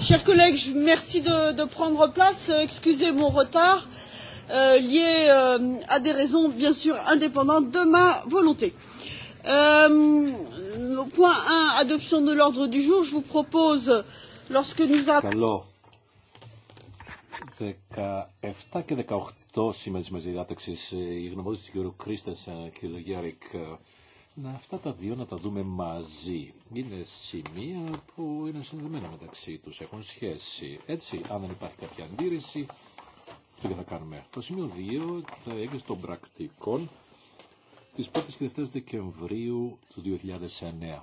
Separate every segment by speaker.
Speaker 1: Chers collègues, merci de, de prendre place. Excusez mon retard euh, lié euh, à des raisons bien sûr indépendantes de ma volonté. Euh, point 1, adoption de l'ordre du jour. Je vous propose, lorsque nous avons...
Speaker 2: 17 και 18 σήμερα της διάταξης, η γνωμότητα του κ. Κρίστανσα και Γιάρικ να αυτά τα δύο να τα δούμε μαζί. Είναι σημεία που είναι συνδεμένα μεταξύ τους, έχουν σχέση. Έτσι, αν δεν υπάρχει κάποια αντίρρηση, αυτό και θα κάνουμε. Το σημείο 2, τα έγκριση των πρακτικών τη 1 η και 2 Δεκεμβρίου του 2009.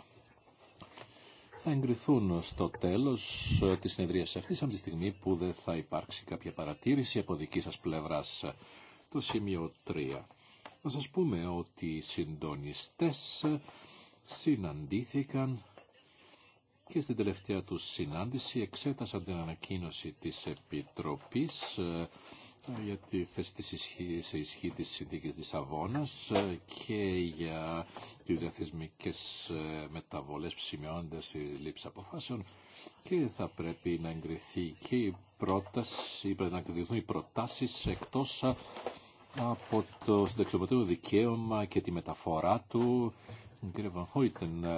Speaker 2: Θα εγκριθούν στο τέλος ε, της συνεδρίας αυτής, από τη στιγμή που δεν θα υπάρξει κάποια παρατήρηση από δική σας πλευράς. Το σημείο 3 να σας πούμε ότι οι συντονιστές συναντήθηκαν και στην τελευταία τους συνάντηση εξέτασαν την ανακοίνωση της Επιτροπής ε, για τη θέση της ισχύ, σε ισχύ της συνθήκη της Αβώνας ε, και για τις διαθεσμικές ε, μεταβολές που τη λήψη αποφάσεων και θα πρέπει να εγκριθεί και η πρόταση, πρέπει να εγκριθούν οι προτάσεις εκτός από το συνταξιοπατήριο δικαίωμα και τη μεταφορά του. Κύριε Βανχόιτεν ε,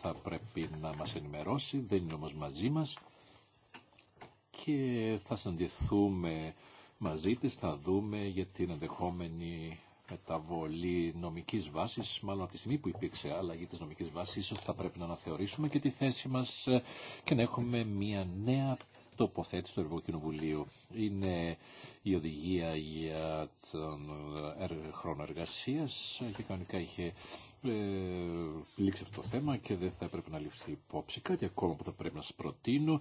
Speaker 2: θα πρέπει να μας ενημερώσει, δεν είναι όμως μαζί μας και θα συναντηθούμε μαζί της, θα δούμε για την ενδεχόμενη μεταβολή νομικής βάσης, μάλλον από τη στιγμή που υπήρξε αλλαγή της νομικής βάσης, ίσως θα πρέπει να αναθεωρήσουμε και τη θέση μας ε, και να έχουμε μια νέα τοποθέτηση του Ευρωκοινοβουλίου Είναι η οδηγία για τον ε, χρόνο εργασία και κανονικά είχε ε, λήξει αυτό το θέμα και δεν θα έπρεπε να ληφθεί υπόψη. Κάτι ακόμα που θα πρέπει να σα προτείνω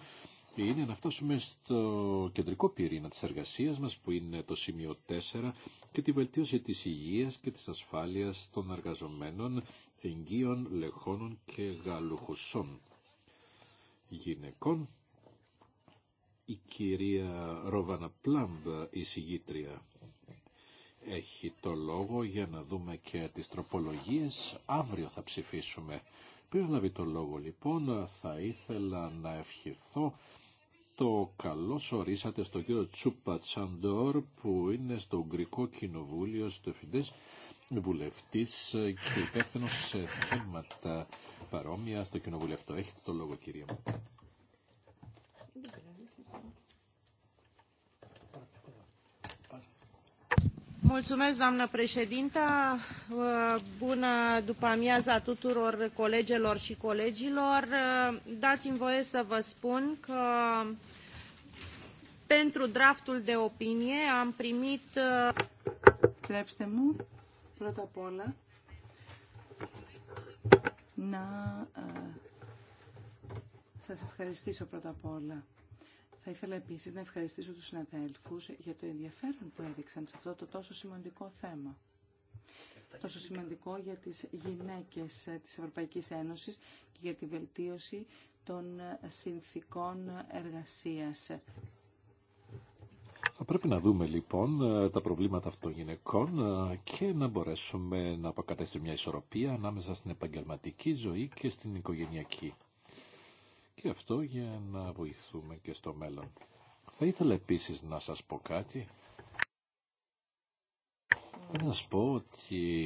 Speaker 2: είναι να φτάσουμε στο κεντρικό πυρήνα της εργασίας μας που είναι το σημείο 4 και τη βελτίωση της υγείας και της ασφάλειας των εργαζομένων εγγύων, λεχόνων και γαλουχουσών γυναικών η κυρία Ρόβανα Πλάμπ, η συγγήτρια, έχει το λόγο για να δούμε και τις τροπολογίες. Αύριο θα ψηφίσουμε. Πριν λάβει το λόγο λοιπόν θα ήθελα να ευχηθώ το καλό ορίσατε στον κύριο Τσούπα Τσαντόρ που είναι στο Ουγγρικό Κοινοβούλιο στο Φιντές βουλευτής και υπεύθυνο σε θέματα παρόμοια στο Κοινοβούλιο Έχετε το λόγο κυρία μου.
Speaker 1: Mulțumesc, doamnă președintă. Bună după-amiaza tuturor colegelor și colegilor. Dați-mi voie
Speaker 3: să vă spun că pentru draftul de opinie am primit... Κλέψτε πρώτα απ' σας θα ήθελα επίσης να ευχαριστήσω τους συναδέλφους για το ενδιαφέρον που έδειξαν σε αυτό το τόσο σημαντικό θέμα. Τόσο σημαντικό για τις γυναίκες ε, της Ευρωπαϊκής Ένωσης και για τη βελτίωση των ε, συνθήκων εργασίας.
Speaker 2: Θα πρέπει να δούμε λοιπόν ε, τα προβλήματα αυτών των γυναικών και να μπορέσουμε να αποκατέσουμε μια ισορροπία ανάμεσα στην επαγγελματική ζωή και στην οικογενειακή και αυτό για να βοηθούμε και στο μέλλον. Θα ήθελα επίσης να σας πω κάτι. να σας πω ότι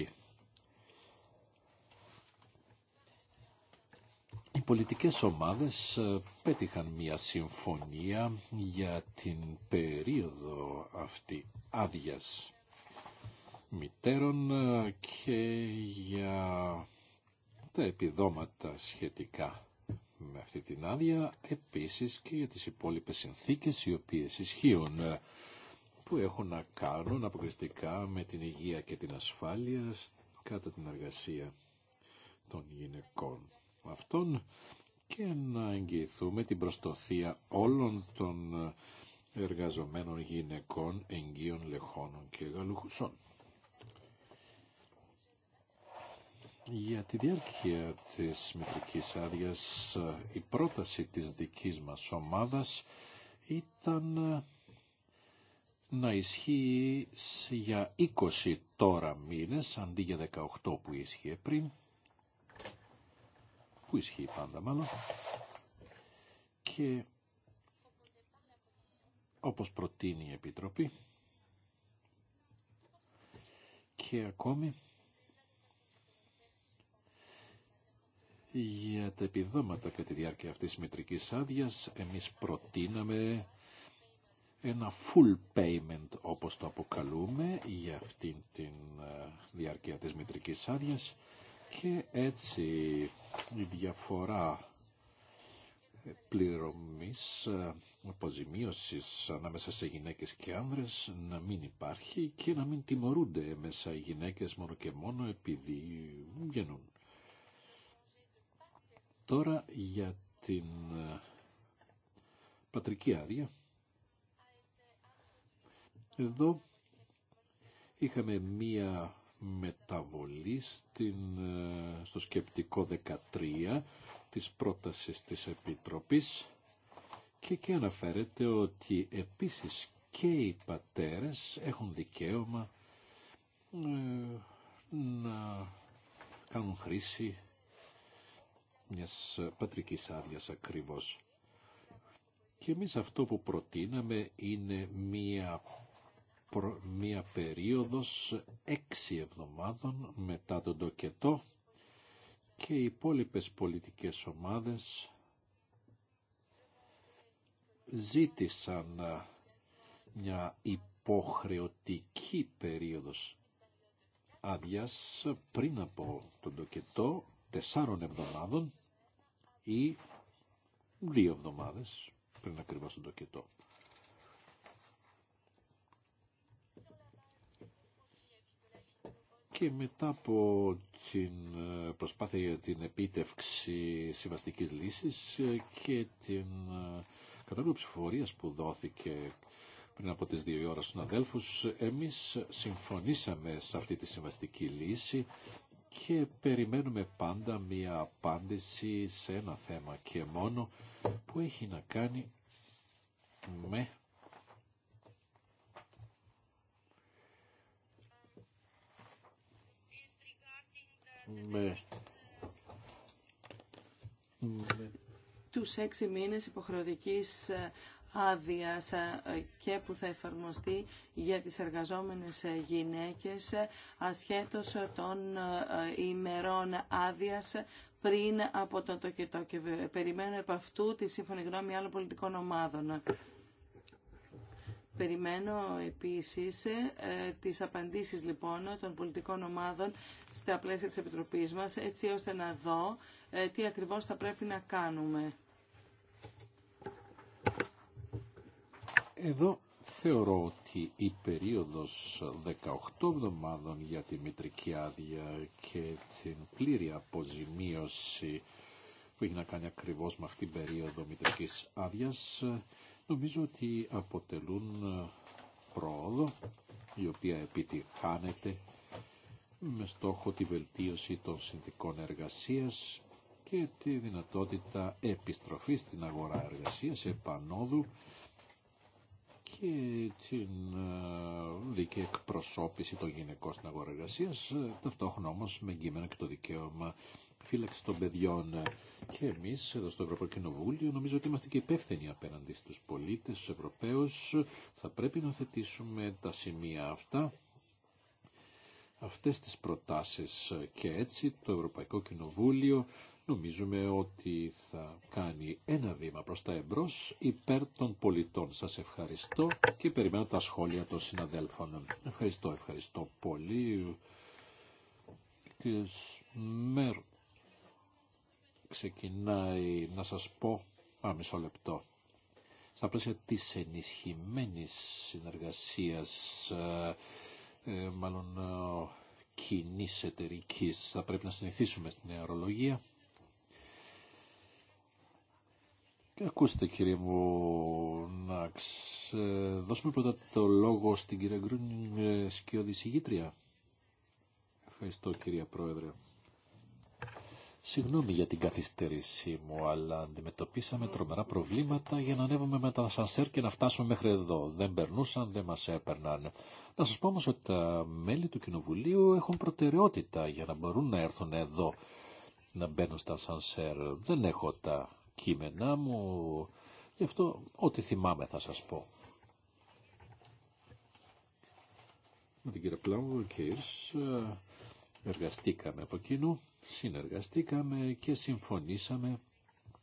Speaker 2: οι πολιτικές ομάδες ε, πέτυχαν μια συμφωνία για την περίοδο αυτή άδεια μητέρων ε, και για τα επιδόματα σχετικά με αυτή την άδεια, επίσης και για τις υπόλοιπες συνθήκες οι οποίες ισχύουν ε, που έχουν να κάνουν αποκριστικά με την υγεία και την ασφάλεια κατά την εργασία των γυναικών αυτών και να εγγυηθούμε την προστοθία όλων των εργαζομένων γυναικών, εγγύων, λεχώνων και γαλουχουσών. Για τη διάρκεια της Μητρικής άδεια η πρόταση της δικής μας ομάδας ήταν ε, να ισχύει για 20 τώρα μήνες αντί για 18 που ισχύει πριν που ισχύει πάντα μάλλον και όπως προτείνει η Επιτροπή και ακόμη για τα επιδόματα κατά τη διάρκεια αυτής της μετρικής άδειας εμείς προτείναμε ένα full payment όπως το αποκαλούμε για αυτήν την ε, διάρκεια της μετρικής άδεια και έτσι η διαφορά ε, πληρωμής ε, αποζημίωσης ανάμεσα σε γυναίκες και άνδρες να μην υπάρχει και να μην τιμωρούνται μέσα οι γυναίκες μόνο και μόνο επειδή γεννούν. Τώρα για την ε, πατρική άδεια. Εδώ είχαμε μία μεταβολή στην, ε, στο σκεπτικό 13 της πρότασης της Επιτροπής και εκεί αναφέρεται ότι επίσης και οι πατέρες έχουν δικαίωμα ε, να κάνουν χρήση μιας πατρικής άδεια ακριβώς. Και εμείς αυτό που προτείναμε είναι μία, προ, μία περίοδος έξι εβδομάδων μετά τον τοκετό και οι υπόλοιπες πολιτικές ομάδες ζήτησαν μια υποχρεωτική περίοδος άδειας πριν από τον τοκετό τεσσάρων εβδομάδων ή δύο εβδομάδες πριν ακριβώ τον τοκετό. και μετά από την ε, προσπάθεια για την επίτευξη συμβαστικής λύσης ε, και την ε, κατάλληλη ψηφορία που δόθηκε πριν από τις δύο ώρες στους αδέλφους, εμείς συμφωνήσαμε σε αυτή τη συμβαστική λύση και περιμένουμε πάντα μία απάντηση σε ένα θέμα και μόνο που έχει να κάνει με με,
Speaker 3: τους έξι μήνες υποχρεωτικής ε, άδεια ε, και που θα εφαρμοστεί για τις εργαζόμενες ε, γυναίκες ε, ασχέτως των ημερών άδεια πριν από το τοκετό και περιμένω επ' αυτού τη σύμφωνη γνώμη άλλων πολιτικών ομάδων. Περιμένω επίσης τις απαντήσεις λοιπόν των πολιτικών ομάδων στα πλαίσια της Επιτροπής μας έτσι ώστε να δω τι ακριβώς θα πρέπει να κάνουμε.
Speaker 2: Εδώ θεωρώ ότι η περίοδος 18 εβδομάδων για τη μητρική άδεια και την πλήρη αποζημίωση που έχει να κάνει ακριβώς με αυτήν την περίοδο μητρικής άδειας νομίζω ότι αποτελούν πρόοδο η οποία επιτυχάνεται με στόχο τη βελτίωση των συνθήκων εργασίας και τη δυνατότητα επιστροφής στην αγορά εργασίας επανόδου και την ε, δική εκπροσώπηση των γυναικών στην αγορά εργασία, ε, ταυτόχρονα όμω με κείμενα και το δικαίωμα φύλαξη των παιδιών. Και εμεί εδώ στο Ευρωπαϊκό Κοινοβούλιο νομίζω ότι είμαστε και υπεύθυνοι απέναντι στου πολίτε, στου Ευρωπαίου. Θα πρέπει να θετήσουμε τα σημεία αυτά αυτές τις προτάσεις και έτσι το Ευρωπαϊκό Κοινοβούλιο Νομίζουμε ότι θα κάνει ένα βήμα προς τα εμπρός υπέρ των πολιτών. Σας ευχαριστώ και περιμένω τα σχόλια των συναδέλφων. Ευχαριστώ, ευχαριστώ πολύ. Και Μέρ, ξεκινάει να σας πω, α, μισό λεπτό, στα πλαίσια της ενισχυμένης συνεργασίας, ε, μάλλον ε, κοινή εταιρική. Θα πρέπει να συνηθίσουμε στην αερολογία. Ακούστε κύριε μου να δώσουμε πρώτα το λόγο στην κυρία Γκρούνινγκ ε, Σκιώδη Ευχαριστώ κυρία Πρόεδρε. Συγγνώμη για την καθυστέρησή μου, αλλά αντιμετωπίσαμε τρομερά προβλήματα για να ανέβουμε με τα σανσέρ και να φτάσουμε μέχρι εδώ. Δεν περνούσαν, δεν μας έπαιρναν. Να σας πω όμως ότι τα μέλη του Κοινοβουλίου έχουν προτεραιότητα για να μπορούν να έρθουν εδώ να μπαίνουν στα σανσέρ. Δεν έχω τα κείμενά μου. Γι' αυτό ό,τι θυμάμαι θα σας πω. Με την κύριε Πλάμβο και ε, εργαστήκαμε από κοινού, συνεργαστήκαμε και συμφωνήσαμε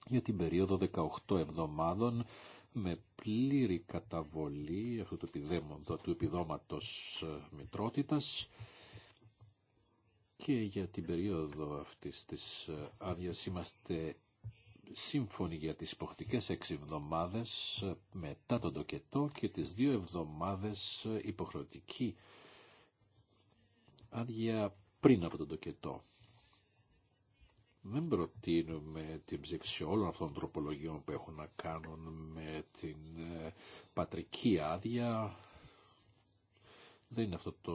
Speaker 2: για την περίοδο 18 εβδομάδων με πλήρη καταβολή αυτού του, του επιδόματος ε, μητρότητας και για την περίοδο αυτής της ε, άδειας είμαστε σύμφωνοι για τις υποχρεωτικές έξι εβδομάδες ε, μετά τον τοκετό και τις δύο εβδομάδες ε, υποχρεωτική άδεια πριν από τον τοκετό. Δεν προτείνουμε την ψήφιση όλων αυτών των τροπολογιών που έχουν να κάνουν με την ε, πατρική άδεια, δεν είναι αυτό το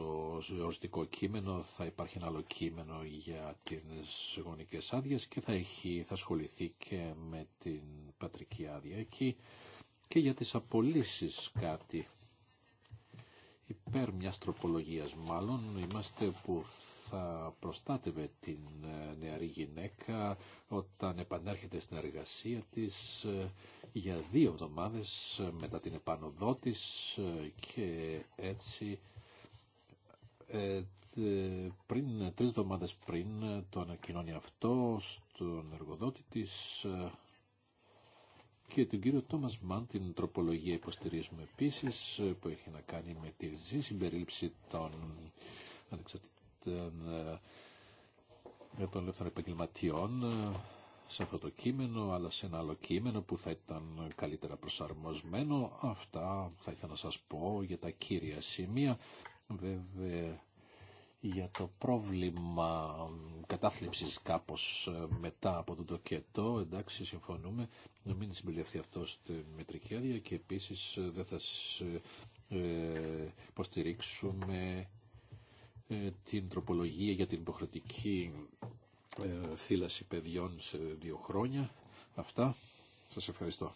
Speaker 2: οριστικό κείμενο, θα υπάρχει ένα άλλο κείμενο για τις γονικές άδειε και θα, έχει, θα ασχοληθεί και με την πατρική άδεια εκεί και για τις απολύσει κάτι υπέρ μιας τροπολογίας μάλλον είμαστε που θα προστάτευε την ε, νεαρή γυναίκα όταν επανέρχεται στην εργασία της ε, για δύο εβδομάδες ε, μετά την επάνωδό και έτσι ε, πριν, τρεις εβδομάδες πριν το ανακοινώνει αυτό στον εργοδότη της ε, και τον κύριο Τόμας Μαν την τροπολογία υποστηρίζουμε επίσης ε, που έχει να κάνει με τη συμπερίληψη των ανεξαρτήτων των ελεύθερων επαγγελματιών σε αυτό το κείμενο αλλά σε ένα άλλο κείμενο που θα ήταν καλύτερα προσαρμοσμένο. Αυτά θα ήθελα να σας πω για τα κύρια σημεία Βέβαια για το πρόβλημα κατάθλιψης κάπως ε, μετά από τον τοκετό, εντάξει συμφωνούμε, να μην συμπεριληφθεί αυτό στη μετρική άδεια και επίσης ε, δεν θα ε, υποστηρίξουμε την τροπολογία για την υποχρεωτική θύλαση παιδιών σε δύο χρόνια. Αυτά. Σας ευχαριστώ.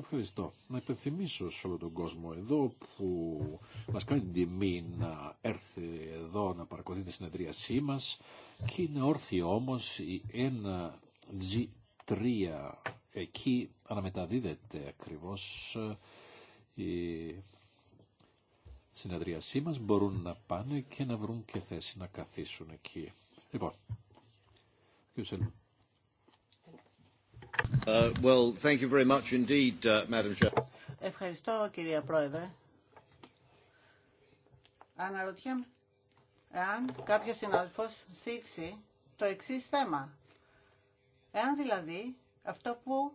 Speaker 2: Ευχαριστώ. Να υπενθυμίσω σε όλο τον κόσμο εδώ που μας κάνει την τιμή να έρθει εδώ να παρακολουθεί τη συνεδρίασή μας και είναι όρθιο όμως η 1G3 εκεί αναμεταδίδεται ακριβώς η συνεδρίασή μας μπορούν να πάνε και να βρουν και θέση να καθίσουν εκεί. Λοιπόν,
Speaker 1: Ευχαριστώ, κυρία Πρόεδρε. Αναρωτιέμαι εάν κάποιος συνάδελφος σήξει το εξή θέμα. Εάν δηλαδή αυτό που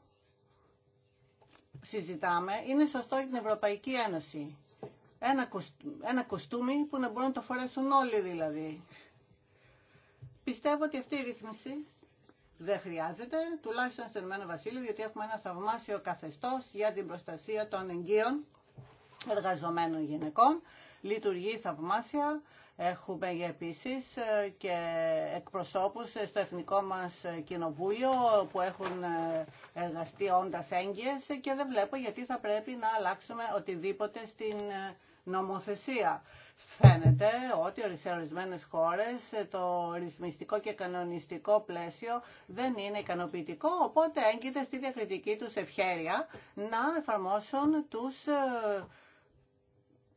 Speaker 1: συζητάμε είναι σωστό για την Ευρωπαϊκή Ένωση. Ένα, ένα που να μπορούν να το φορέσουν όλοι δηλαδή. Πιστεύω ότι αυτή η ρύθμιση δεν χρειάζεται, τουλάχιστον στο Ηνωμένο Βασίλειο, γιατί έχουμε ένα θαυμάσιο καθεστώς για την προστασία των εγγύων εργαζομένων γυναικών. Λειτουργεί θαυμάσια. Έχουμε επίσης ε, και εκπροσώπους στο Εθνικό μας Κοινοβούλιο που έχουν ε, εργαστεί όντας έγκυες και δεν βλέπω γιατί θα πρέπει να αλλάξουμε οτιδήποτε στην ε, νομοθεσία. Φαίνεται ότι σε ορισμένε χώρε το ρυθμιστικό και κανονιστικό πλαίσιο δεν είναι ικανοποιητικό, οπότε έγκυται στη διακριτική του ευχέρεια να εφαρμόσουν τους ε,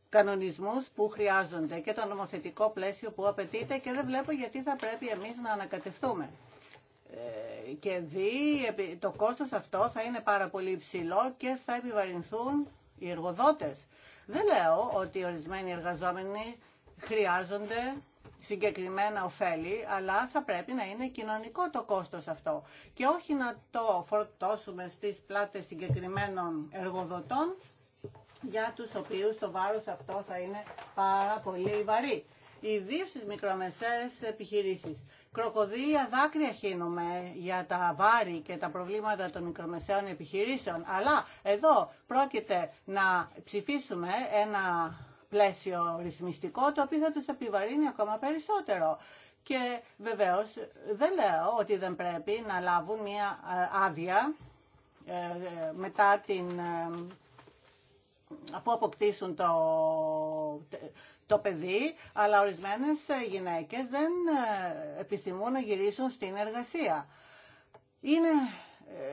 Speaker 1: κανονισμούς που χρειάζονται και το νομοθετικό πλαίσιο που απαιτείται και δεν βλέπω γιατί θα πρέπει εμείς να ανακατευτούμε. Ε, και δι, το κόστος αυτό θα είναι πάρα πολύ υψηλό και θα επιβαρυνθούν οι εργοδότες δεν λέω ότι ορισμένοι εργαζόμενοι χρειάζονται συγκεκριμένα ωφέλη, αλλά θα πρέπει να είναι κοινωνικό το κόστος αυτό και όχι να το φορτώσουμε στις πλάτες συγκεκριμένων εργοδοτών για τους οποίους το βάρος αυτό θα είναι πάρα πολύ βαρύ. Ιδίω στι μικρομεσαίε επιχειρήσει. Κροκοδίλια δάκρυα χύνουμε για τα βάρη και τα προβλήματα των μικρομεσαίων επιχειρήσεων, αλλά εδώ πρόκειται να ψηφίσουμε ένα πλαίσιο ρυθμιστικό το οποίο θα τους επιβαρύνει ακόμα περισσότερο. Και βεβαίως δεν λέω ότι δεν πρέπει να λάβουν μια ε, άδεια ε, μετά την ε, αφού αποκτήσουν το, το παιδί, αλλά ορισμένες ε, γυναίκες δεν ε, επιθυμούν να γυρίσουν στην εργασία. Είναι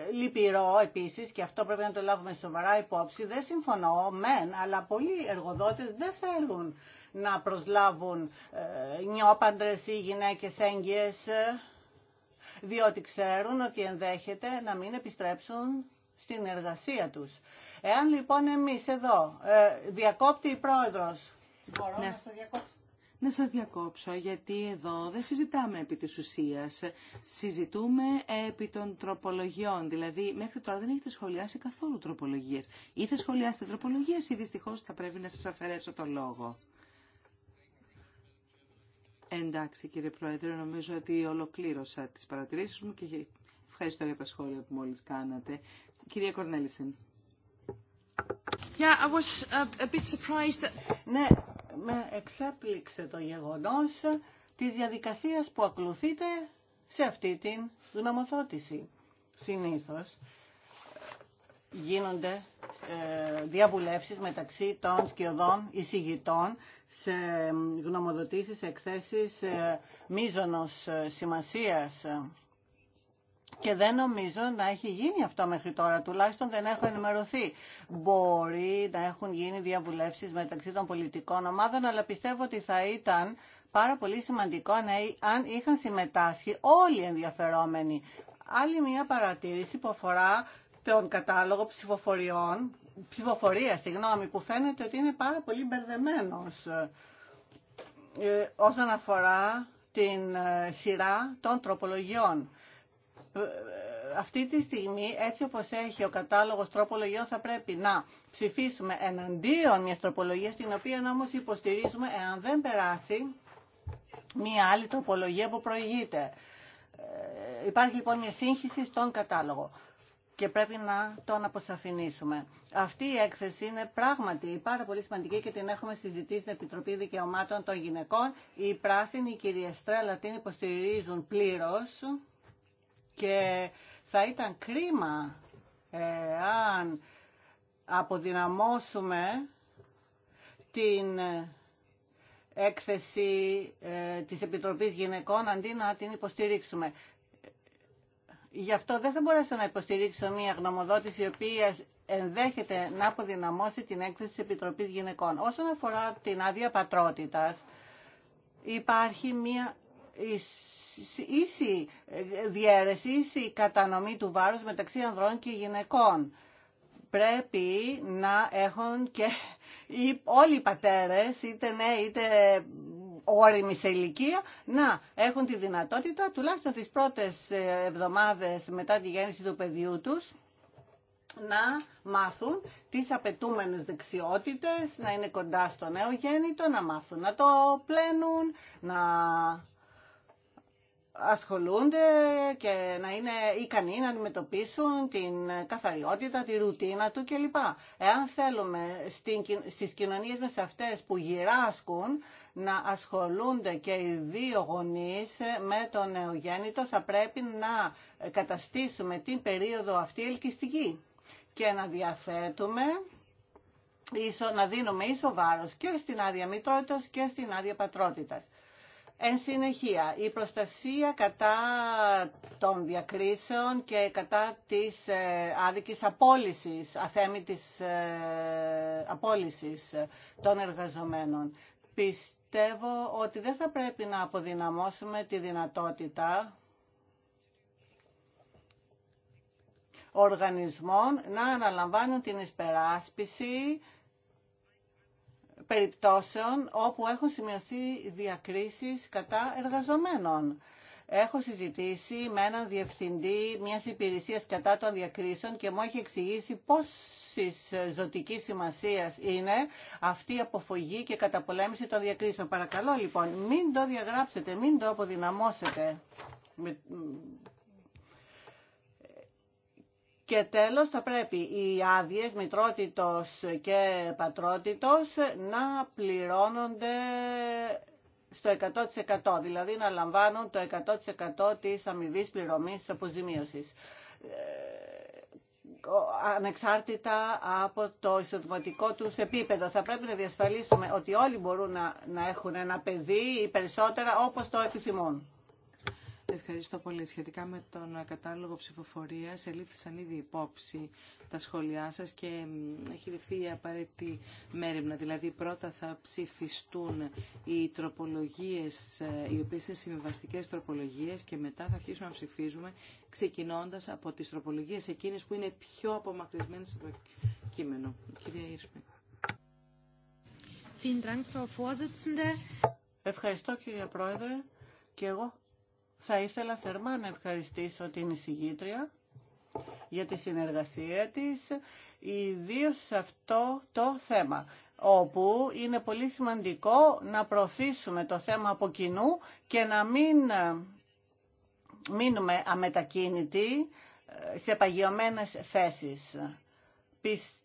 Speaker 1: ε, λυπηρό επίσης, και αυτό πρέπει να το λάβουμε σοβαρά υπόψη, δεν συμφωνώ, μεν, αλλά πολλοί εργοδότες δεν θέλουν να προσλάβουν νιόπαντρες ή γυναίκες έγκυες, διότι ξέρουν ότι ενδέχεται να μην επιστρέψουν στην εργασία τους. Εάν λοιπόν εμείς εδώ διακόπτει η πρόεδρος Μπορώ ναι. να σας διακόψω.
Speaker 3: Να σας διακόψω, γιατί εδώ δεν συζητάμε επί της ουσίας. Συζητούμε επί των τροπολογιών. Δηλαδή, μέχρι τώρα δεν έχετε σχολιάσει καθόλου τροπολογίες. Ή θα σχολιάσετε τροπολογίες ή δυστυχώς θα πρέπει να σας αφαιρέσω το λόγο. Εντάξει, κύριε Πρόεδρε, νομίζω ότι ολοκλήρωσα τις παρατηρήσεις μου και ευχαριστώ για τα σχόλια που μόλις κάνατε. Κυρία Κορνέλισεν. Yeah, I was a bit surprised. Ναι,
Speaker 1: με εξέπληξε το γεγονός της διαδικασίας που ακολουθείται σε αυτή την γνωμοδότηση. Συνήθως ε, γίνονται ε, διαβουλεύσεις μεταξύ των σκιωδών εισηγητών σε γνωμοδοτήσεις, εκθέσεις ε, μίζωνος σημασίας και δεν νομίζω να έχει γίνει αυτό μέχρι τώρα, τουλάχιστον δεν έχω ενημερωθεί. Μπορεί να έχουν γίνει διαβουλεύσεις μεταξύ των πολιτικών ομάδων, αλλά πιστεύω ότι θα ήταν πάρα πολύ σημαντικό αν είχαν συμμετάσχει όλοι οι ενδιαφερόμενοι. Άλλη μια παρατήρηση που αφορά τον κατάλογο ψηφοφοριών, ψηφοφορία, συγγνώμη, που φαίνεται ότι είναι πάρα πολύ μπερδεμένος ε, ε, όσον αφορά την ε, σειρά των τροπολογιών αυτή τη στιγμή, έτσι όπως έχει ο κατάλογος τροπολογιών, θα πρέπει να ψηφίσουμε εναντίον μια τροπολογία την οποία όμως υποστηρίζουμε εάν δεν περάσει μια άλλη τροπολογία που προηγείται. Ε, υπάρχει λοιπόν μια σύγχυση στον κατάλογο και πρέπει να τον αποσαφηνίσουμε. Αυτή η έκθεση είναι πράγματι πάρα πολύ σημαντική και την έχουμε συζητήσει στην Επιτροπή Δικαιωμάτων των Γυναικών. Οι πράσινοι, η κυρία Στρέλα, την υποστηρίζουν πλήρως και θα ήταν κρίμα ε, αν αποδυναμώσουμε την ε, έκθεση ε, της Επιτροπής Γυναικών αντί να την υποστηρίξουμε. Γι' αυτό δεν θα μπορέσω να υποστηρίξω μια γνωμοδότηση η οποία ενδέχεται να αποδυναμώσει την έκθεση της Επιτροπής Γυναικών. Όσον αφορά την άδεια πατρότητας, υπάρχει μια ίση ε, διαίρεση, ίση κατανομή του βάρους μεταξύ ανδρών και γυναικών. Πρέπει να έχουν και όλοι οι πατέρες, είτε ναι είτε όριμοι σε ηλικία, να έχουν τη δυνατότητα τουλάχιστον τις πρώτες ε, εβδομάδες μετά τη γέννηση του παιδιού τους να μάθουν τις απαιτούμενες δεξιότητες, να είναι κοντά στο νέο γέννητο, να μάθουν να το πλένουν, να ασχολούνται και να είναι ικανοί να αντιμετωπίσουν την καθαριότητα, τη ρουτίνα του κλπ. Εάν θέλουμε στις κοινωνίες μας αυτές που γυράσκουν να ασχολούνται και οι δύο γονείς με τον νεογέννητο θα πρέπει να καταστήσουμε την περίοδο αυτή ελκυστική και να διαθέτουμε να δίνουμε ίσο βάρος και στην άδεια μητρότητας και στην άδεια πατρότητας. Εν συνεχεία, η προστασία κατά των διακρίσεων και κατά της ε, άδικης απόλυσης, αθέμητης ε, απόλυσης των εργαζομένων. Πιστεύω ότι δεν θα πρέπει να αποδυναμώσουμε τη δυνατότητα οργανισμών να αναλαμβάνουν την εισπεράσπιση περιπτώσεων όπου έχουν σημειωθεί διακρίσεις κατά εργαζομένων. Έχω συζητήσει με έναν διευθυντή μιας υπηρεσίας κατά των διακρίσεων και μου έχει εξηγήσει πώς της ζωτικής σημασίας είναι αυτή η αποφογή και καταπολέμηση των διακρίσεων. Παρακαλώ λοιπόν, μην το διαγράψετε, μην το αποδυναμώσετε και τέλος θα πρέπει οι άδειε μητρότητος και πατρότητος να πληρώνονται στο 100%, δηλαδή να λαμβάνουν το 100% της αμοιβή πληρωμής της αποζημίωσης. Ε, ανεξάρτητα από το εισοδηματικό του επίπεδο. Θα πρέπει να διασφαλίσουμε ότι όλοι
Speaker 3: μπορούν να, να έχουν ένα παιδί ή περισσότερα όπως το επιθυμούν. Ευχαριστώ πολύ. Σχετικά με τον κατάλογο ψηφοφορία, ελήφθησαν ήδη υπόψη τα σχόλιά σα και έχει ληφθεί η απαραίτητη μέρημνα. Δηλαδή, πρώτα θα ψηφιστούν οι τροπολογίε, ε, οι οποίε είναι συμβιβαστικέ τροπολογίε και μετά θα αρχίσουμε να ψηφίζουμε, ξεκινώντα από τι τροπολογίε εκείνε που είναι πιο απομακρυσμένε από το κείμενο. Κυρία Ήρσπη. Ευχαριστώ, κύριε Πρόεδρε. Και εγώ θα ήθελα
Speaker 1: θερμά να ευχαριστήσω την εισηγήτρια για τη συνεργασία της, ιδίω σε αυτό το θέμα όπου είναι πολύ σημαντικό να προωθήσουμε το θέμα από κοινού και να μην ε, μείνουμε αμετακίνητοι ε, σε παγιωμένες θέσεις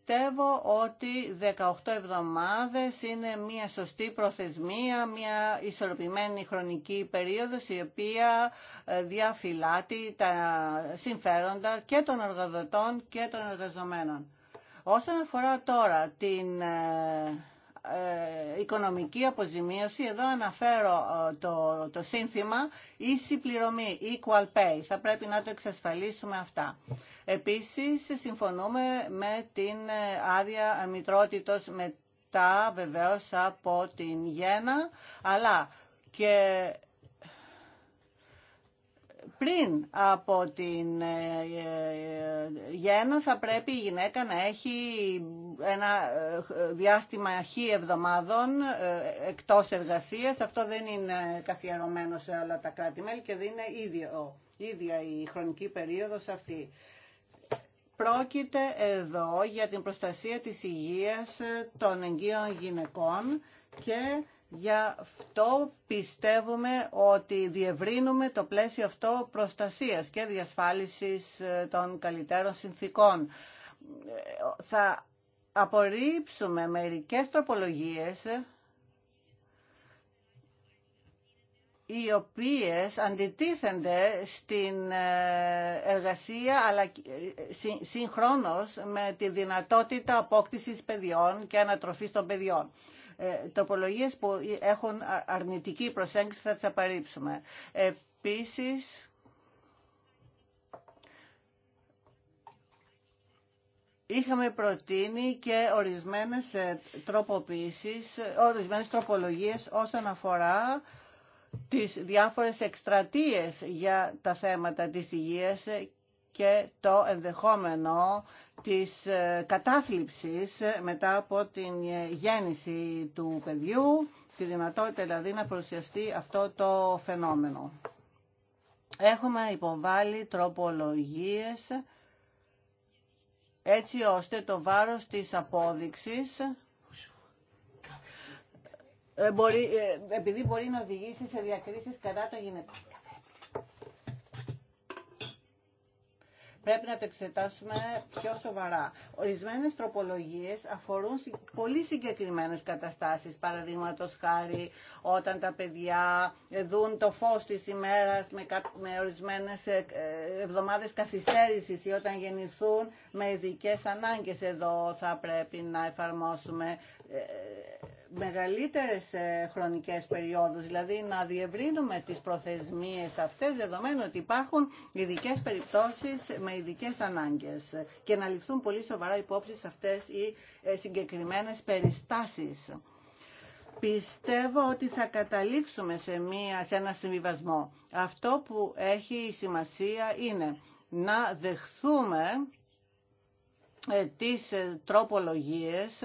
Speaker 1: πιστεύω ότι 18 εβδομάδες είναι μια σωστή προθεσμία, μια ισορροπημένη χρονική περίοδος η οποία ε, διαφυλάτει τα συμφέροντα και των εργοδοτών και των εργαζομένων. Όσον αφορά τώρα την ε, ε, οικονομική αποζημίωση. Εδώ αναφέρω ε, το, σύνθημα ίση πληρωμή, equal pay. Θα πρέπει να το εξασφαλίσουμε αυτά. Επίσης, συμφωνούμε με την ε, άδεια μητρότητος μετά βεβαίως από την γένα, αλλά και πριν από την ε, ε, γέννα θα πρέπει η γυναίκα να έχει ένα ε, διάστημα χι εβδομάδων εκτός εργασίας. Αυτό δεν είναι καθιερωμένο σε όλα τα κράτη-μέλη και δεν είναι ίδιο, ίδια η χρονική περίοδος αυτή. Πρόκειται εδώ για την προστασία της υγείας των εγγύων γυναικών και Γι' αυτό πιστεύουμε ότι διευρύνουμε το πλαίσιο αυτό προστασίας και διασφάλισης ε, των καλύτερων συνθήκων. Ε, θα απορρίψουμε μερικές τροπολογίες ε, οι οποίες αντιτίθενται στην εργασία αλλά συγχρόνως με τη δυνατότητα απόκτησης παιδιών και ανατροφής των παιδιών. Ε, τροπολογίες που έχουν αρνητική προσέγγιση θα τις απαρρίψουμε. Επίσης, είχαμε προτείνει και ορισμένες ε, τροποποιήσεις, ε, ορισμένες τροπολογίες όσον αφορά τις διάφορες εκστρατείες για τα θέματα της υγείας και το ενδεχόμενο της ε, κατάθλιψης ε, μετά από την ε, γέννηση του παιδιού, τη δυνατότητα δηλαδή να προσιαστεί αυτό το φαινόμενο. Έχουμε υποβάλει τροπολογίες έτσι ώστε το βάρος της απόδειξης μπορεί, επειδή μπορεί να οδηγήσει σε διακρίσεις κατά τα γυναίκα. πρέπει να το εξετάσουμε πιο σοβαρά. Ορισμένες τροπολογίες αφορούν πολύ συγκεκριμένες καταστάσεις. Παραδείγματο χάρη όταν τα παιδιά δουν το φως της ημέρας με, με ορισμένες ε, εβδομάδες καθυστέρησης ή όταν γεννηθούν με ειδικέ ανάγκες εδώ θα πρέπει να εφαρμόσουμε ε, μεγαλύτερες ε, χρονικές περιόδους, δηλαδή να διευρύνουμε τις προθεσμίες αυτές, δεδομένου ότι υπάρχουν ειδικές περιπτώσεις με ειδικές ανάγκες και να ληφθούν πολύ σοβαρά υπόψη σε αυτές οι ε, συγκεκριμένες περιστάσεις. Πιστεύω ότι θα καταλήξουμε σε, μία, σε ένα συμβιβασμό. Αυτό που έχει σημασία είναι να δεχθούμε ε, τις τροπολογίες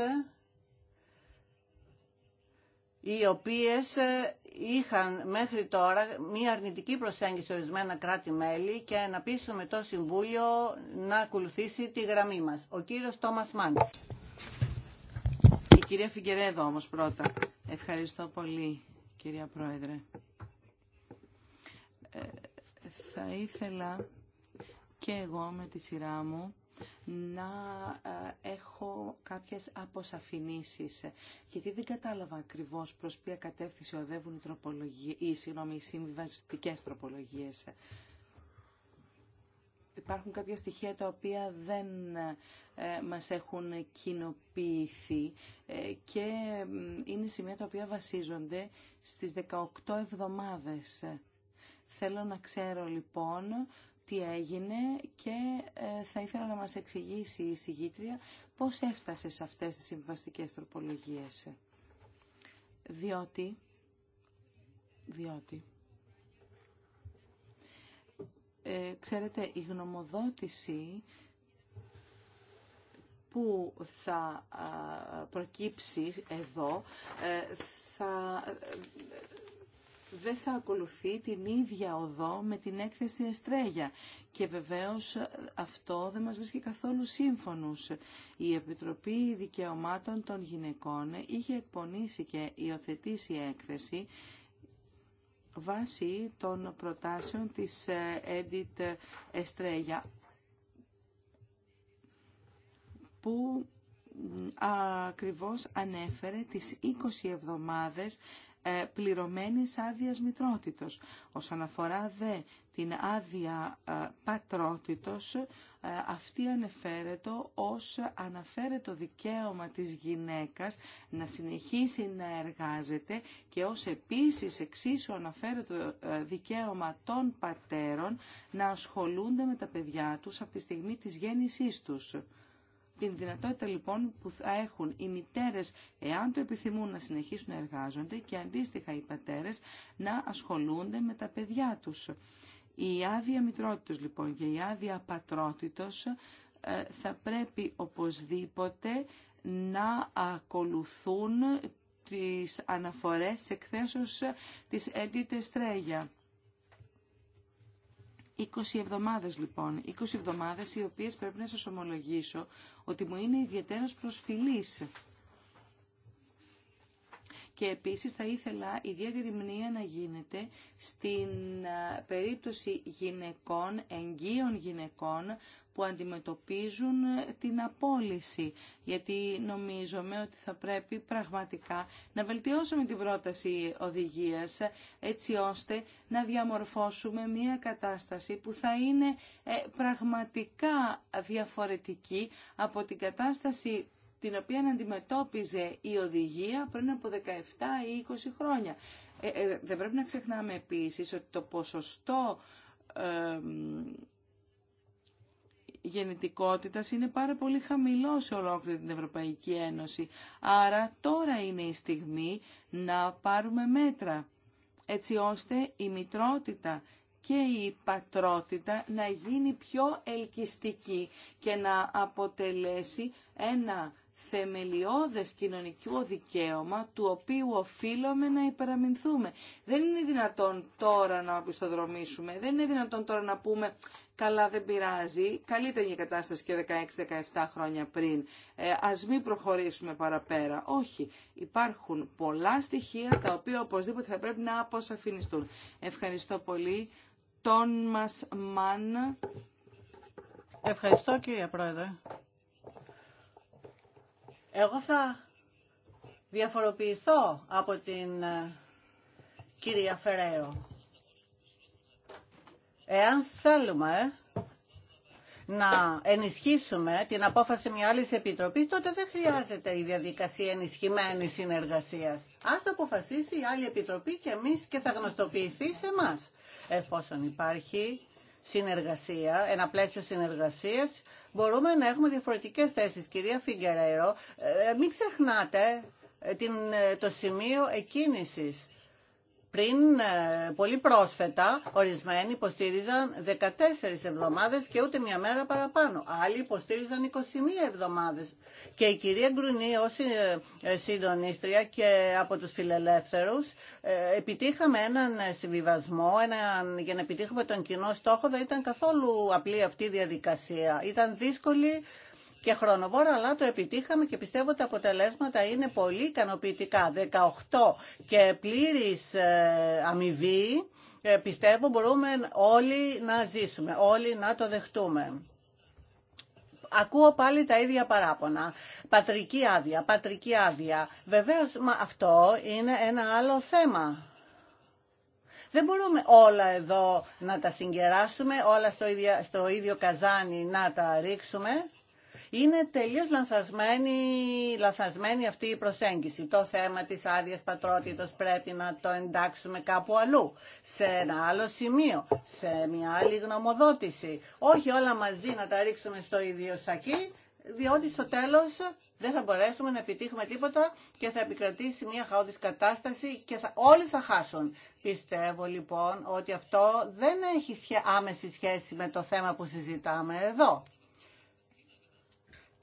Speaker 1: οι οποίες ε, είχαν μέχρι τώρα μία αρνητική προσέγγιση ορισμένα κράτη-μέλη και να πείσουμε το Συμβούλιο να ακολουθήσει τη γραμμή μας. Ο
Speaker 3: κύριος Τόμας Μάν. Η κυρία Φιγκερέδο όμως πρώτα. Ευχαριστώ πολύ κυρία Πρόεδρε. Ε, θα ήθελα και εγώ με τη σειρά μου να ε, έχω κάποιες αποσαφηνήσεις. Γιατί δεν κατάλαβα ακριβώς προς ποια κατεύθυνση οδεύουν οι, τροπολογίες, ή, συγγνώμη, οι τροπολογίες. Υπάρχουν κάποια στοιχεία τα οποία δεν ε, μας έχουν κοινοποιηθεί ε, και είναι σημεία τα οποία βασίζονται στις 18 εβδομάδες. Θέλω να ξέρω λοιπόν τι έγινε και ε, θα ήθελα να μας εξηγήσει η συγγήτρια πώς έφτασε σε αυτές τις συμβαστικές τροπολογίες. Διότι, διότι ε, ξέρετε, η γνωμοδότηση που θα ε, προκύψει εδώ θα δεν θα ακολουθεί την ίδια οδό με την έκθεση Εστρέγια. Και βεβαίως αυτό δεν μας βρίσκει καθόλου σύμφωνους. Η Επιτροπή Δικαιωμάτων των Γυναικών είχε εκπονήσει και υιοθετήσει έκθεση βάσει των προτάσεων της ε, Edit Εστρέγια που ακριβώς ανέφερε τις 20 εβδομάδες ε, πληρωμένης άδειας μητρότητος. Όσον αφορά δε την άδεια ε, πατρότητος, ε, αυτή ανεφέρεται ως αναφέρετο δικαίωμα της γυναίκας να συνεχίσει να εργάζεται και ως επίσης εξίσου αναφέρετο δικαίωμα των πατέρων να ασχολούνται με τα παιδιά τους από τη στιγμή της γέννησής τους. Την δυνατότητα λοιπόν που θα έχουν οι μητέρες εάν το επιθυμούν να συνεχίσουν να εργάζονται και αντίστοιχα οι πατέρες να ασχολούνται με τα παιδιά τους. Η άδεια μητρότητος λοιπόν και η άδεια πατρότητος ε, θα πρέπει οπωσδήποτε να ακολουθούν τις αναφορές εκθέσεως της Εντίτε τρέγια». 20 εβδομάδες λοιπόν, 20 εβδομάδες οι οποίες πρέπει να σας ομολογήσω ότι μου είναι ιδιαίτερος προσφυλής και επίσης θα ήθελα ιδιαίτερη μνήμα να γίνεται στην ε, περίπτωση γυναικών, εγγύων γυναικών που αντιμετωπίζουν ε, την απόλυση. Γιατί νομίζομαι ότι θα πρέπει πραγματικά να βελτιώσουμε την πρόταση οδηγίας ε, έτσι ώστε να διαμορφώσουμε μια κατάσταση που θα είναι πραγματικά διαφορετική από την κατάσταση την οποία αντιμετώπιζε η οδηγία πριν από 17 ή 20 χρόνια. Ε, ε, δεν πρέπει να ξεχνάμε επίσης ότι το ποσοστό ε, γεννητικότητας είναι πάρα πολύ χαμηλό σε ολόκληρη την Ευρωπαϊκή Ένωση. Άρα τώρα είναι η στιγμή να πάρουμε μέτρα έτσι ώστε η μητρότητα και η πατρότητα να γίνει πιο ελκυστική και να αποτελέσει ένα θεμελιώδες κοινωνικού δικαίωμα του οποίου οφείλουμε να υπεραμεινθούμε. Δεν είναι δυνατόν τώρα να οπισθοδρομήσουμε. δεν είναι δυνατόν τώρα να πούμε καλά δεν πειράζει, καλή ήταν η κατάσταση και 16-17 χρόνια πριν, ε, ας μην προχωρήσουμε παραπέρα. Όχι, υπάρχουν πολλά στοιχεία τα οποία οπωσδήποτε θα πρέπει να αποσαφινιστούν. Ευχαριστώ πολύ. Τόν μας Μάν. Ευχαριστώ κύριε Πρόεδρε.
Speaker 1: Εγώ θα διαφοροποιηθώ από την ε, κυρία Φεραίρο. Εάν θέλουμε ε, να ενισχύσουμε την απόφαση μια άλλη επιτροπή, τότε δεν χρειάζεται η διαδικασία ενισχυμένη συνεργασία. Α το αποφασίσει η άλλη επιτροπή και εμεί και θα γνωστοποιηθεί σε εμά. Εφόσον υπάρχει συνεργασία, ένα πλαίσιο συνεργασία, μπορούμε να έχουμε διαφορετικές θέσεις. Κυρία Φιγκερέρο, ε, μην ξεχνάτε ε, ε, το σημείο εκκίνησης πριν, ε, πολύ πρόσφατα, ορισμένοι υποστήριζαν 14 εβδομάδες και ούτε μια μέρα παραπάνω. Άλλοι υποστήριζαν 21 εβδομάδες. Και η κυρία Γκρουνή ως ε, ε, συντονίστρια και από τους φιλελεύθερους επιτύχαμε έναν συμβιβασμό έναν, για να επιτύχουμε τον κοινό στόχο. Δεν ήταν καθόλου απλή αυτή η διαδικασία. Ήταν δύσκολη και χρονοβόρο, αλλά το επιτύχαμε και πιστεύω τα αποτελέσματα είναι πολύ ικανοποιητικά. 18 και πλήρης ε, αμοιβή ε, πιστεύω μπορούμε όλοι να ζήσουμε, όλοι να το δεχτούμε. Ακούω πάλι τα ίδια παράπονα. Πατρική άδεια, πατρική άδεια. Βεβαίως μα αυτό είναι ένα άλλο θέμα. Δεν μπορούμε όλα εδώ να τα συγκεράσουμε, όλα στο ίδιο, στο ίδιο καζάνι να τα ρίξουμε. Είναι τελείως λανθασμένη, λανθασμένη αυτή η προσέγγιση. Το θέμα της άδειας πατρότητος πρέπει να το εντάξουμε κάπου αλλού, σε ένα άλλο σημείο, σε μια άλλη γνωμοδότηση. Όχι όλα μαζί να τα ρίξουμε στο ίδιο σακί, διότι στο τέλος δεν θα μπορέσουμε να επιτύχουμε τίποτα και θα επικρατήσει μια χαόδης κατάσταση και θα, όλοι θα χάσουν. Πιστεύω λοιπόν ότι αυτό δεν έχει άμεση σχέση με το θέμα που συζητάμε εδώ.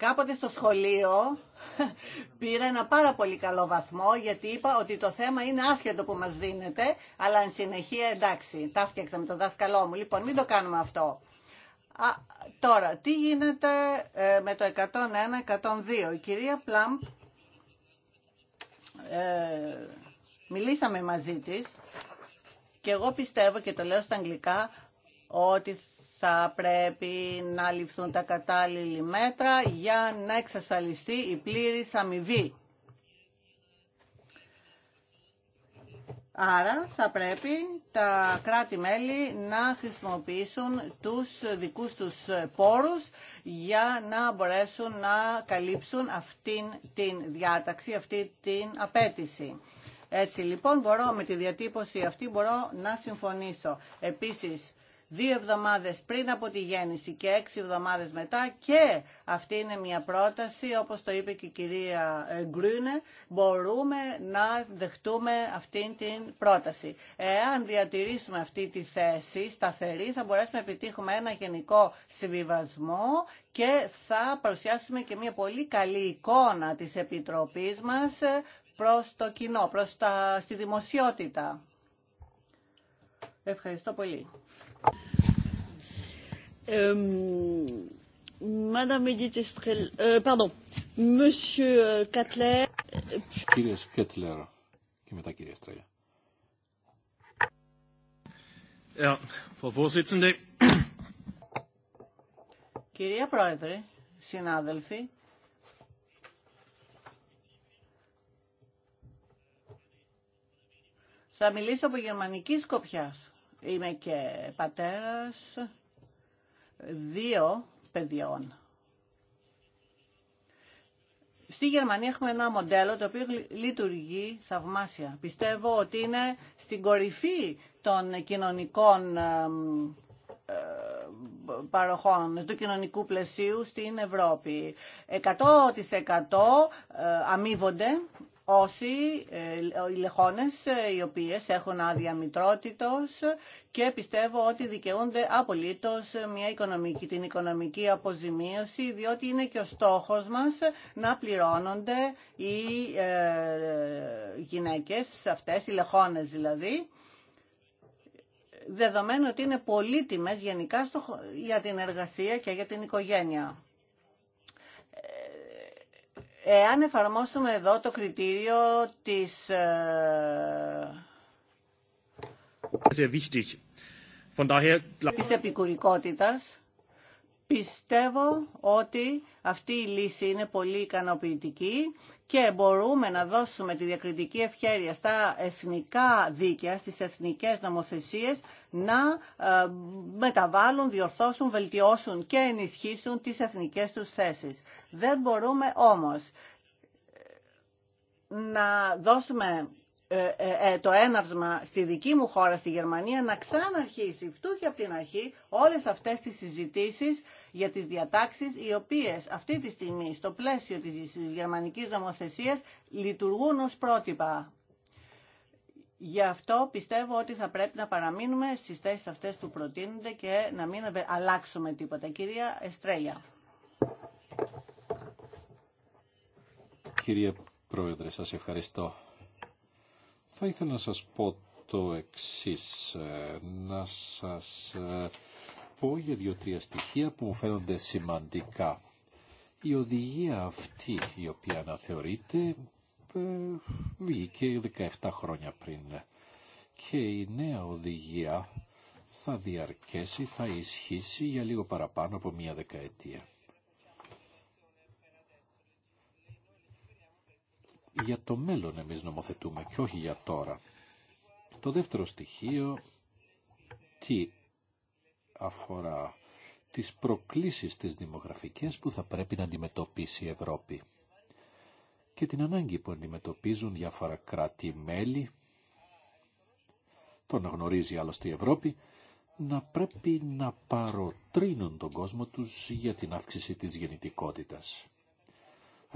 Speaker 1: Κάποτε στο σχολείο πήρα ένα πάρα πολύ καλό βαθμό γιατί είπα ότι το θέμα είναι άσχετο που μας δίνεται, αλλά εν συνεχεία εντάξει, τα φτιάξα με τον δάσκαλό μου. Λοιπόν, μην το κάνουμε αυτό. Α, τώρα, τι γίνεται ε, με το 101-102. Η κυρία Πλάμπ, ε, μιλήσαμε μαζί της και εγώ πιστεύω και το λέω στα αγγλικά ότι θα πρέπει να ληφθούν τα κατάλληλη μέτρα για να εξασφαλιστεί η πλήρης αμοιβή. Άρα θα πρέπει τα κράτη-μέλη να χρησιμοποιήσουν τους δικούς τους πόρους για να μπορέσουν να καλύψουν αυτήν την διάταξη, αυτή την απέτηση. Έτσι λοιπόν μπορώ με τη διατύπωση αυτή μπορώ να συμφωνήσω. Επίσης δύο εβδομάδες πριν από τη γέννηση και έξι εβδομάδες μετά και αυτή είναι μια πρόταση, όπως το είπε και η κυρία ε, Γκρούνε, μπορούμε να δεχτούμε αυτή την πρόταση. Εάν διατηρήσουμε αυτή τη θέση σταθερή θα μπορέσουμε να επιτύχουμε ένα γενικό συμβιβασμό και θα παρουσιάσουμε και μια πολύ καλή εικόνα της Επιτροπής μας ε, προς το κοινό, προς τη δημοσιότητα. Ευχαριστώ πολύ. Euh, euh, euh,
Speaker 2: κύριε Κέτλερ και μετά κύριε Στρέλια. Ε,
Speaker 1: Κυρία Πρόεδρε, συνάδελφοι, θα μιλήσω από γερμανική σκοπιάς. Είμαι και πατέρας δύο παιδιών. Στη Γερμανία έχουμε ένα μοντέλο το οποίο λειτουργεί θαυμάσια. Πιστεύω ότι είναι στην κορυφή των κοινωνικών ε, παροχών του κοινωνικού πλαισίου στην Ευρώπη. 100% ε, αμείβονται όσοι, ε, οι λεχόνες ε, οι οποίες έχουν άδεια και πιστεύω ότι δικαιούνται απολύτως μια οικονομική, την οικονομική αποζημίωση διότι είναι και ο στόχος μας να πληρώνονται οι ε, γυναίκες αυτές, οι λεχόνες δηλαδή δεδομένου ότι είναι πολύτιμες γενικά για την εργασία και για την οικογένεια. Εάν εφαρμόσουμε εδώ το κριτήριο της... Ε,
Speaker 4: Sehr της
Speaker 1: επικουρικότητας, Πιστεύω ότι αυτή η λύση είναι πολύ ικανοποιητική και μπορούμε να δώσουμε τη διακριτική ευχέρεια στα εθνικά δίκαια, στις εθνικές νομοθεσίες, να ε, μεταβάλουν, διορθώσουν, βελτιώσουν και ενισχύσουν τις εθνικές τους θέσεις. Δεν μπορούμε όμως να δώσουμε ε, ε, ε, το έναυσμα στη δική μου χώρα, στη Γερμανία, να ξαναρχίσει φτούχια από την αρχή όλες αυτές τις συζητήσεις για τις διατάξεις οι οποίες αυτή τη στιγμή στο πλαίσιο της γερμανικής νομοθεσίας λειτουργούν ως πρότυπα. Γι' αυτό πιστεύω ότι θα πρέπει να παραμείνουμε στις θέσεις αυτές που προτείνονται και να μην αλλάξουμε τίποτα. Κυρία Εστρέλια.
Speaker 2: Κύριε Πρόεδρε, σας ευχαριστώ θα ήθελα να σας πω το εξής, ε, να σας ε, πω για δύο-τρία στοιχεία που μου φαίνονται σημαντικά. Η οδηγία αυτή η οποία αναθεωρείται ε, βγήκε 17 χρόνια πριν και η νέα οδηγία θα διαρκέσει, θα ισχύσει για λίγο παραπάνω από μία δεκαετία. για το μέλλον εμείς νομοθετούμε και όχι για τώρα. Το δεύτερο στοιχείο, τι αφορά τις προκλήσεις τις δημογραφικές που θα πρέπει να αντιμετωπίσει η Ευρώπη και την ανάγκη που αντιμετωπίζουν διάφορα κράτη-μέλη, το γνωρίζει άλλωστε η Ευρώπη, να πρέπει να παροτρύνουν τον κόσμο τους για την αύξηση της γεννητικότητας.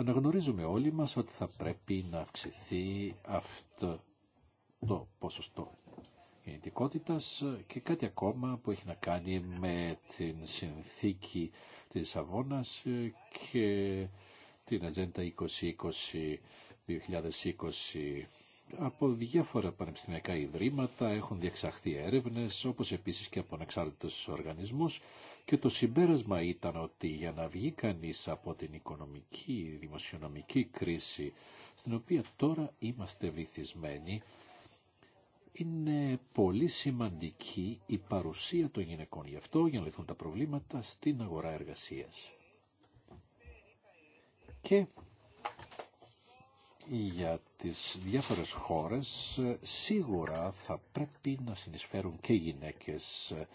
Speaker 2: Αναγνωρίζουμε όλοι μας ότι θα πρέπει να αυξηθεί αυτό το ποσοστό γεννητικότητας και κάτι ακόμα που έχει να κάνει με την συνθήκη της Αβώνας και την Ατζέντα 2020-2020 από διάφορα πανεπιστημιακά ιδρύματα, έχουν διεξαχθεί έρευνες, όπως επίσης και από ανεξάρτητους οργανισμούς και το συμπέρασμα ήταν ότι για να βγει κανείς από την οικονομική, δημοσιονομική κρίση, στην οποία τώρα είμαστε βυθισμένοι, είναι πολύ σημαντική η παρουσία των γυναικών γι' αυτό για να λυθούν τα προβλήματα στην αγορά εργασίας για τις διάφορες χώρες ε, σίγουρα θα πρέπει να συνεισφέρουν και οι γυναίκες ε,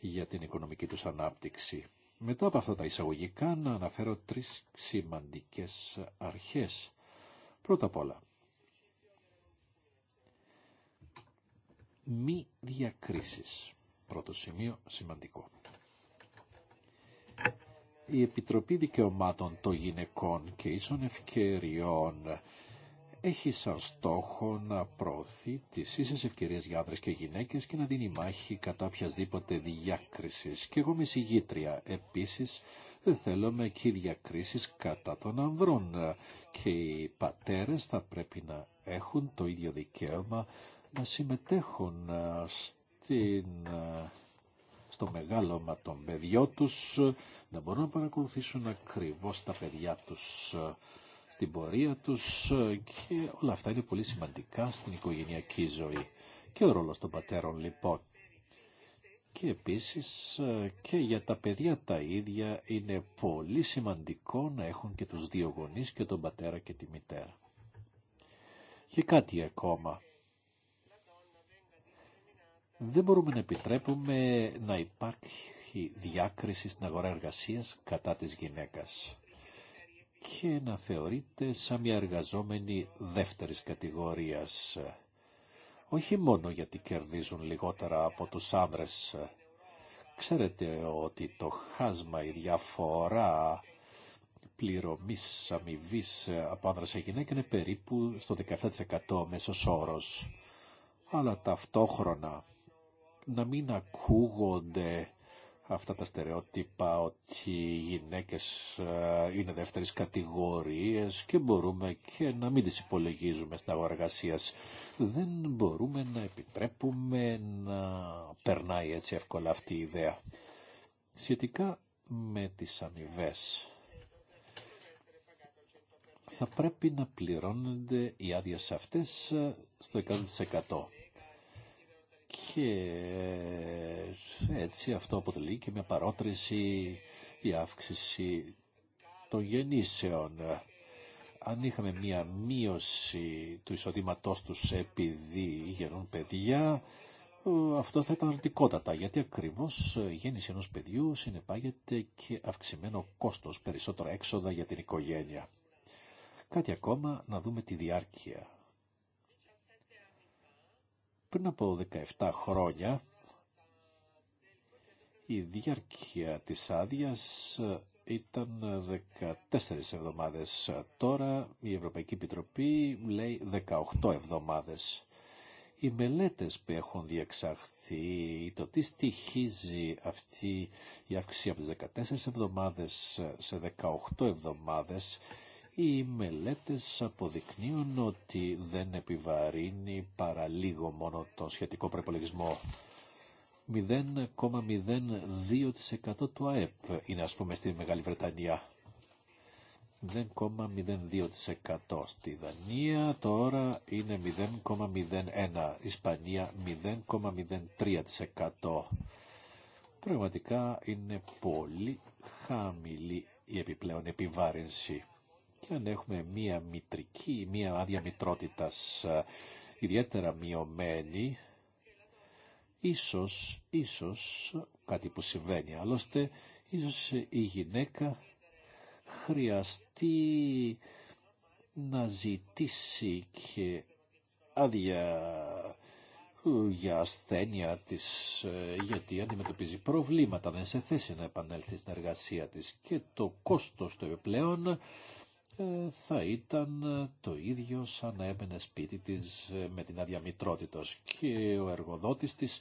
Speaker 2: για την οικονομική τους ανάπτυξη. Μετά από αυτά τα εισαγωγικά να αναφέρω τρεις σημαντικές ε, αρχές. Πρώτα απ' όλα, μη διακρίσεις. Πρώτο σημείο σημαντικό η Επιτροπή Δικαιωμάτων των Γυναικών και Ίσων Ευκαιριών έχει σαν στόχο να προωθεί τις ίσες ευκαιρίες για άνδρες και γυναίκες και να δίνει μάχη κατά οποιασδήποτε διάκριση. Και εγώ είμαι συγγήτρια. Επίσης, δεν θέλουμε και διακρίσεις κατά των ανδρών και οι πατέρες θα πρέπει να έχουν το ίδιο δικαίωμα να συμμετέχουν στην στο μεγάλωμα των παιδιών τους, να μπορούν να παρακολουθήσουν ακριβώς τα παιδιά τους ε, στην πορεία τους ε, και όλα αυτά είναι πολύ σημαντικά στην οικογενειακή ζωή και ο ρόλος των πατέρων λοιπόν. Και επίσης ε, και για τα παιδιά τα ίδια είναι πολύ σημαντικό να έχουν και τους δύο γονείς και τον πατέρα και τη μητέρα. Και κάτι ακόμα. Δεν μπορούμε να επιτρέπουμε να υπάρχει διάκριση στην αγορά εργασίας κατά της γυναίκας και να θεωρείται σαν μια εργαζόμενη δεύτερης κατηγορίας. Όχι μόνο γιατί κερδίζουν λιγότερα από τους άνδρες. Ξέρετε ότι το χάσμα, η διαφορά πληρωμής αμοιβή από άνδρα σε γυναίκα είναι περίπου στο 17% μέσος όρος. Αλλά ταυτόχρονα να μην ακούγονται αυτά τα στερεότυπα ότι οι γυναίκες ε, είναι δεύτερης κατηγορίες και μπορούμε και να μην τις υπολογίζουμε στην αγορά εργασία. Δεν μπορούμε να επιτρέπουμε να περνάει έτσι εύκολα αυτή η ιδέα. Σχετικά με τις αμοιβέ. Θα πρέπει να πληρώνονται οι άδειε αυτές ε, στο 100% και ε, έτσι αυτό αποτελεί και μια παρότριση η αύξηση των γεννήσεων. Αν είχαμε μια μείωση του εισοδήματός τους επειδή γεννούν παιδιά, αυτό θα ήταν αρνητικότατα, γιατί ακριβώς ε, η γέννηση ενός παιδιού συνεπάγεται και αυξημένο κόστος, περισσότερα έξοδα για την οικογένεια. Κάτι ακόμα, να δούμε τη διάρκεια πριν από 17 χρόνια η διάρκεια της άδεια ήταν 14 εβδομάδες. Τώρα η Ευρωπαϊκή Επιτροπή λέει 18 εβδομάδες. Οι μελέτες που έχουν διεξαχθεί, το τι στοιχίζει αυτή η αύξηση από τις 14 εβδομάδες σε 18 εβδομάδες οι μελέτες αποδεικνύουν ότι δεν επιβαρύνει παρά λίγο μόνο τον σχετικό προπολογισμό. 0,02% του ΑΕΠ είναι ας πούμε στη Μεγάλη Βρετανία. 0,02% στη Δανία, τώρα είναι 0,01%, Ισπανία 0,03%. Πραγματικά είναι πολύ χαμηλή η επιπλέον επιβάρυνση και αν έχουμε μία μητρική, μία άδεια μητρότητας ε, ιδιαίτερα μειωμένη, ίσως, ίσως κάτι που συμβαίνει. Άλλωστε, ίσως η γυναίκα χρειαστεί να ζητήσει και άδεια ε, για ασθένεια της, ε, γιατί αντιμετωπίζει προβλήματα, δεν σε θέση να επανέλθει στην εργασία της και το κόστος του επιπλέον ε, θα ήταν ε, το ίδιο σαν να έμπαινε σπίτι της ε, με την αδιαμητρότητος και ο εργοδότης της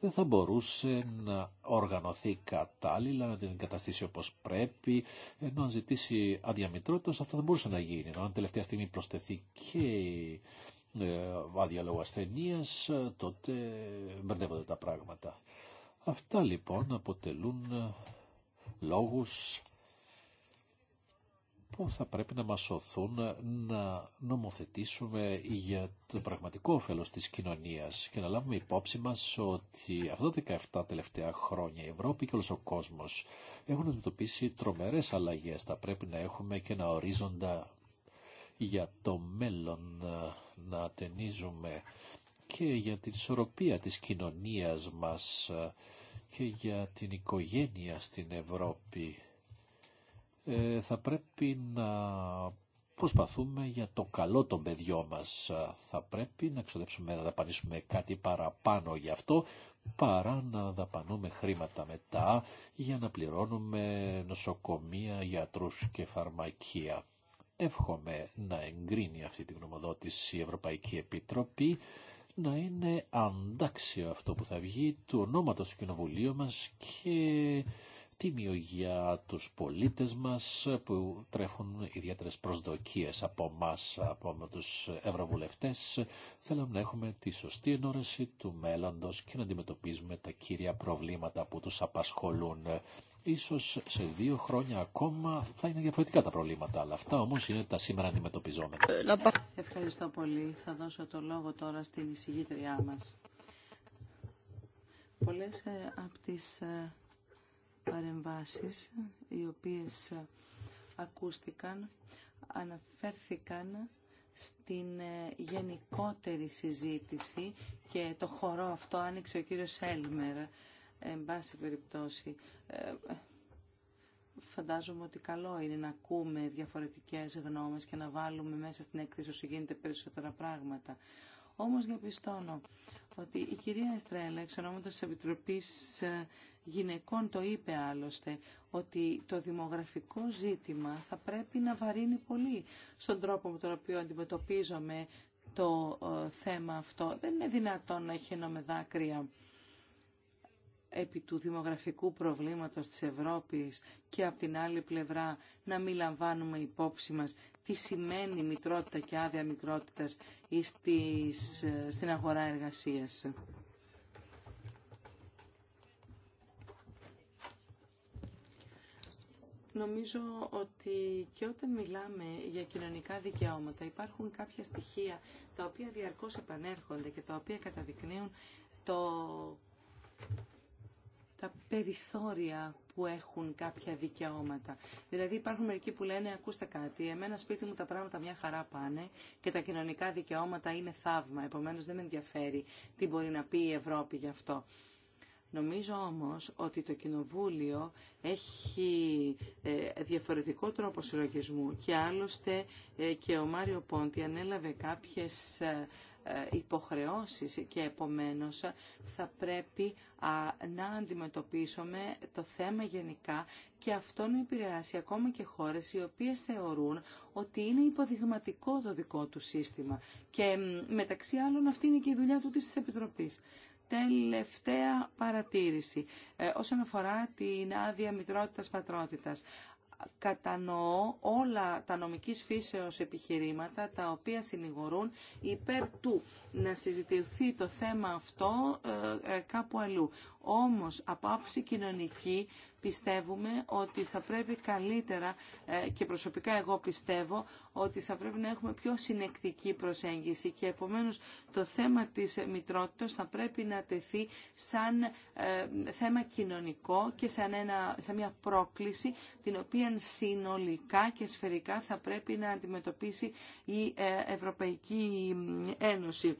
Speaker 2: δεν θα μπορούσε να οργανωθεί κατάλληλα, να την εγκαταστήσει όπως πρέπει, ενώ αν ζητήσει αδιαμητρότητος αυτό δεν μπορούσε να γίνει. Ενώ αν τελευταία στιγμή προσθεθεί και άδεια λόγω ασθενείας, τότε μπερδεύονται τα πράγματα. Αυτά λοιπόν αποτελούν λόγους που θα πρέπει να μας σωθούν να νομοθετήσουμε για το πραγματικό όφελος της κοινωνίας και να λάβουμε υπόψη μας ότι αυτά τα 17 τελευταία χρόνια η Ευρώπη και όλος ο κόσμος έχουν αντιμετωπίσει τρομερές αλλαγές. Θα πρέπει να έχουμε και ένα ορίζοντα για το μέλλον να ατενίζουμε και για την ισορροπία της κοινωνίας μας και για την οικογένεια στην Ευρώπη ε, θα πρέπει να προσπαθούμε για το καλό των παιδιών μας. Θα πρέπει να ξοδέψουμε, να δαπανίσουμε κάτι παραπάνω γι' αυτό, παρά να δαπανούμε χρήματα μετά για να πληρώνουμε νοσοκομεία, γιατρούς και φαρμακεία. Εύχομαι να εγκρίνει αυτή την γνωμοδότηση η Ευρωπαϊκή Επιτροπή, να είναι αντάξιο αυτό που θα βγει του ονόματος του Κοινοβουλίου μας και τίμιο για τους πολίτες μας που τρέχουν ιδιαίτερες προσδοκίες από μας, από τους ευρωβουλευτές. Θέλουμε να έχουμε τη σωστή ενόρεση του μέλλοντος και να αντιμετωπίζουμε τα κύρια προβλήματα που τους απασχολούν. Ίσως σε δύο χρόνια ακόμα θα είναι διαφορετικά τα προβλήματα, αλλά αυτά όμως είναι τα σήμερα αντιμετωπιζόμενα.
Speaker 3: Ευχαριστώ πολύ. Θα δώσω το λόγο τώρα στην εισηγήτριά μας. Πολλές ε, από τις ε, παρεμβάσεις οι οποίες ακούστηκαν αναφέρθηκαν στην ε, γενικότερη συζήτηση και το χορό αυτό άνοιξε ο κύριος Έλμερ εν πάση περιπτώσει ε, φαντάζομαι ότι καλό είναι να ακούμε διαφορετικές γνώμες και να βάλουμε μέσα στην έκθεση όσο γίνεται περισσότερα πράγματα. Όμως διαπιστώνω ότι η κυρία Εστρέλα, εξ ονόματος της Επιτροπής ε, γυναικών το είπε άλλωστε ότι το δημογραφικό ζήτημα θα πρέπει να βαρύνει πολύ στον τρόπο με τον οποίο αντιμετωπίζομαι το ε, θέμα αυτό. Δεν είναι δυνατόν να χαίνομαι δάκρυα επί του δημογραφικού προβλήματος της Ευρώπης και από την άλλη πλευρά να μην λαμβάνουμε υπόψη μας τι σημαίνει μητρότητα και άδεια μητρότητας ε, στην αγορά εργασίας. Νομίζω ότι και όταν μιλάμε για κοινωνικά δικαιώματα υπάρχουν κάποια στοιχεία τα οποία διαρκώς επανέρχονται και τα οποία καταδεικνύουν το... τα περιθώρια που έχουν κάποια δικαιώματα. Δηλαδή υπάρχουν μερικοί που λένε ακούστε κάτι, εμένα σπίτι μου τα πράγματα μια χαρά πάνε και τα κοινωνικά δικαιώματα είναι θαύμα, επομένως δεν με ενδιαφέρει τι μπορεί να πει η Ευρώπη γι' αυτό. Νομίζω όμως ότι το Κοινοβούλιο έχει ε, διαφορετικό τρόπο συλλογισμού και άλλωστε ε, και ο Μάριο Πόντι ανέλαβε κάποιες ε, υποχρεώσεις και επομένως θα πρέπει να αντιμετωπίσουμε το θέμα γενικά και αυτό να επηρεάσει ακόμα και χώρες οι οποίες θεωρούν ότι είναι υποδειγματικό το δικό του σύστημα. Και μεταξύ άλλων αυτή είναι και η δουλειά του της Επιτροπής. Τελευταία παρατήρηση ε, όσον αφορά την άδεια μητρότητας πατρότητας κατανοώ όλα τα νομικής φύσεως επιχειρήματα τα οποία συνηγορούν υπέρ του να συζητηθεί το θέμα αυτό ε, ε, κάπου αλλού. Όμως από άποψη κοινωνική πιστεύουμε ότι θα πρέπει καλύτερα ε, και προσωπικά εγώ πιστεύω ότι θα πρέπει να έχουμε πιο συνεκτική προσέγγιση και επομένως το θέμα της μητρότητας θα πρέπει να τεθεί σαν ε, θέμα κοινωνικό και σαν, ένα, σαν μια πρόκληση την οποία συνολικά και σφαιρικά θα πρέπει να αντιμετωπίσει η ε, Ευρωπαϊκή Ένωση.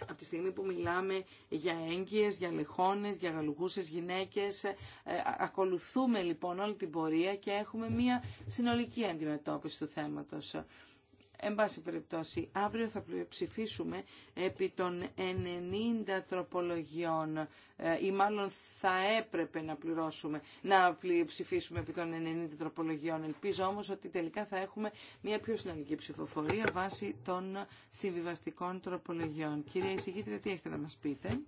Speaker 3: Από τη στιγμή που μιλάμε για έγκυες, για λεχόνες, για γαλουχούσες γυναίκες, ε, ακολουθούμε λοιπόν όλη την πορεία και έχουμε μία συνολική αντιμετώπιση του θέματος. Εν πάση περιπτώσει, αύριο θα ψηφίσουμε επί των 90 τροπολογιών ε, ή μάλλον θα έπρεπε να πληρώσουμε, να ψηφίσουμε επί των 90 τροπολογιών. Ελπίζω όμως ότι τελικά θα έχουμε μια πιο συνολική ψηφοφορία βάσει των συμβιβαστικών τροπολογιών. Κυρία Εισηγήτρια, τι έχετε να μας πείτε.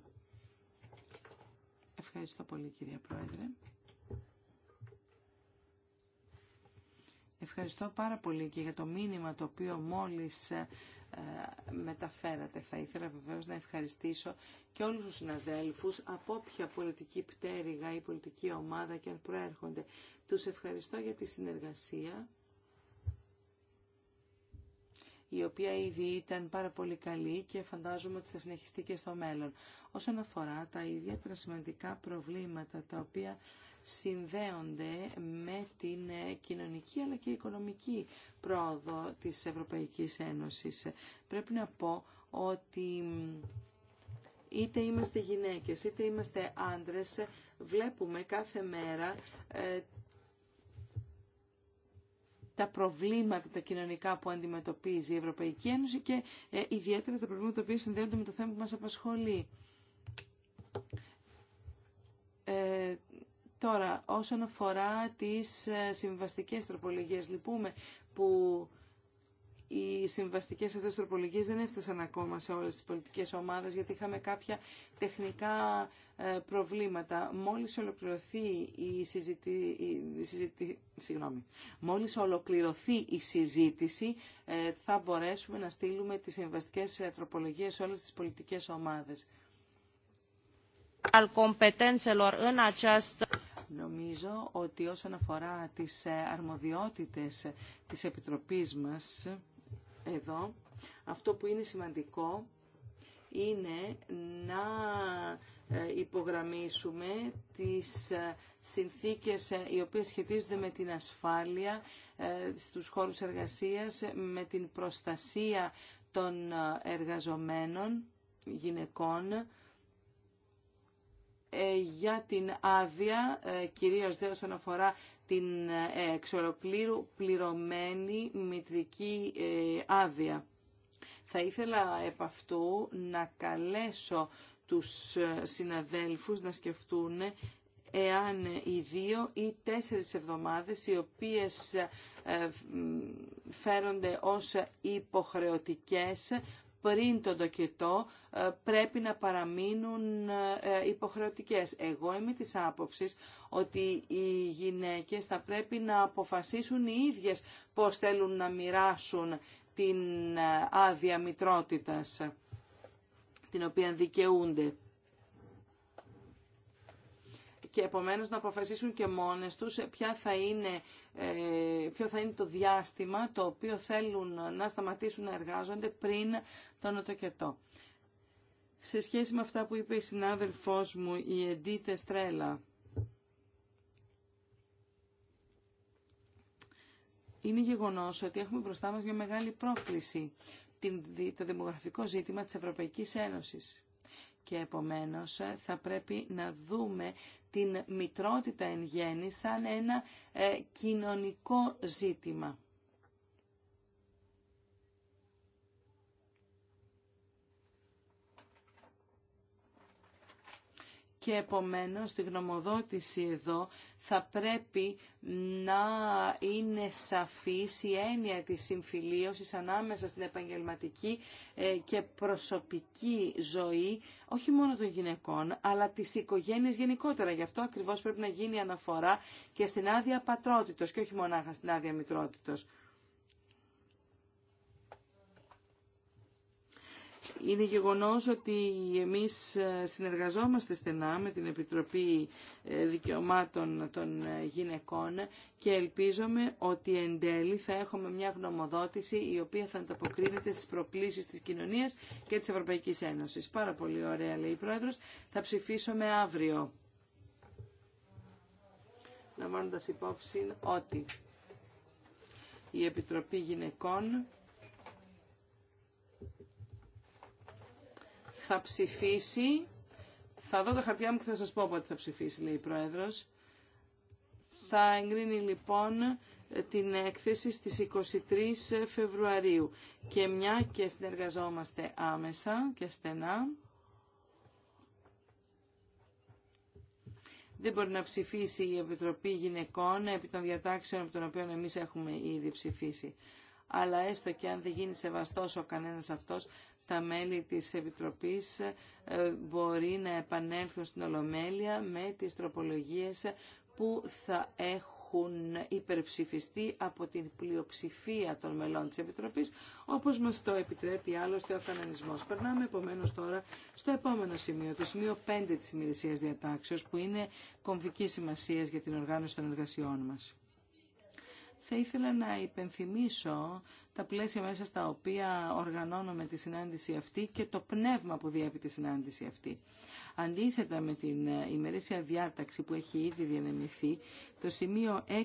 Speaker 3: Ευχαριστώ πολύ κυρία Πρόεδρε. Ευχαριστώ πάρα πολύ και για το μήνυμα το οποίο μόλις ε, μεταφέρατε. Θα ήθελα βεβαίως να ευχαριστήσω και όλους τους συναδέλφους από όποια πολιτική πτέρυγα ή πολιτική ομάδα και αν προέρχονται. Τους ευχαριστώ για τη συνεργασία η οποία ήδη ήταν πάρα πολύ καλή και φαντάζομαι ότι θα συνεχιστεί και στο μέλλον. Όσον αφορά τα ιδιαίτερα σημαντικά προβλήματα τα οποία συνδέονται με την ε, κοινωνική αλλά και οικονομική πρόοδο της Ευρωπαϊκής Ένωσης. Πρέπει να πω ότι είτε είμαστε γυναίκες είτε είμαστε άντρες βλέπουμε κάθε μέρα ε, τα προβλήματα τα κοινωνικά που αντιμετωπίζει η Ευρωπαϊκή Ένωση και ε, ιδιαίτερα τα προβλήματα που συνδέονται με το θέμα που μας απασχολεί. Ε, Τώρα, όσον αφορά τις ε, συμβαστικές τροπολογίες, λυπούμε που οι συμβαστικές αυτές τροπολογίες δεν έφτασαν ακόμα σε όλες τις πολιτικές ομάδες, γιατί είχαμε κάποια τεχνικά ε, προβλήματα. Μόλις ολοκληρωθεί η, συζήτηση Μόλις ολοκληρωθεί η συζήτηση, ε, θα μπορέσουμε να στείλουμε τις συμβαστικές τροπολογίες σε όλες τις πολιτικές ομάδες. Νομίζω ότι όσον αφορά τις ε, αρμοδιότητες ε, της Επιτροπής μας εδώ, αυτό που είναι σημαντικό είναι να ε, υπογραμμίσουμε τις συνθήκες οι οποίες σχετίζονται με την ασφάλεια στους χώρους εργασίας, με την προστασία των εργαζομένων γυναικών, ε, για την άδεια, ε, κυρίως δε όσον αφορά την ε, εξολοκλήρου πληρωμένη μητρική άδεια. Θα ήθελα επ' αυτού να καλέσω τους συναδέλφους να σκεφτούν εάν οι δύο ή τέσσερις εβδομάδες οι οποίες φέρονται ως υποχρεωτικές πριν τον τοκετό ε, πρέπει να παραμείνουν ε, υποχρεωτικές. Εγώ είμαι της άποψης ότι οι γυναίκες θα πρέπει να αποφασίσουν οι ίδιες πώς θέλουν να μοιράσουν την ε, άδεια μητρότητας την οποία δικαιούνται και επομένως να αποφασίσουν και μόνες τους ποια θα είναι, ε, ποιο θα είναι το διάστημα το οποίο θέλουν να σταματήσουν να εργάζονται πριν τον οτοκετό. Σε σχέση με αυτά που είπε η συνάδελφός μου, η Εντίτε Στρέλα, είναι γεγονός ότι έχουμε μπροστά μας μια μεγάλη πρόκληση, το δημογραφικό ζήτημα της Ευρωπαϊκής Ένωσης. Και επομένως ε, θα πρέπει να δούμε την μητρότητα εν γέννη σαν ένα ε, κοινωνικό ζήτημα. και επομένως στη γνωμοδότηση εδώ θα πρέπει να είναι σαφής η έννοια της συμφιλίωσης ανάμεσα στην επαγγελματική ε, και προσωπική ζωή όχι μόνο των γυναικών αλλά της οικογένειας γενικότερα. Γι' αυτό ακριβώς πρέπει να γίνει αναφορά και στην άδεια πατρότητος και όχι μονάχα στην άδεια μητρότητος. Είναι γεγονός ότι εμείς ε, συνεργαζόμαστε στενά με την Επιτροπή ε, Δικαιωμάτων των ε, Γυναικών και ελπίζομαι ότι εν τέλει θα έχουμε μια γνωμοδότηση η οποία θα ανταποκρίνεται στις προκλήσεις της κοινωνίας και της Ευρωπαϊκής Ένωσης. Πάρα πολύ ωραία λέει η Πρόεδρος. Θα ψηφίσουμε αύριο. Λαμβάνοντας υπόψη ότι η Επιτροπή Γυναικών θα ψηφίσει. Θα δω τα χαρτιά μου και θα σας πω πότε θα ψηφίσει, λέει η Πρόεδρος. Θα εγκρίνει λοιπόν την έκθεση στις 23 Φεβρουαρίου. Και μια και συνεργαζόμαστε άμεσα και στενά, δεν μπορεί να ψηφίσει η Επιτροπή Γυναικών επί των διατάξεων από τον οποίο εμείς έχουμε ήδη ψηφίσει. Αλλά έστω και αν δεν γίνει σεβαστός ο κανένας αυτός, τα μέλη της Επιτροπής ε, μπορεί να επανέλθουν στην Ολομέλεια με τις τροπολογίες που θα έχουν υπερψυφιστεί υπερψηφιστεί από την πλειοψηφία των μελών της Επιτροπής, όπως μας το επιτρέπει άλλωστε ο κανονισμός. Περνάμε επομένω τώρα στο επόμενο σημείο, το σημείο 5 της ημερησίας διατάξεως, που είναι κομβική σημασία για την οργάνωση των εργασιών μας. Θα ήθελα να υπενθυμίσω τα πλαίσια μέσα στα οποία οργανώνουμε τη συνάντηση αυτή και το πνεύμα που διέπει τη συνάντηση αυτή. Αντίθετα με την ημερήσια διάταξη που έχει ήδη διανεμηθεί, το σημείο 6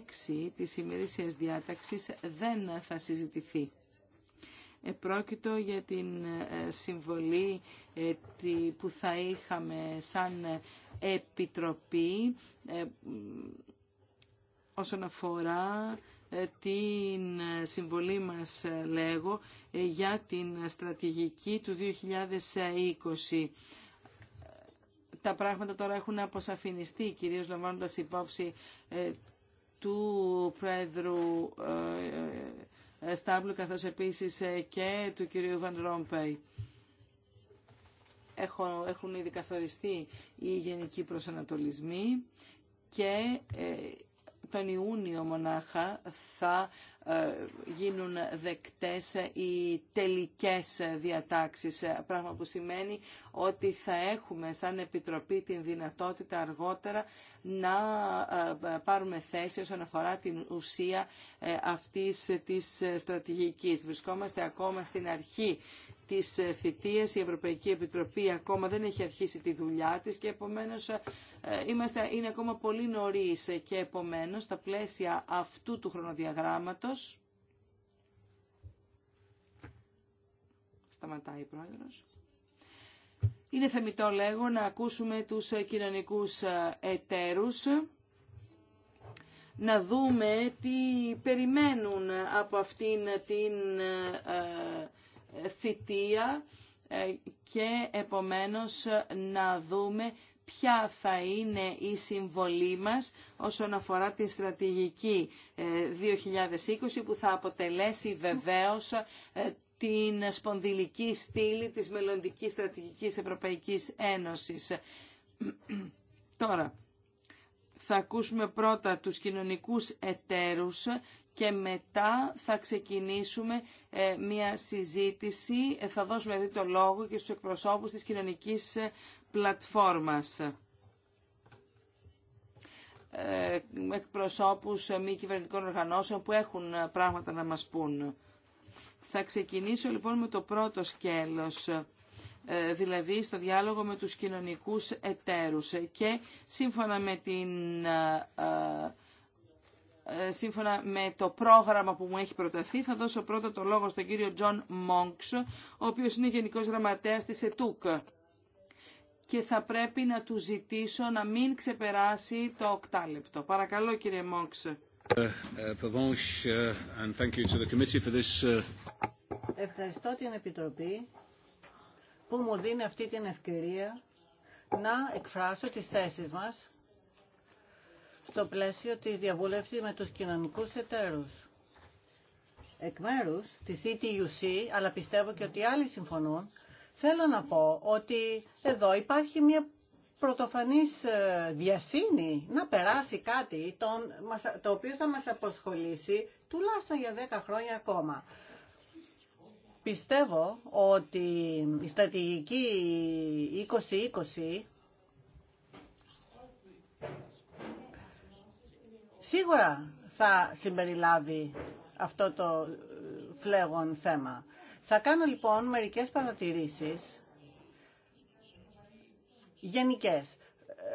Speaker 3: της ημερήσιας διάταξης δεν θα συζητηθεί. Επρόκειτο για την ε, συμβολή ε, που θα είχαμε σαν Επιτροπή ε, όσον αφορά ε, την ε, συμβολή μας, ε, λέγω, για την στρατηγική του 2020. Τα πράγματα τώρα έχουν αποσαφινιστεί, κυρίως λαμβάνοντας υπόψη του Πρόεδρου Στάμπλου, καθώς επίσης και του κυρίου Βαν Ρόμπεϊ. Έχουν ήδη καθοριστεί οι γενικοί προσανατολισμοί και τον Ιούνιο μονάχα θα ε, γίνουν δεκτές οι τελικές διατάξεις, ε, πράγμα που σημαίνει ότι θα έχουμε σαν Επιτροπή την δυνατότητα αργότερα να ε, πάρουμε θέση όσον αφορά την ουσία ε, αυτής της στρατηγικής. Βρισκόμαστε ακόμα στην αρχή της θητείας. Η Ευρωπαϊκή Επιτροπή ακόμα δεν έχει αρχίσει τη δουλειά της και επομένως ε, είμαστε, είναι ακόμα πολύ νωρίς και επομένως στα πλαίσια αυτού του χρονοδιαγράμματος σταματάει η Πρόεδρος. Είναι θεμητό, λέγω, να ακούσουμε τους κοινωνικούς εταίρους, να δούμε τι περιμένουν από αυτήν την ε, θητεία ε, και επομένως να δούμε ποια θα είναι η συμβολή μας όσον αφορά τη στρατηγική 2020 ε, που θα αποτελέσει βεβαίως την σπονδυλική στήλη της μελλοντικής στρατηγικής Ευρωπαϊκής Ένωσης. Τώρα, θα ακούσουμε πρώτα τους κοινωνικούς εταίρους και μετά θα ξεκινήσουμε ε, μια συζήτηση. Ε, θα δώσουμε εδώ δηλαδή το λόγο και στους εκπροσώπους της κοινωνικής ε, πλατφόρμας εκπροσώπους μη κυβερνητικών οργανώσεων που έχουν πράγματα να μας πούν. Θα ξεκινήσω λοιπόν με το πρώτο σκέλος ε, δηλαδή στο διάλογο με τους κοινωνικούς εταίρους και σύμφωνα με την ε, ε, σύμφωνα το πρόγραμμα που μου έχει προταθεί, θα δώσω πρώτα το λόγο στον κύριο Τζον Μόνξ ο οποίος είναι Γενικός Γραμματέας της ΕΤΟΚ. Και θα πρέπει να του ζητήσω να μην ξεπεράσει το οκτάλεπτο. Παρακαλώ κύριε Μόνξ.
Speaker 1: Ευχαριστώ την Επιτροπή που μου δίνει αυτή την ευκαιρία να εκφράσω τις θέσεις μας στο πλαίσιο της διαβούλευσης με τους κοινωνικούς εταίρους. Εκ μέρους της ETUC, αλλά πιστεύω και ότι άλλοι συμφωνούν, θέλω να πω ότι εδώ υπάρχει μια πρωτοφανής ε, διασύνη να περάσει κάτι το οποίο θα μας αποσχολήσει τουλάχιστον για 10 χρόνια ακόμα. Πιστεύω ότι η στρατηγική 2020 σίγουρα θα συμπεριλάβει αυτό το φλέγον θέμα. Θα κάνω λοιπόν μερικές παρατηρήσεις γενικές.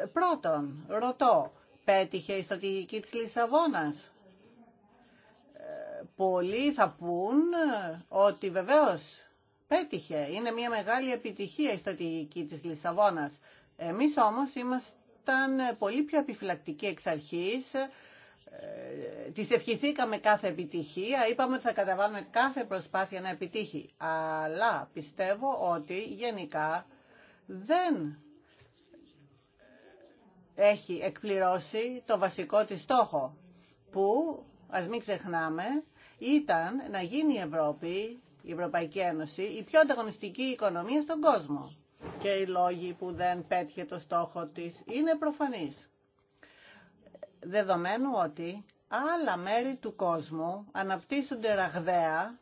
Speaker 1: Ε, πρώτον, ρωτώ, πέτυχε η στρατηγική της Λισαβόνας. Ε, πολλοί θα πούν ε, ότι βεβαίως πέτυχε. Είναι μια μεγάλη επιτυχία η στρατηγική της Λισαβόνας. Εμείς όμως ήμασταν πολύ πιο επιφυλακτικοί εξ αρχής. Τη ευχηθήκαμε κάθε επιτυχία, είπαμε ότι θα καταβάλουμε κάθε προσπάθεια να επιτύχει. Αλλά πιστεύω ότι γενικά δεν έχει εκπληρώσει το βασικό της στόχο που, ας μην ξεχνάμε, ήταν να γίνει η Ευρώπη, η Ευρωπαϊκή Ένωση, η πιο ανταγωνιστική οικονομία στον κόσμο. Και οι λόγοι που δεν πέτυχε το στόχο της είναι προφανείς. Δεδομένου ότι άλλα μέρη του κόσμου αναπτύσσονται ραγδαία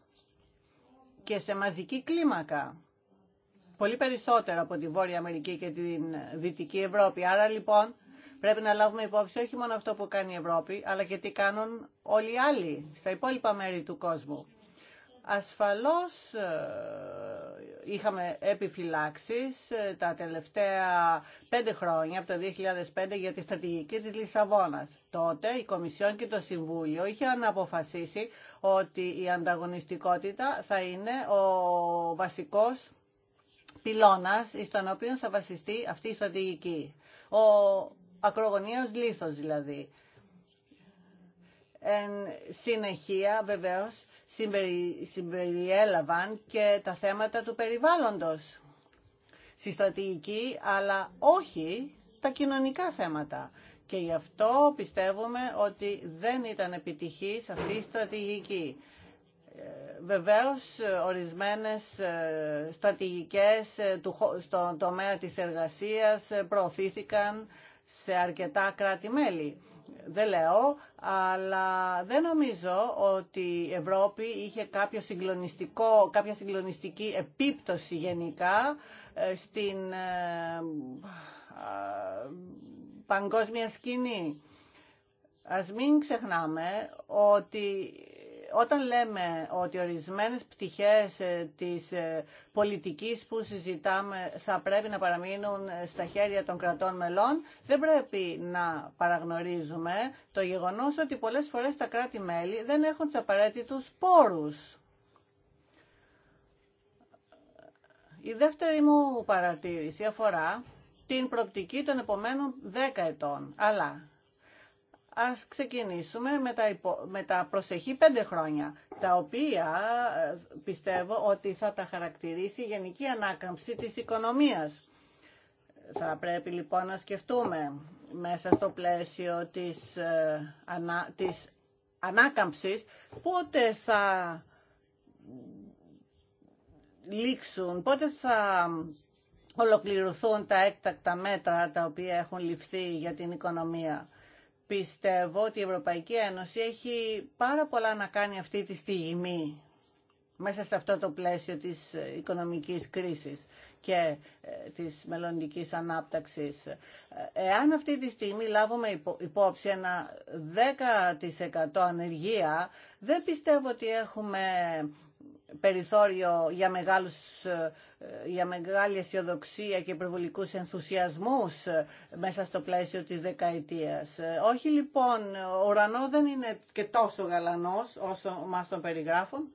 Speaker 1: και σε μαζική κλίμακα. Πολύ περισσότερο από τη Βόρεια Αμερική και την Δυτική Ευρώπη. Άρα λοιπόν Πρέπει να λάβουμε υπόψη όχι μόνο αυτό που κάνει η Ευρώπη, αλλά και τι κάνουν όλοι οι άλλοι στα υπόλοιπα μέρη του κόσμου. Ασφαλώς ε, είχαμε επιφυλάξεις ε, τα τελευταία πέντε χρόνια, από το 2005, για τη στρατηγική της Λισαβόνας. Τότε η Κομισιόν και το Συμβούλιο είχαν αποφασίσει ότι η ανταγωνιστικότητα θα είναι ο βασικός πυλώνας στον οποίο θα βασιστεί αυτή η στρατηγική. Ο ακρογωνίως λίθος δηλαδή. Εν συνεχεία βεβαίως συμπεριέλαβαν και τα θέματα του περιβάλλοντος στη στρατηγική, αλλά όχι τα κοινωνικά θέματα. Και γι' αυτό πιστεύουμε ότι δεν ήταν επιτυχής αυτή η στρατηγική. Βεβαίως, ορισμένες ε, στρατηγικές ε, στον τομέα της εργασίας ε, προωθήθηκαν σε αρκετά κράτη-μέλη. Δεν λέω, αλλά δεν νομίζω ότι η Ευρώπη είχε κάποιο συγκλονιστικό, κάποια συγκλονιστική επίπτωση γενικά ε, στην ε, ε, παγκόσμια σκηνή. Ας μην ξεχνάμε ότι όταν λέμε ότι ορισμένες πτυχές ε, της ε, πολιτικής που συζητάμε θα πρέπει να παραμείνουν στα χέρια των κρατών μελών, δεν πρέπει να παραγνωρίζουμε το γεγονός ότι πολλές φορές τα κράτη-μέλη δεν έχουν τους απαραίτητους πόρους. Η δεύτερη μου παρατήρηση αφορά την προπτική των επομένων 10 ετών. Αλλά ας ξεκινήσουμε με τα, με τα προσεχή πέντε χρόνια, τα οποία ε, πιστεύω ότι θα τα χαρακτηρίσει η γενική ανάκαμψη της οικονομίας. Θα πρέπει λοιπόν να σκεφτούμε μέσα στο πλαίσιο της, ε, της ανάκαμψης πότε θα λήξουν, πότε θα ολοκληρωθούν τα έκτακτα μέτρα τα οποία έχουν ληφθεί για την οικονομία πιστεύω ότι η Ευρωπαϊκή Ένωση έχει πάρα πολλά να κάνει αυτή τη στιγμή μέσα σε αυτό το πλαίσιο της οικονομικής κρίσης και ε, της μελλοντικής ανάπταξης. Εάν αυτή τη στιγμή λάβουμε υπόψη ένα 10% ανεργία, δεν πιστεύω ότι έχουμε περιθώριο για μεγάλους ε, ε, για μεγάλη αισιοδοξία και υπερβολικούς ενθουσιασμού ε, μέσα στο πλαίσιο της δεκαετίας. Ε, όχι λοιπόν, ο ουρανό δεν είναι και τόσο γαλανός όσο μας τον περιγράφουν.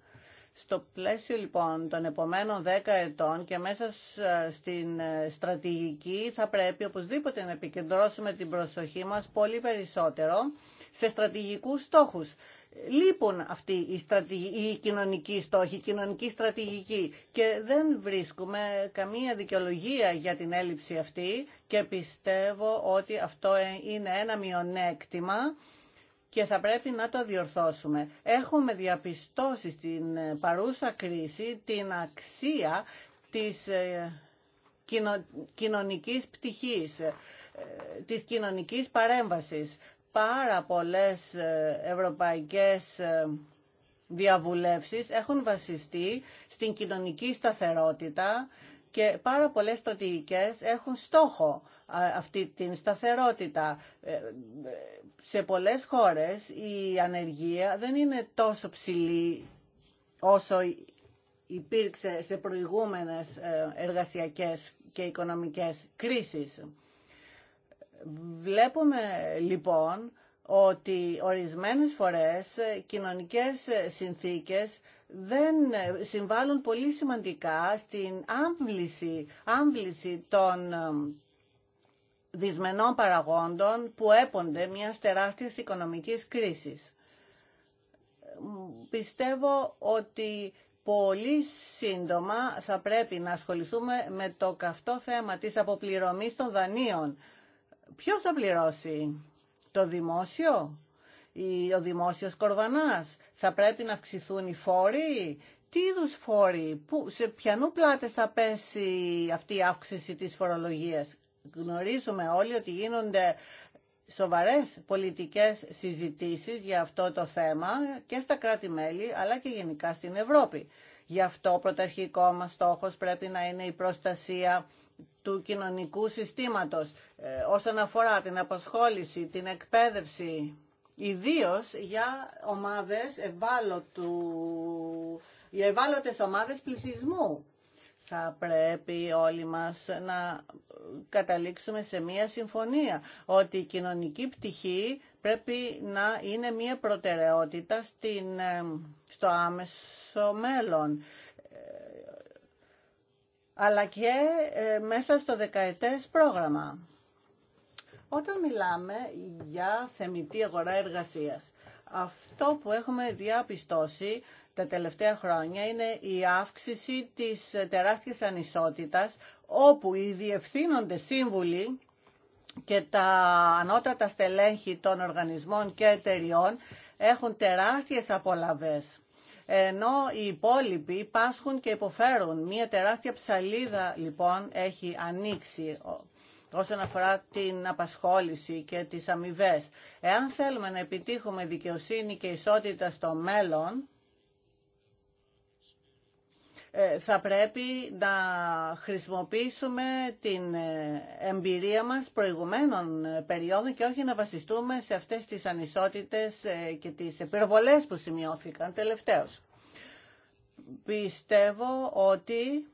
Speaker 1: Στο πλαίσιο λοιπόν των επομένων δέκα ετών και μέσα στην στρατηγική θα πρέπει οπωσδήποτε να επικεντρώσουμε την προσοχή μας πολύ περισσότερο σε στρατηγικούς στόχους λείπουν αυτοί οι, κοινωνικοί στόχοι, οι κοινωνική στρατηγική και δεν βρίσκουμε καμία δικαιολογία για την έλλειψη αυτή και πιστεύω ότι αυτό ε, είναι ένα μειονέκτημα και θα πρέπει να το διορθώσουμε. Έχουμε διαπιστώσει στην ε, παρούσα κρίση την αξία της ε, κοινωνικής πτυχής, της κοινωνικής παρέμβασης πάρα πολλές ε, ευρωπαϊκές ε, διαβουλεύσεις έχουν βασιστεί στην κοινωνική σταθερότητα και πάρα πολλές στρατηγικές έχουν στόχο ε, αυτή την σταθερότητα. Σε πολλές χώρες η ανεργία δεν είναι τόσο ψηλή όσο υπήρξε σε προηγούμενες εργασιακές και οικονομικές κρίσεις. Βλέπουμε λοιπόν ότι ορισμένες φορές κοινωνικές συνθήκες δεν συμβάλλουν πολύ σημαντικά στην άμβληση, άμβληση των ε, δυσμενών παραγόντων που έπονται μια τεράστια οικονομικής κρίσης. Πιστεύω ότι πολύ σύντομα θα πρέπει να ασχοληθούμε με το καυτό θέμα της αποπληρωμής των δανείων Ποιος θα πληρώσει, το δημόσιο, ο δημόσιος κορβανάς. Θα πρέπει να αυξηθούν οι φόροι, τι είδου φόροι, που, σε ποιανού πλάτε θα πέσει αυτή η αύξηση της φορολογίας. Γνωρίζουμε όλοι ότι γίνονται σοβαρές πολιτικές συζητήσεις για αυτό το θέμα και στα κράτη-μέλη αλλά και γενικά στην Ευρώπη. Γι' αυτό ο πρωταρχικό μας στόχος πρέπει να είναι η προστασία του κοινωνικού συστήματος ε, όσον αφορά την απασχόληση, την εκπαίδευση, ιδίως για ομάδες ευάλωτου, για ευάλωτες ομάδες πληθυσμού. Θα πρέπει όλοι μας να καταλήξουμε σε μία συμφωνία ότι η κοινωνική πτυχή πρέπει να είναι μία προτεραιότητα στην, ε, στο άμεσο μέλλον αλλά και ε, μέσα στο δεκαετές πρόγραμμα. Όταν μιλάμε για θεμητή αγορά εργασίας, αυτό που έχουμε διαπιστώσει τα τελευταία χρόνια είναι η αύξηση της τεράστιας ανισότητας, όπου οι διευθύνοντες σύμβουλοι και τα ανώτατα στελέχη των οργανισμών και εταιριών έχουν τεράστιες απολαβές ενώ οι υπόλοιποι πάσχουν και υποφέρουν. Μία τεράστια ψαλίδα λοιπόν έχει ανοίξει όσον αφορά την απασχόληση και τις αμοιβέ. Εάν θέλουμε να επιτύχουμε δικαιοσύνη και ισότητα στο μέλλον, ε, θα πρέπει να χρησιμοποιήσουμε την ε, εμπειρία μας προηγουμένων ε, περιόδων και όχι να βασιστούμε σε αυτές τις ανισότητες και τις επιρροβολές που σημειώθηκαν τελευταίως. Πιστεύω ότι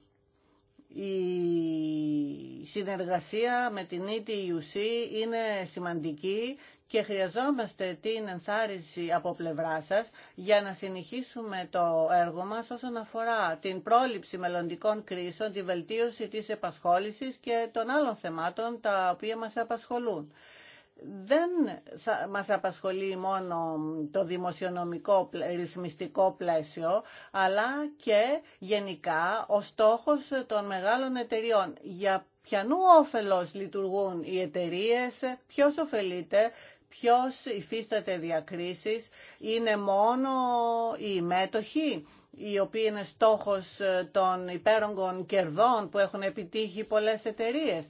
Speaker 1: η συνεργασία με την ETUC είναι σημαντική και χρειαζόμαστε την ενσάρρηση από πλευρά σας για να συνεχίσουμε το έργο μας όσον αφορά την πρόληψη μελλοντικών κρίσεων, τη βελτίωση της επασχόλησης και των άλλων θεμάτων τα οποία μας απασχολούν. Δεν μας απασχολεί μόνο το δημοσιονομικό ρυθμιστικό πλαίσιο, αλλά και γενικά ο στόχος των μεγάλων εταιριών. Για ποιανού όφελος λειτουργούν οι εταιρείε, ποιος ωφελείται, ποιος υφίσταται διακρίσεις, είναι μόνο οι μέτοχοι οι οποίοι είναι στόχος ε, των υπέρογκων κερδών που έχουν επιτύχει πολλές εταιρείες.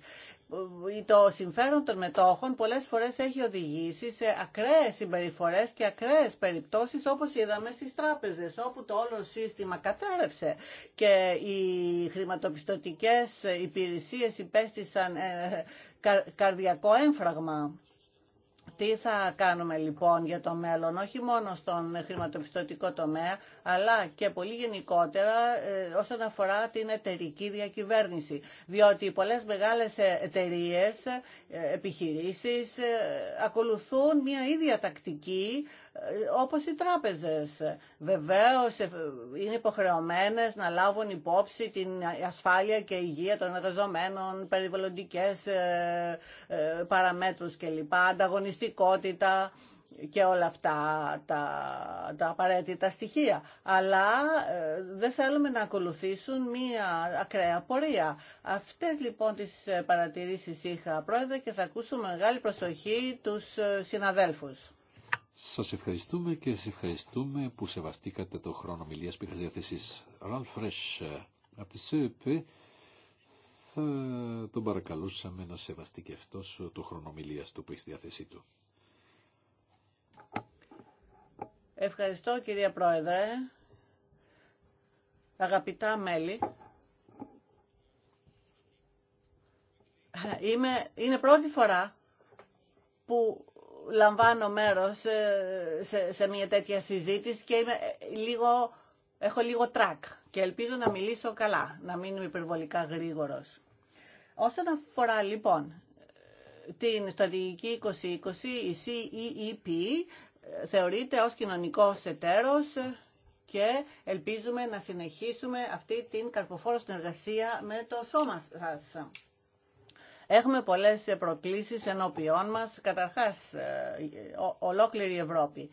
Speaker 1: Ε, το συμφέρον των μετόχων πολλές φορές έχει οδηγήσει σε ακραίες συμπεριφορές και ακραίες περιπτώσεις όπως είδαμε στις τράπεζες όπου το όλο σύστημα κατέρευσε και οι χρηματοπιστωτικές υπηρεσίες υπέστησαν ε, καρδιακό έμφραγμα. Τι θα κάνουμε λοιπόν για το μέλλον, όχι μόνο στον χρηματοπιστωτικό τομέα, αλλά και πολύ γενικότερα ε, όσον αφορά την εταιρική διακυβέρνηση. Διότι πολλές μεγάλες ε, εταιρείε, ε, επιχειρήσεις ακολουθούν μια ίδια τακτική όπως οι τράπεζες. Βεβαίως ε, είναι υποχρεωμένες να λάβουν υπόψη την ασφάλεια και υγεία των εργαζομένων, περιβαλλοντικές ε, ε, παραμέτρους κλπ, ανταγωνιστικότητα και όλα αυτά τα, τα απαραίτητα στοιχεία. Αλλά δεν θέλουμε να ακολουθήσουν μία ακραία πορεία. Αυτές λοιπόν τις παρατηρήσεις είχα πρόεδρε και θα ακούσουμε μεγάλη προσοχή τους συναδέλφους.
Speaker 2: Σας ευχαριστούμε και σε ευχαριστούμε που σεβαστήκατε το χρόνο μιλίας που είχατε διαθέσεις. Ραλφ Φρέσ από τη ΣΕΠΕ, θα τον παρακαλούσαμε να σεβαστεί και αυτός το χρόνο μιλίας του που έχει στη διάθεσή του.
Speaker 1: Ευχαριστώ κυρία Πρόεδρε, αγαπητά μέλη. Είμαι, είναι πρώτη φορά που λαμβάνω μέρος σε, μια τέτοια συζήτηση και είμαι λίγο, έχω λίγο τρακ και ελπίζω να μιλήσω καλά, να μην είμαι υπερβολικά γρήγορος. Όσον αφορά λοιπόν την στρατηγική 2020, η CEEP θεωρείται ως κοινωνικός εταίρος και ελπίζουμε να συνεχίσουμε αυτή την καρποφόρο συνεργασία με το σώμα σας. Έχουμε πολλές προκλήσεις ενώπιόν μας, καταρχάς ε, ολόκληρη η Ευρώπη.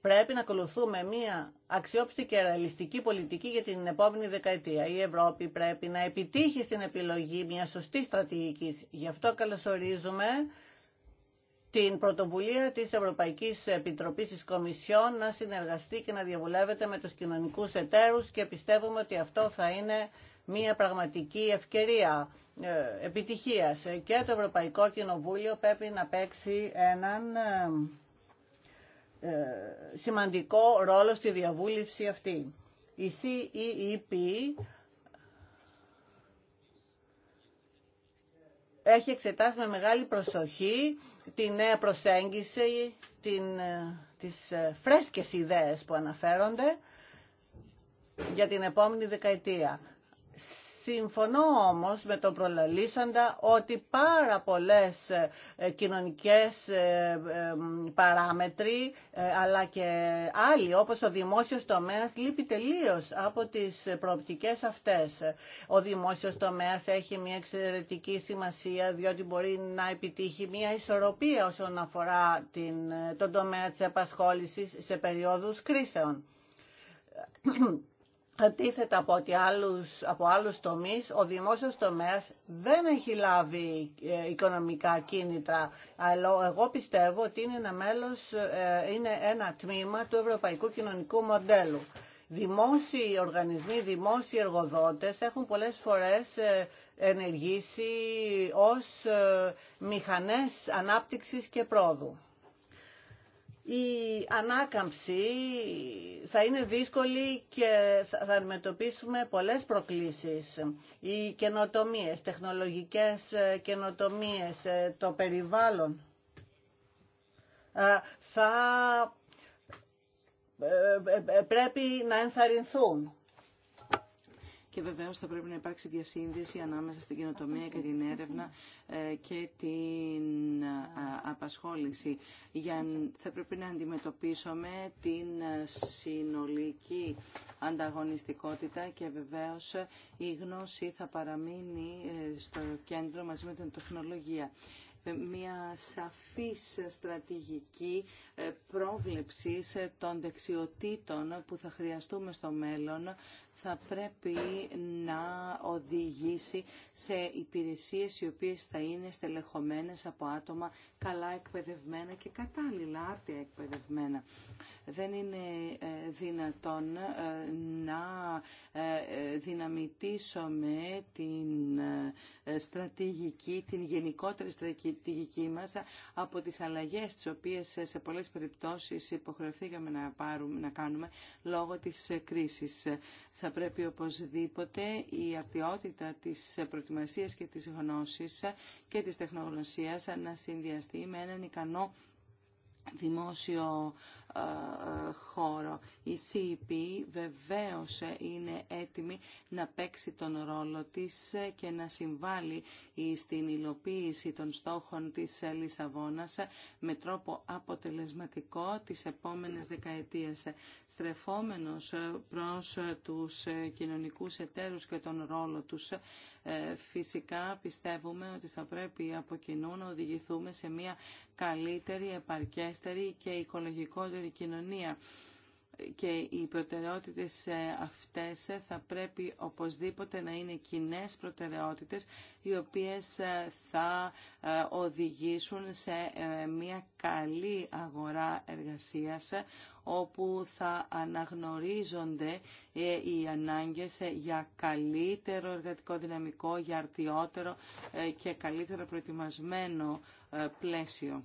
Speaker 1: Πρέπει να ακολουθούμε μία αξιόπιστη και ρεαλιστική πολιτική για την επόμενη δεκαετία. Η Ευρώπη πρέπει να επιτύχει στην επιλογή μια σωστή στρατηγική. Γι' αυτό καλωσορίζουμε την πρωτοβουλία της Ευρωπαϊκής Επιτροπής τη Κομισιόν να συνεργαστεί και να διαβουλεύεται με του κοινωνικού εταίρου και πιστεύουμε ότι αυτό θα είναι μια πραγματική ευκαιρία ε, επιτυχίας και το Ευρωπαϊκό Κοινοβούλιο πρέπει να παίξει έναν ε, ε, σημαντικό ρόλο στη διαβούλευση αυτή. Η CEEP έχει εξετάσει με μεγάλη προσοχή τη νέα προσέγγιση, την, τις φρέσκες ιδέες που αναφέρονται για την επόμενη δεκαετία. Συμφωνώ όμως με τον προλαλήσαντα ότι πάρα πολλές ε, κοινωνικές ε, ε, παράμετροι αλλά και άλλοι όπως ο δημόσιος τομέας λείπει τελείω από τις προοπτικές αυτές. Ο δημόσιος τομέας έχει μια εξαιρετική σημασία διότι μπορεί να επιτύχει μια ισορροπία όσον αφορά την, τον τομέα της απασχόλησης σε περίοδους κρίσεων Αντίθετα από, ότι άλλους, από άλλους τομείς, ο δημόσιος τομέας δεν έχει λάβει ε, οικονομικά κίνητρα. Αλλά εγώ πιστεύω ότι είναι ένα, ε, είναι ένα τμήμα του ευρωπαϊκού κοινωνικού μοντέλου. Δημόσιοι οργανισμοί, δημόσιοι εργοδότες έχουν πολλές φορές ε, ενεργήσει ως μηχανές ανάπτυξης και πρόοδου η ανάκαμψη θα είναι δύσκολη και θα αντιμετωπίσουμε πολλές προκλήσεις. Οι καινοτομίες, τεχνολογικές ε, καινοτομίες, ε, το περιβάλλον ε, θα πρέπει να ενθαρρυνθούν
Speaker 3: και βεβαίως θα πρέπει να υπάρξει διασύνδεση ανάμεσα στην καινοτομία και την έρευνα ε, και την ε, απασχόληση. Για, θα πρέπει να αντιμετωπίσουμε την ε, συνολική ανταγωνιστικότητα και βεβαίως η γνώση θα παραμείνει στο κέντρο μαζί με την τεχνολογία μια σαφής στρατηγική πρόβλεψης των δεξιοτήτων που θα χρειαστούμε στο μέλλον θα πρέπει να οδηγήσει σε υπηρεσίες οι οποίες θα είναι στελεχωμένες από άτομα καλά εκπαιδευμένα και κατάλληλα άρτια εκπαιδευμένα. Δεν είναι ε, δυνατόν ε, να ε, δυναμητήσουμε την στρατηγική, την γενικότερη στρατηγική μας από τις αλλαγές τις οποίες σε πολλές περιπτώσεις υποχρεωθήκαμε να, πάρουμε, να κάνουμε λόγω της κρίσης θα πρέπει οπωσδήποτε η αρτιότητα της προετοιμασίας και της γνώσης και της τεχνογνωσίας να συνδυαστεί με έναν ικανό δημόσιο ε, ε, χώρο. Η CEP βεβαίως είναι έτοιμη να παίξει τον ρόλο της και να συμβάλλει στην υλοποίηση των στόχων της Λισαβόνας με τρόπο αποτελεσματικό τις επόμενες δεκαετίες. Στρεφόμενος προς τους κοινωνικούς εταίρους και τον ρόλο τους, ε, φυσικά πιστεύουμε ότι θα πρέπει από κοινού να οδηγηθούμε σε μια καλύτερη, επαρκέστερη και οικολογικότερη κοινωνία και οι προτεραιότητες ε, αυτές ε, θα πρέπει οπωσδήποτε να είναι κοινέ προτεραιότητες οι οποίες ε, θα οδηγήσουν σε μια καλή αγορά εργασίας όπου θα αναγνωρίζονται οι ανάγκες για καλύτερο εργατικό δυναμικό, για αρτιότερο και καλύτερο προετοιμασμένο πλαίσιο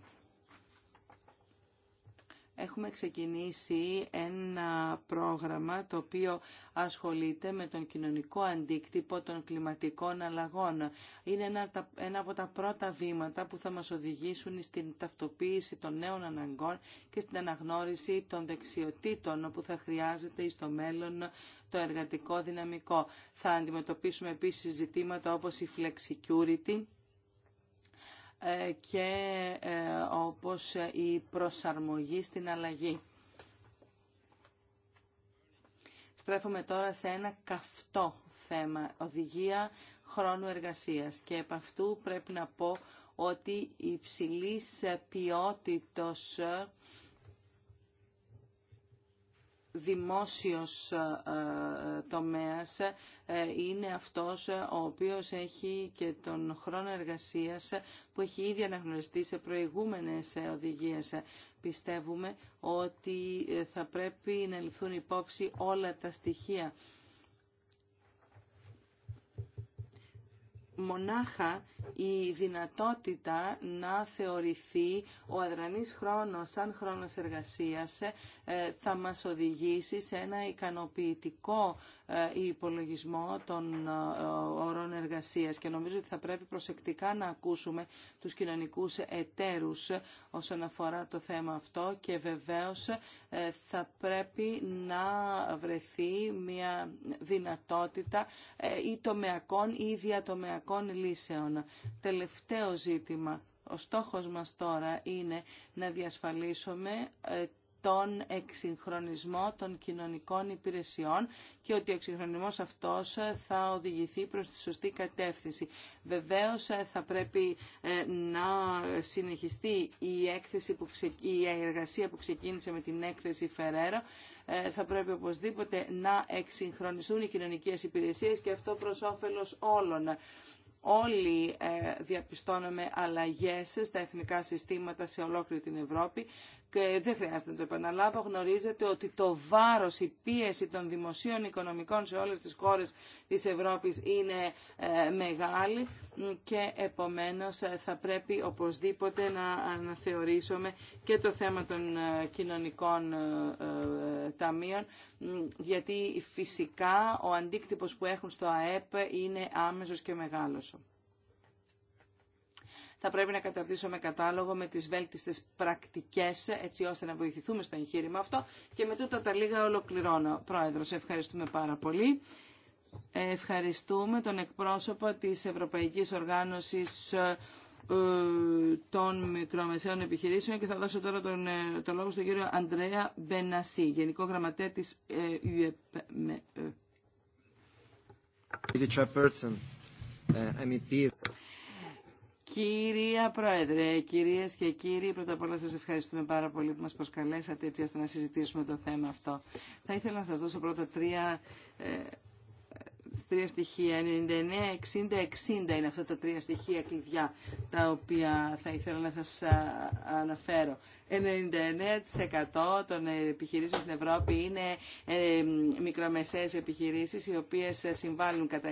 Speaker 3: έχουμε ξεκινήσει ένα πρόγραμμα το οποίο ασχολείται με τον κοινωνικό αντίκτυπο των κλιματικών αλλαγών. Είναι ένα, ένα από τα πρώτα βήματα που θα μας οδηγήσουν στην ταυτοποίηση των νέων αναγκών και στην αναγνώριση των δεξιοτήτων που θα χρειάζεται στο μέλλον το εργατικό δυναμικό. Θα αντιμετωπίσουμε επίσης ζητήματα όπως η flexicurity, ε, και ε, όπως η προσαρμογή στην αλλαγή. Στρέφουμε τώρα σε ένα καυτό θέμα, οδηγία χρόνου εργασίας και επ' αυτού πρέπει να πω ότι υψηλής ποιότητος δημόσιος ε, ε, τομέας ε, είναι αυτός ο οποίος έχει και τον χρόνο εργασίας που έχει ήδη αναγνωριστεί σε προηγούμενες οδηγίες. Πιστεύουμε ότι θα πρέπει να ληφθούν υπόψη όλα τα στοιχεία. Μονάχα η δυνατότητα να θεωρηθεί ο αδρανής χρόνος σαν χρόνος εργασίας ε, θα μας οδηγήσει σε ένα ικανοποιητικό ε, υπολογισμό των όρων ε, εργασίας και νομίζω ότι θα πρέπει προσεκτικά να ακούσουμε τους κοινωνικούς εταίρους όσον αφορά το θέμα αυτό και βεβαίως θα πρέπει να βρεθεί μια δυνατότητα ή τομεακών ή διατομεακών λύσεων τελευταίο ζήτημα. Ο στόχος μας τώρα είναι να διασφαλίσουμε ε, τον εξυγχρονισμό των κοινωνικών υπηρεσιών και ότι ο εξυγχρονισμός αυτός ε, θα οδηγηθεί προς τη σωστή κατεύθυνση. Βεβαίως ε, θα πρέπει να συνεχιστεί η, έκθεση η εργασία που ξεκίνησε με την έκθεση Φεραίρο. Θα πρέπει οπωσδήποτε να εξυγχρονιστούν οι κοινωνικές υπηρεσίες και αυτό προς όφελος όλων. Όλοι ε, διαπιστώνουμε αλλαγές στα εθνικά συστήματα σε ολόκληρη την Ευρώπη και δεν χρειάζεται να το επαναλάβω, γνωρίζετε ότι το βάρος, η πίεση των δημοσίων οικονομικών σε όλες τις χώρες της Ευρώπης είναι ε, μεγάλη και επομένως ε, θα πρέπει οπωσδήποτε να αναθεωρήσουμε και το θέμα των ε, κοινωνικών ταμείων γιατί φυσικά ο αντίκτυπος που έχουν στο ΑΕΠ είναι άμεσος και μεγάλος θα πρέπει να καταρτήσουμε κατάλογο με τις βέλτιστες πρακτικές έτσι ώστε να βοηθηθούμε στο εγχείρημα αυτό και με τούτα τα λίγα ολοκληρώνω. Πρόεδρος, ευχαριστούμε πάρα πολύ. Ευχαριστούμε τον εκπρόσωπο της Ευρωπαϊκής Οργάνωσης ε, των μικρομεσαίων επιχειρήσεων και θα δώσω τώρα τον, ε, το λόγο στον κύριο Αντρέα Μπενασί, Γενικό Γραμματέα της ε, Κυρία Πρόεδρε, κυρίες και κύριοι, πρώτα απ' όλα σα ευχαριστούμε πάρα πολύ που μα προσκαλέσατε έτσι ώστε να συζητήσουμε το θέμα αυτό. Θα ήθελα να σας δώσω πρώτα τρία ε, τρία στοιχεία. 99, 60, 60 είναι αυτά τα τρία στοιχεία κλειδιά τα οποία θα ήθελα να σας αναφέρω. 99% των επιχειρήσεων στην Ευρώπη είναι ε, μικρομεσαίες επιχειρήσεις οι οποίες συμβάλλουν κατά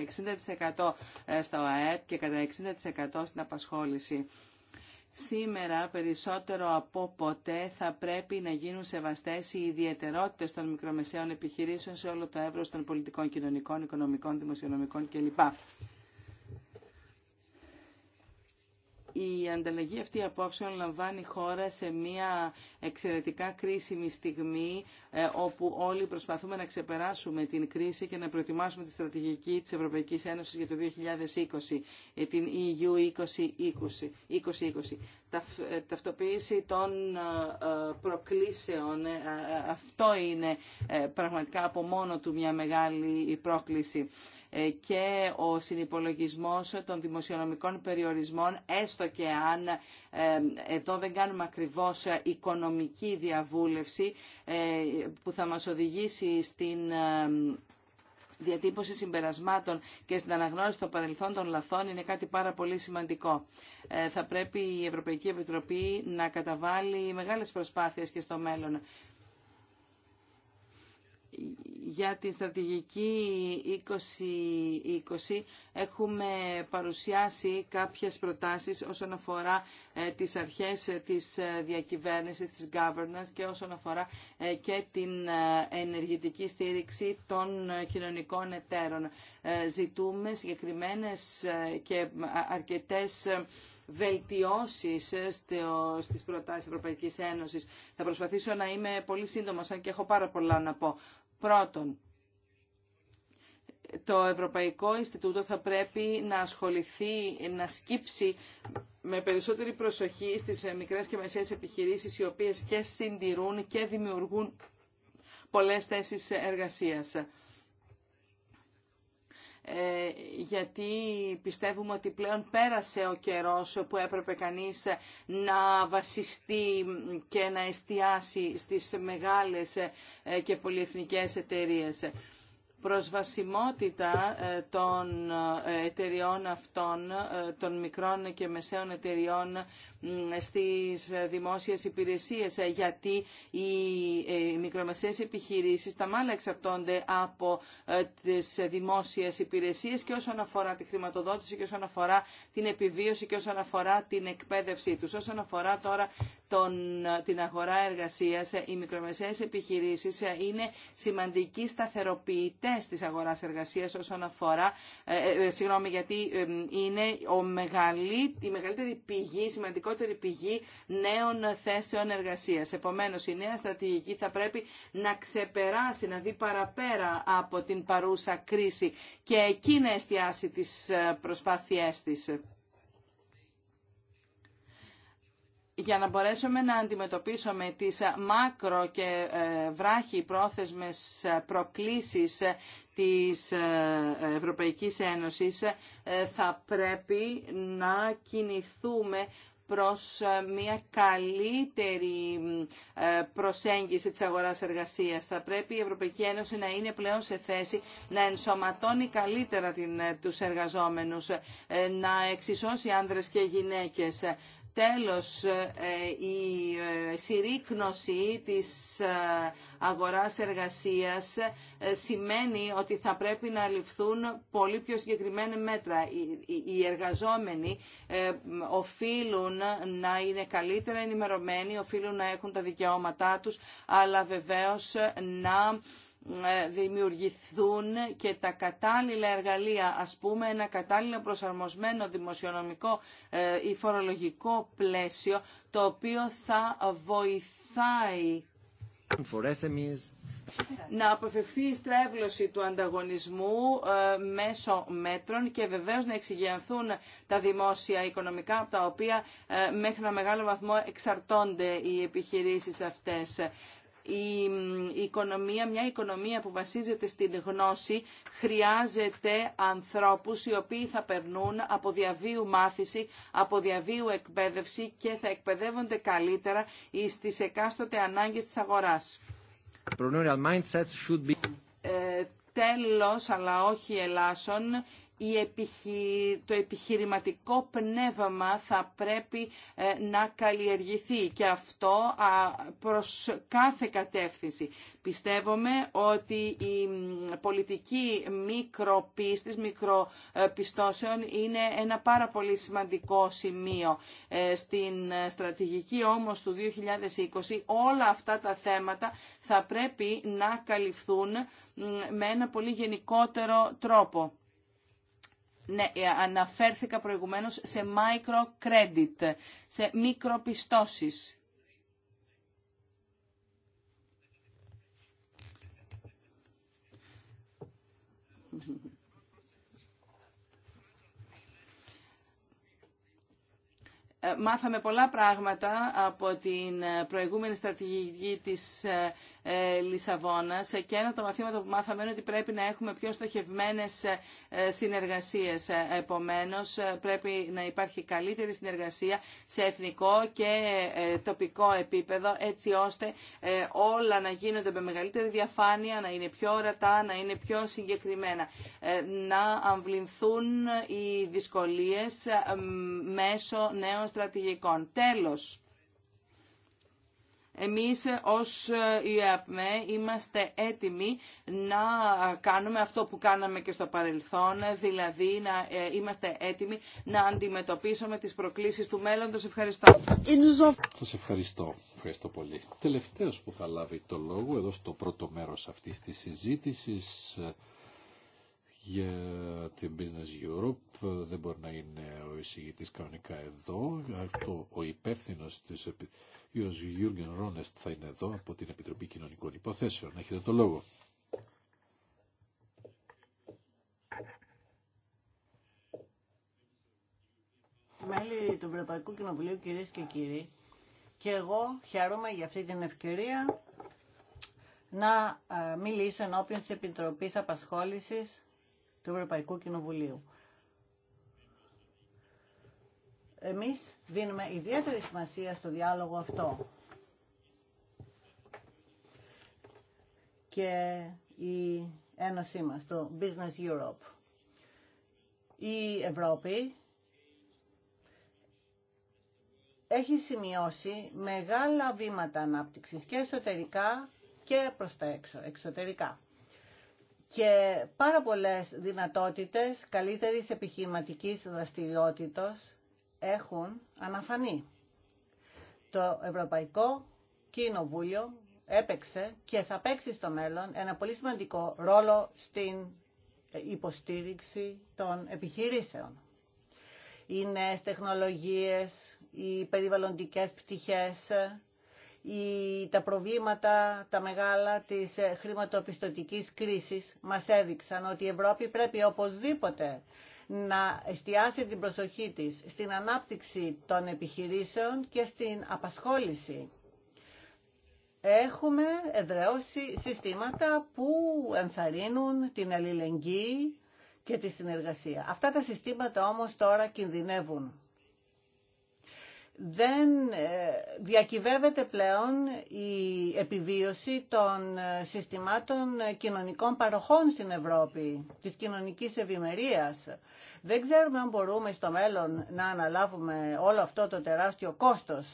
Speaker 3: 60% ε, στο ΑΕΠ και κατά 60% στην απασχόληση. Σήμερα περισσότερο από ποτέ θα πρέπει να γίνουν σεβαστές οι ιδιαιτερότητες των μικρομεσαίων επιχειρήσεων σε όλο το εύρος των πολιτικών, κοινωνικών, οικονομικών, δημοσιονομικών κλπ. η ανταλλαγή αυτή απόψεων λαμβάνει χώρα σε μια εξαιρετικά κρίσιμη στιγμή ε, όπου όλοι προσπαθούμε να ξεπεράσουμε την κρίση και να προετοιμάσουμε τη στρατηγική της Ευρωπαϊκής Ένωσης για το 2020, ε, την EU 2020. Ε, ταυτοποίηση των ε, ε, προκλήσεων. Αυτό είναι πραγματικά από μόνο του μια μεγάλη πρόκληση και ο συνυπολογισμός των δημοσιονομικών περιορισμών, έστω και αν εδώ δεν κάνουμε ακριβώς οικονομική διαβούλευση που θα μας οδηγήσει στην διατύπωση συμπερασμάτων και στην αναγνώριση των παρελθόν των λαθών είναι κάτι πάρα πολύ σημαντικό. Ε, θα πρέπει η Ευρωπαϊκή Επιτροπή να καταβάλει μεγάλες προσπάθειες και στο μέλλον για την στρατηγική 2020 έχουμε παρουσιάσει κάποιες προτάσεις όσον αφορά ε, τις αρχές ε, της ε, διακυβέρνησης, της governance και όσον αφορά και την ενεργητική στήριξη των κοινωνικών εταίρων. Ζητούμε συγκεκριμένες και αρκετές βελτιώσεις στις προτάσεις Ευρωπαϊκής Ένωσης. Θα προσπαθήσω να είμαι πολύ σύντομος, αν και έχω πάρα πολλά να πω. Πρώτον, το Ευρωπαϊκό Ινστιτούτο θα πρέπει να ασχοληθεί, να σκύψει με περισσότερη προσοχή στις μικρές και μεσαίες επιχειρήσεις οι οποίες και συντηρούν και δημιουργούν πολλές θέσεις εργασίας. Ε, γιατί πιστεύουμε ότι πλέον πέρασε ο καιρός που έπρεπε κανείς να βασιστεί και να εστιάσει στις μεγάλες ε, και πολυεθνικές εταιρείες προσβασιμότητα ε, των εταιριών αυτών, των μικρών και μεσαίων εταιριών στις δημόσιες υπηρεσίες ε, γιατί ε, οι μικρομεσαίες επιχειρήσεις τα μάλλα εξαρτώνται από ε, τις δημόσιες υπηρεσίες και όσον αφορά τη χρηματοδότηση και όσον αφορά την επιβίωση και όσον αφορά την εκπαίδευσή τους. Όσον αφορά τώρα τον, την αγορά εργασίας, οι μικρομεσαίες επιχειρήσεις είναι σημαντικοί σταθεροποιητές της αγοράς εργασίας όσον αφορά, συγγνώμη, γιατί είναι η μεγαλύτερη πηγή, σημαντικό σημαντικότερη πηγή νέων θέσεων εργασίας. Επομένως, η νέα στρατηγική θα πρέπει να ξεπεράσει, να δει παραπέρα από την παρούσα κρίση και εκεί να εστιάσει τι ε, προσπάθειε της. για να μπορέσουμε να αντιμετωπίσουμε τις ε, μάκρο και ε, βράχη πρόθεσμες προκλήσεις της Ευρωπαϊκής Ένωσης θα πρέπει να κινηθούμε προς ε, μια καλύτερη ε, προσέγγιση της αγοράς εργασίας. Θα πρέπει η Ευρωπαϊκή Ένωση να είναι πλέον σε θέση να ενσωματώνει καλύτερα ε, τους εργαζόμενους, να εξισώσει άνδρες και γυναίκες, Τέλος, ε, ε, η ε, συρρήκνωση της αγοράς εργασίας σημαίνει ότι θα πρέπει να ληφθούν πολύ πιο συγκεκριμένα μέτρα. Οι εργαζόμενοι οφείλουν να είναι καλύτερα ενημερωμένοι, οφείλουν να έχουν τα δικαιώματά τους, αλλά βεβαίως να ε, δημιουργηθούν και τα κατάλληλα εργαλεία, ας πούμε ένα ή φορολογικό πλαίσιο προσαρμοσμένο δημοσιονομικό ε, ή φορολογικό πλαίσιο το οποίο θα βοηθάει να αποφευθεί η στρέβλωση του ανταγωνισμού ε, μέσω μέτρων και βεβαίως να εξηγιανθούν τα δημόσια οικονομικά από τα οποία μέχρι ένα μεγάλο βαθμό εξαρτώνται οι επιχειρήσεις αυτές η οικονομία, μια οικονομία που βασίζεται στην γνώση χρειάζεται ανθρώπους οι οποίοι θα περνούν από διαβίου μάθηση, από διαβίου εκπαίδευση και θα εκπαιδεύονται καλύτερα στις εκάστοτε ανάγκες της αγοράς. Be... Ε, τέλος, αλλά όχι Ελλάσσον η επιχει... το επιχειρηματικό πνεύμα θα πρέπει ε, να καλλιεργηθεί και αυτό προς κάθε κατεύθυνση. Πιστεύουμε ότι η πολιτική μικροπίστης, μικροπιστώσεων είναι ένα πάρα πολύ σημαντικό σημείο. Ε, στην στρατηγική όμως του 2020 όλα αυτά τα θέματα θα πρέπει να καλυφθούν με ένα πολύ γενικότερο τρόπο. Ναι, ε, αναφέρθηκα προηγουμένως σε micro credit, σε μικροπιστώσεις. Ε, μάθαμε πολλά πράγματα από την ε, προηγούμενη στρατηγική της ε, Λισαβόνας και ένα από τα μαθήματα που μάθαμε είναι ότι πρέπει να έχουμε πιο στοχευμένες ε, συνεργασίες. Ε, επομένως, πρέπει να υπάρχει καλύτερη συνεργασία σε εθνικό και τοπικό επίπεδο, έτσι ώστε όλα να γίνονται με μεγαλύτερη διαφάνεια, να είναι πιο ορατά, να είναι πιο συγκεκριμένα. Να αμβληνθούν οι δυσκολίες μέσω νέων στρατηγικών. Τέλος, εμείς ως ΙΑΠΜΕ είμαστε έτοιμοι να κάνουμε αυτό που κάναμε και στο παρελθόν, δηλαδή να ε, είμαστε έτοιμοι να αντιμετωπίσουμε τις προκλήσεις του μέλλοντος. Ευχαριστώ.
Speaker 2: Σας ευχαριστώ. Ευχαριστώ πολύ. Τελευταίος που θα λάβει το λόγο εδώ στο πρώτο μέρος αυτής της συζήτησης ε, για την Business Europe δεν μπορεί να είναι ο εισηγητή κανονικά εδώ. Αυτό ο υπεύθυνο της ο Γιούργεν Ρόνεστ θα είναι εδώ από την Επιτροπή Κοινωνικών Υποθέσεων. Έχετε το λόγο.
Speaker 1: Μέλη του Ευρωπαϊκού Κοινοβουλίου, κυρίες και κύριοι, και εγώ χαίρομαι για αυτή την ευκαιρία να ε, μιλήσω ενώπιον της Επιτροπής Απασχόλησης του Ευρωπαϊκού Κοινοβουλίου. Εμείς δίνουμε ιδιαίτερη σημασία στο διάλογο αυτό. Και η Ένωσή μας, το Business Europe. Η Ευρώπη έχει σημειώσει μεγάλα βήματα ανάπτυξης και εσωτερικά και προς τα έξω, εξωτερικά και πάρα πολλές δυνατότητες καλύτερης επιχειρηματικής δραστηριότητας έχουν αναφανεί. Το Ευρωπαϊκό Κοινοβούλιο έπαιξε και θα παίξει στο μέλλον ένα πολύ σημαντικό ρόλο στην υποστήριξη των επιχειρήσεων. Οι νέες τεχνολογίες, οι περιβαλλοντικές πτυχές, τα προβλήματα τα μεγάλα της ε, χρηματοπιστωτικής κρίσης μας έδειξαν ότι η Ευρώπη πρέπει οπωσδήποτε να εστιάσει την προσοχή της στην ανάπτυξη των επιχειρήσεων και στην απασχόληση. Έχουμε εδραιώσει συστήματα που ενθαρρύνουν την αλληλεγγύη και τη συνεργασία. Αυτά τα συστήματα όμως τώρα κινδυνεύουν δεν ε, διακυβεύεται πλέον η επιβίωση των ε, συστημάτων ε, κοινωνικών παροχών στην Ευρώπη, της κοινωνικής ευημερία. Δεν ξέρουμε αν μπορούμε στο μέλλον να αναλάβουμε όλο αυτό το τεράστιο κόστος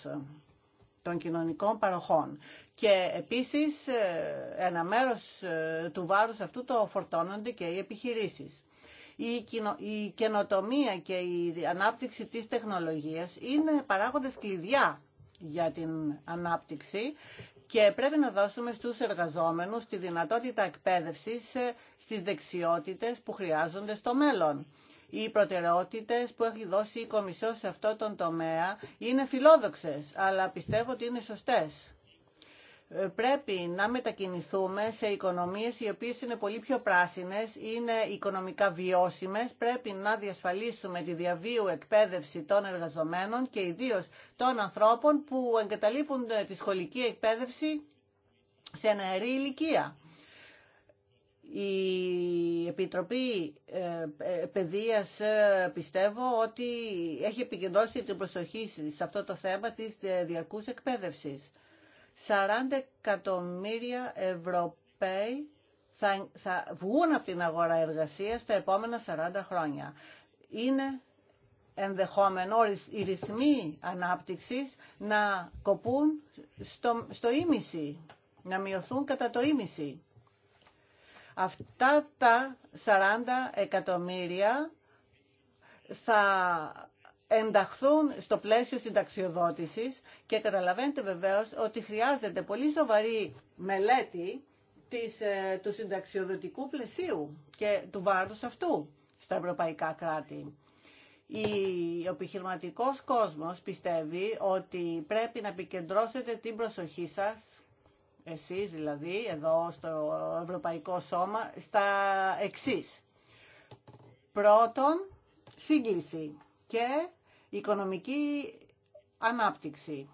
Speaker 1: των κοινωνικών παροχών. Και επίσης ένα μέρος του βάρους αυτού το φορτώνονται και οι επιχειρήσεις. Η καινοτομία και η ανάπτυξη της τεχνολογίας είναι παράγοντες κλειδιά για την ανάπτυξη και πρέπει να δώσουμε στους εργαζόμενους τη δυνατότητα εκπαίδευσης ε, στις δεξιότητες που χρειάζονται στο μέλλον. Οι προτεραιότητες που έχει δώσει η Κομισιό σε αυτό τον τομέα είναι φιλόδοξες, αλλά πιστεύω ότι είναι σωστές. Ε, πρέπει να μετακινηθούμε σε οικονομίες οι οποίες είναι πολύ πιο πράσινες, είναι οικονομικά βιώσιμες, πρέπει να διασφαλίσουμε τη διαβίου εκπαίδευση των εργαζομένων και ιδίως των ανθρώπων που εγκαταλείπουν ε, τη σχολική εκπαίδευση σε νεαρή ηλικία. Η Επιτροπή ε, Παιδείας πιστεύω ότι έχει επικεντρώσει την προσοχή σε αυτό το θέμα της διαρκούς εκπαίδευσης. 40 εκατομμύρια Ευρωπαίοι θα βγουν από την αγορά εργασίας τα επόμενα 40 χρόνια. Είναι ενδεχόμενο οι ρυθμοί ανάπτυξης να κοπούν στο, στο ίμιση, να μειωθούν κατά το ίμιση. Αυτά τα 40 εκατομμύρια θα ενταχθούν στο πλαίσιο συνταξιοδότησης και καταλαβαίνετε βεβαίως ότι χρειάζεται πολύ σοβαρή μελέτη της, ε, του συνταξιοδοτικού πλαισίου και του βάρους αυτού στα ευρωπαϊκά κράτη. Ο επιχειρηματικό κόσμος πιστεύει ότι πρέπει να επικεντρώσετε την προσοχή σας, εσείς δηλαδή, εδώ στο Ευρωπαϊκό Σώμα, στα εξής. Πρώτον, σύγκληση και οικονομική ανάπτυξη.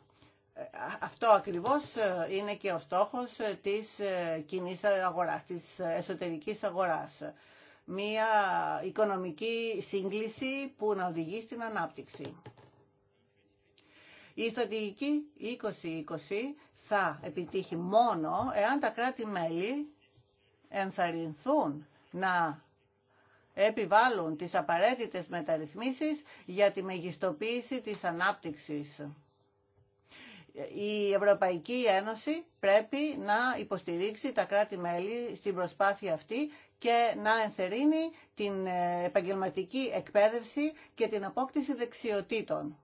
Speaker 1: Αυτό ακριβώς ε, είναι και ο στόχος ε, της ε, κοινή αγοράς, της εσωτερικής αγοράς. Μία οικονομική σύγκληση που να οδηγεί στην ανάπτυξη. Η στρατηγική 2020 θα επιτύχει μόνο εάν τα κράτη-μέλη ενθαρρυνθούν να επιβάλλουν τις απαραίτητες μεταρρυθμίσεις για τη μεγιστοποίηση της ανάπτυξης. Η Ευρωπαϊκή Ένωση πρέπει να υποστηρίξει τα κράτη-μέλη στην προσπάθεια αυτή και να ενθερρύνει την ε, επαγγελματική εκπαίδευση και την απόκτηση δεξιοτήτων.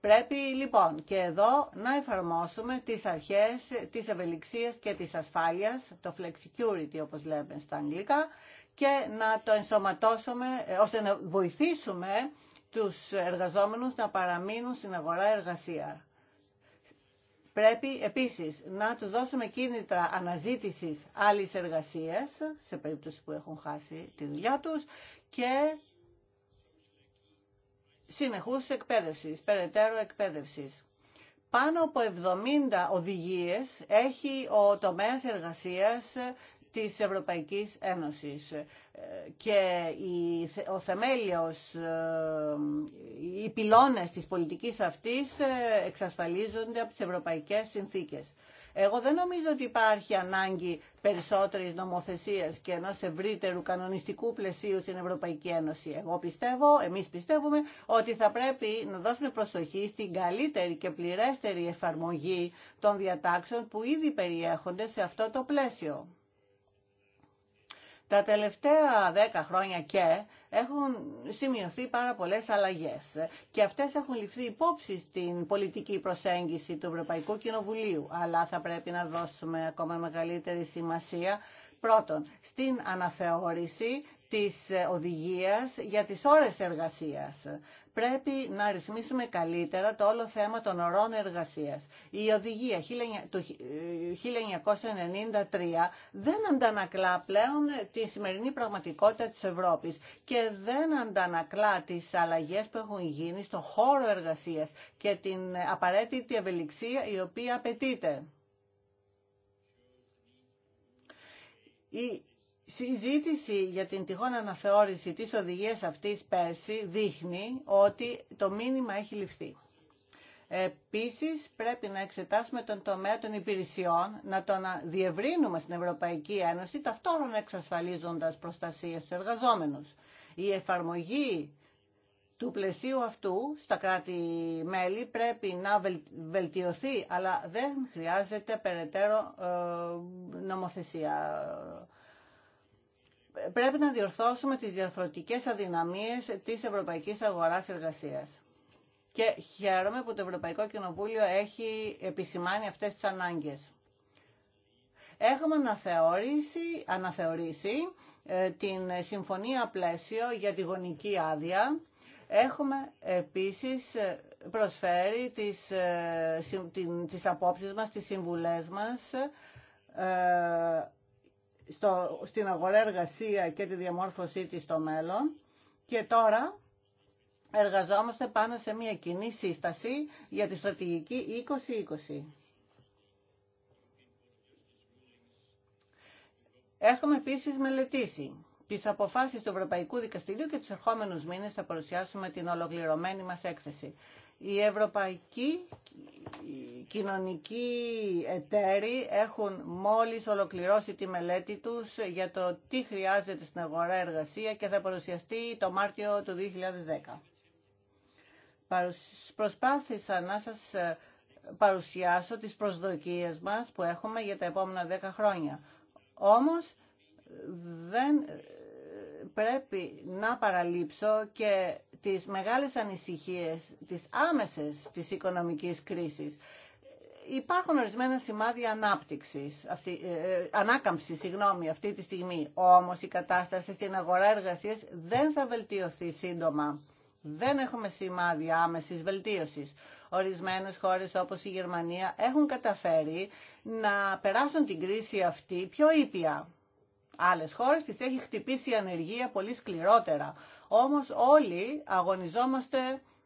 Speaker 1: Πρέπει λοιπόν και εδώ να εφαρμόσουμε τις αρχές της ευελιξίας και της ασφάλειας, το flexicurity όπως λέμε στα αγγλικά, και να το ενσωματώσουμε ε, ώστε να βοηθήσουμε τους εργαζόμενους να παραμείνουν στην αγορά εργασία. Πρέπει επίσης να τους δώσουμε κίνητρα αναζήτησης άλλης εργασίας, σε περίπτωση που έχουν χάσει τη δουλειά τους, και συνεχούς εκπαίδευσης, περαιτέρω εκπαίδευσης. Πάνω από 70 οδηγίες έχει ο τομέας εργασίας της Ευρωπαϊκής Ένωσης. Ε, και ο θεμέλιος, ε, οι πυλώνες της πολιτικής αυτής ε, εξασφαλίζονται από τις ευρωπαϊκές συνθήκες. Εγώ δεν νομίζω ότι υπάρχει ανάγκη περισσότερης νομοθεσίας και ενός ευρύτερου κανονιστικού πλαισίου στην Ευρωπαϊκή Ένωση. Εγώ πιστεύω, εμείς πιστεύουμε, ότι θα πρέπει να δώσουμε προσοχή στην καλύτερη και πληρέστερη εφαρμογή των διατάξεων που ήδη περιέχονται σε αυτό το πλαίσιο. Τα τελευταία δέκα χρόνια και έχουν σημειωθεί πάρα πολλές αλλαγές και αυτές έχουν ληφθεί υπόψη στην πολιτική προσέγγιση του Ευρωπαϊκού Κοινοβουλίου, αλλά θα πρέπει να δώσουμε ακόμα μεγαλύτερη σημασία πρώτον στην αναθεώρηση της οδηγίας για τις ώρες εργασίας πρέπει να ρυθμίσουμε καλύτερα το όλο θέμα των ορών εργασίας. Η οδηγία του 1993 ε, δεν αντανακλά πλέον τη σημερινή πραγματικότητα της Ευρώπης και δεν αντανακλά τις αλλαγές που έχουν γίνει στον χώρο εργασίας και την απαραίτητη ευελιξία η οποία απαιτείται συζήτηση για την τυχόν αναθεώρηση της οδηγίας αυτής πέρσι δείχνει ότι το μήνυμα έχει ληφθεί. Επίσης, πρέπει να εξετάσουμε τον τομέα των υπηρεσιών, να τον διευρύνουμε στην Ευρωπαϊκή Ένωση, ταυτόχρονα εξασφαλίζοντας προστασία στους εργαζόμενους. Η εφαρμογή του πλαισίου αυτού στα κράτη-μέλη πρέπει να βελτιωθεί, αλλά δεν χρειάζεται περαιτέρω ε, νομοθεσία πρέπει να διορθώσουμε τις διαρθρωτικές αδυναμίες της ευρωπαϊκής αγοράς εργασίας. Και χαίρομαι που το Ευρωπαϊκό Κοινοβούλιο έχει επισημάνει αυτές τις ανάγκες. Έχουμε αναθεωρήσει, αναθεωρήσει ε, την Συμφωνία Πλαίσιο για τη γονική άδεια. Έχουμε επίσης ε, προσφέρει τις, ε, τις απόψεις μας, τις συμβουλές μας ε, στο, στην αγορά εργασία και τη διαμόρφωσή της στο μέλλον και τώρα εργαζόμαστε πάνω σε μια κοινή σύσταση για τη στρατηγική 2020. Έχουμε επίσης μελετήσει τις αποφάσεις του Ευρωπαϊκού Δικαστηρίου και τους ερχόμενους μήνες θα παρουσιάσουμε την ολοκληρωμένη μας έκθεση. Οι ευρωπαϊκοί κοινωνικοί εταίροι έχουν μόλις ολοκληρώσει τη μελέτη τους για το τι χρειάζεται στην αγορά εργασία και θα παρουσιαστεί το Μάρτιο του 2010. Προσπάθησα να σας ε, παρουσιάσω τις προσδοκίες μας που έχουμε για τα επόμενα 10 χρόνια. Όμως ε, δεν ε, πρέπει να παραλείψω και τις μεγάλες ανησυχίες, τις άμεσες της οικονομικής κρίσης. Υπάρχουν ορισμένα σημάδια ανάπτυξης, αυτή, ε, ε, ανάκαμψη συγγνώμη, αυτή τη στιγμή. Όμως η κατάσταση στην αγορά εργασίας δεν θα βελτιωθεί σύντομα. Δεν έχουμε σημάδια άμεσης βελτίωσης. Ορισμένες χώρες όπως η Γερμανία έχουν καταφέρει να περάσουν την κρίση αυτή πιο ήπια. Άλλες χώρες τις έχει χτυπήσει η ανεργία πολύ σκληρότερα. Όμως όλοι αγωνιζόμαστε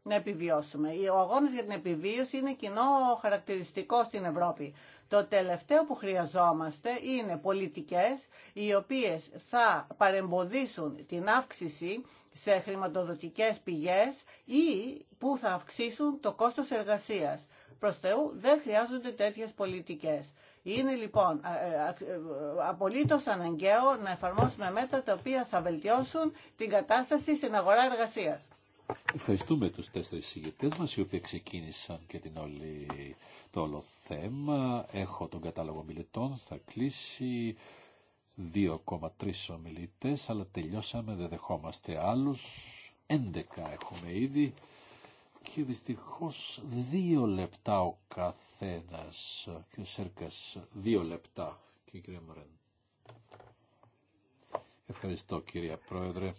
Speaker 1: να επιβιώσουμε. Ο αγώνας για την επιβίωση είναι κοινό χαρακτηριστικό στην Ευρώπη. Το τελευταίο που χρειαζόμαστε είναι πολιτικές οι οποίες θα παρεμποδίσουν την αύξηση σε χρηματοδοτικές πηγές ή που θα αυξήσουν το κόστος εργασίας. Προς Θεού δεν χρειάζονται τέτοιες πολιτικές. Είναι λοιπόν ε, ε, απολύτω αναγκαίο να εφαρμόσουμε μέτρα τα οποία θα βελτιώσουν την κατάσταση στην αγορά εργασία.
Speaker 2: Ευχαριστούμε τους τέσσερις συγγετές μας οι οποίοι ξεκίνησαν και την όλη, το όλο θέμα. Έχω τον κατάλογο μιλητών, θα κλείσει 2,3 ομιλητές, αλλά τελειώσαμε, δεν δεχόμαστε άλλους. 11 έχουμε ήδη. Και δυστυχώς δύο λεπτά ο καθένας και Σέρκας δύο λεπτά και Ευχαριστώ κυρία Πρόεδρε.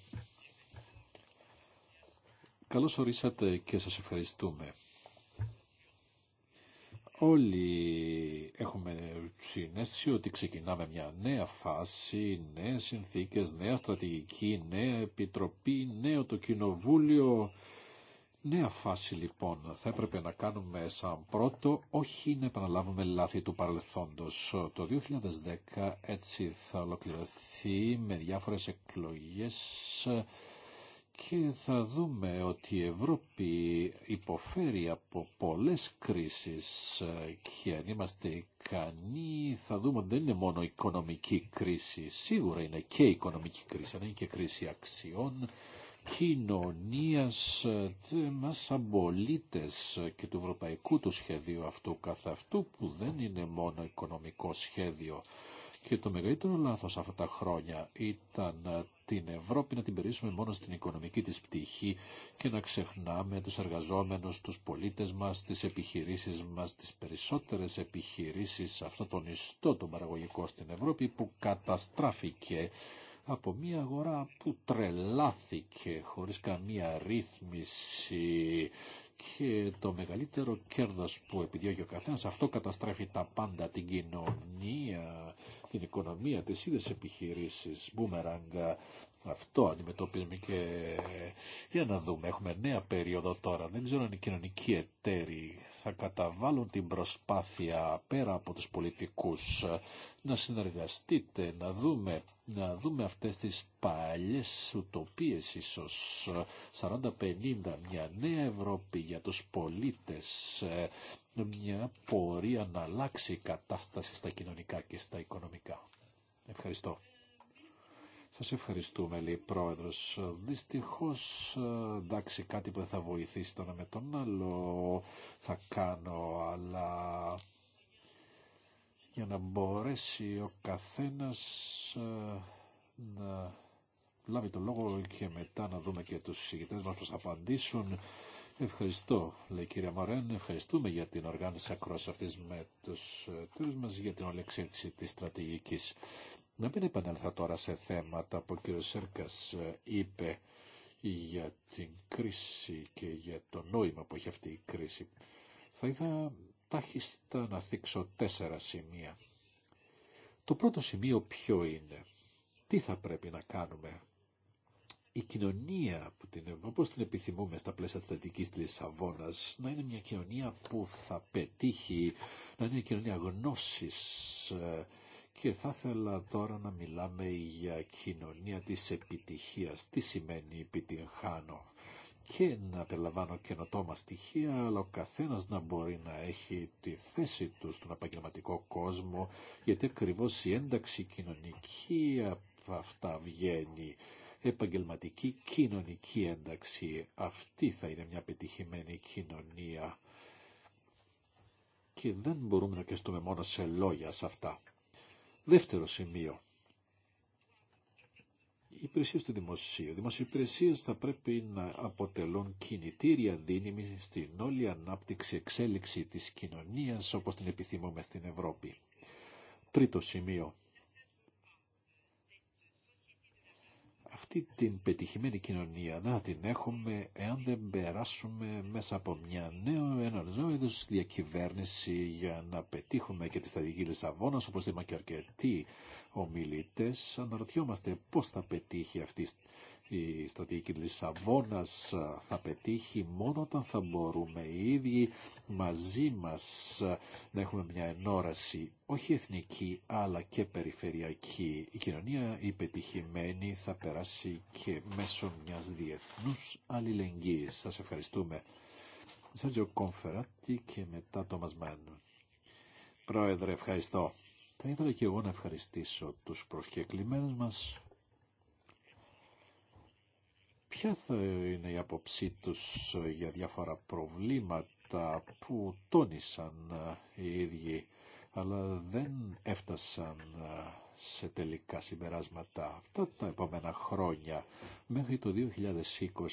Speaker 2: Καλώς ορίσατε και σας ευχαριστούμε. Όλοι έχουμε συνέστηση ότι ξεκινάμε μια νέα φάση, νέες συνθήκες, νέα στρατηγική, νέα επιτροπή, νέο το κοινοβούλιο νέα φάση λοιπόν θα έπρεπε να κάνουμε σαν πρώτο όχι να επαναλάβουμε λάθη του παρελθόντος. Το 2010 έτσι θα ολοκληρωθεί με διάφορες εκλογές και θα δούμε ότι η Ευρώπη υποφέρει από πολλές κρίσεις και αν είμαστε ικανοί θα δούμε ότι δεν είναι μόνο οικονομική κρίση. Σίγουρα είναι και οικονομική κρίση, αλλά είναι και κρίση αξιών κοινωνίας ε, μας σαν ε, και του ευρωπαϊκού του σχεδίου αυτού καθ' αυτού που δεν είναι μόνο οικονομικό σχέδιο. Και το μεγαλύτερο λάθος αυτά τα χρόνια ήταν ε, την Ευρώπη να την περίσουμε μόνο στην οικονομική της πτυχή και να ξεχνάμε τους εργαζόμενους, τους πολίτες μας, τις επιχειρήσεις μας, τις περισσότερες επιχειρήσεις, αυτό τον ιστό τον παραγωγικό στην Ευρώπη που καταστράφηκε από μια αγορά που τρελάθηκε χωρίς καμία ρύθμιση και το μεγαλύτερο κέρδος που επιδιώκει ο καθένας, αυτό καταστρέφει τα πάντα, την κοινωνία, την οικονομία, τις ίδιες επιχειρήσεις, μπούμεραγκα, αυτό αντιμετωπίζουμε και για να δούμε, έχουμε νέα περίοδο τώρα, δεν ξέρω αν οι κοινωνικοί εταίροι θα καταβάλουν την προσπάθεια πέρα από τους πολιτικούς ε, να συνεργαστείτε, να δούμε, να δούμε αυτές τις παλιές ουτοπίες ίσως 40-50, ε, μια νέα Ευρώπη για τους πολίτες, ε, μια πορεία να αλλάξει η κατάσταση στα κοινωνικά και στα οικονομικά. Ευχαριστώ. Σας ευχαριστούμε, λέει πρόεδρος. Δυστυχώς, ε, εντάξει, κάτι που δεν θα βοηθήσει τον με τον άλλο θα κάνω, αλλά για να μπορέσει ο καθένας ε, να λάβει το λόγο και μετά να δούμε και τους συζητητές μας πώς θα απαντήσουν. Ευχαριστώ, λέει κυρία μαρέν Ευχαριστούμε για την οργάνωση ακρόαση αυτή με του ε, μα για την όλη εξέλιξη τη στρατηγική. Να μην επανέλθω τώρα σε θέματα που ο κ. Σέρκας ε, είπε για την κρίση και για το νόημα που έχει αυτή η κρίση. Θα ήθελα τάχιστα να θίξω τέσσερα σημεία. Το πρώτο σημείο ποιο είναι. Τι θα πρέπει να κάνουμε. Η κοινωνία που την, όπως την επιθυμούμε στα πλαίσια της της Λισαβόνας να είναι μια κοινωνία που θα πετύχει, να είναι μια κοινωνία γνώσης, ε, και θα ήθελα τώρα να μιλάμε για κοινωνία της επιτυχίας. Τι σημαίνει επιτυγχάνω και να περιλαμβάνω καινοτόμα στοιχεία, αλλά ο καθένα να μπορεί να έχει τη θέση του στον επαγγελματικό κόσμο, γιατί ακριβώ η ένταξη κοινωνική από αυτά βγαίνει. Επαγγελματική κοινωνική ένταξη. Αυτή θα είναι μια επιτυχημένη κοινωνία. Και δεν μπορούμε να κεστούμε μόνο σε λόγια σε αυτά. Δεύτερο σημείο. Οι υπηρεσίε του δημοσίου. Οι υπηρεσίε θα πρέπει να αποτελούν κινητήρια δύναμη στην όλη ανάπτυξη, εξέλιξη τη κοινωνία όπω την επιθυμούμε στην Ευρώπη. Τρίτο σημείο. αυτή την πετυχημένη κοινωνία δεν θα την έχουμε εάν δεν περάσουμε μέσα από μια νέα ένα νέο διακυβέρνηση για να πετύχουμε και τη στρατηγική Λισαβόνα, όπως είπαν και αρκετοί ομιλητέ, Αναρωτιόμαστε πώς θα πετύχει αυτή η στρατηγική της ε, θα πετύχει μόνο όταν θα μπορούμε οι ίδιοι μαζί μα ε, να έχουμε μια ενόραση, όχι εθνική αλλά και περιφερειακή. Η κοινωνία η πετυχημένη θα περάσει και μέσω μια διεθνού αλληλεγγύη. Σα ευχαριστούμε. Σάντζο Κομφεράτη και μετά το Μασμένου. Πρόεδρε, ευχαριστώ. Θα ήθελα και εγώ να ευχαριστήσω τους προσκεκλημένους μας Ποια θα είναι η άποψή τους ε, για διάφορα προβλήματα που τόνισαν ε, οι ίδιοι, αλλά δεν έφτασαν ε, σε τελικά συμπεράσματα αυτά τα επόμενα χρόνια, μέχρι το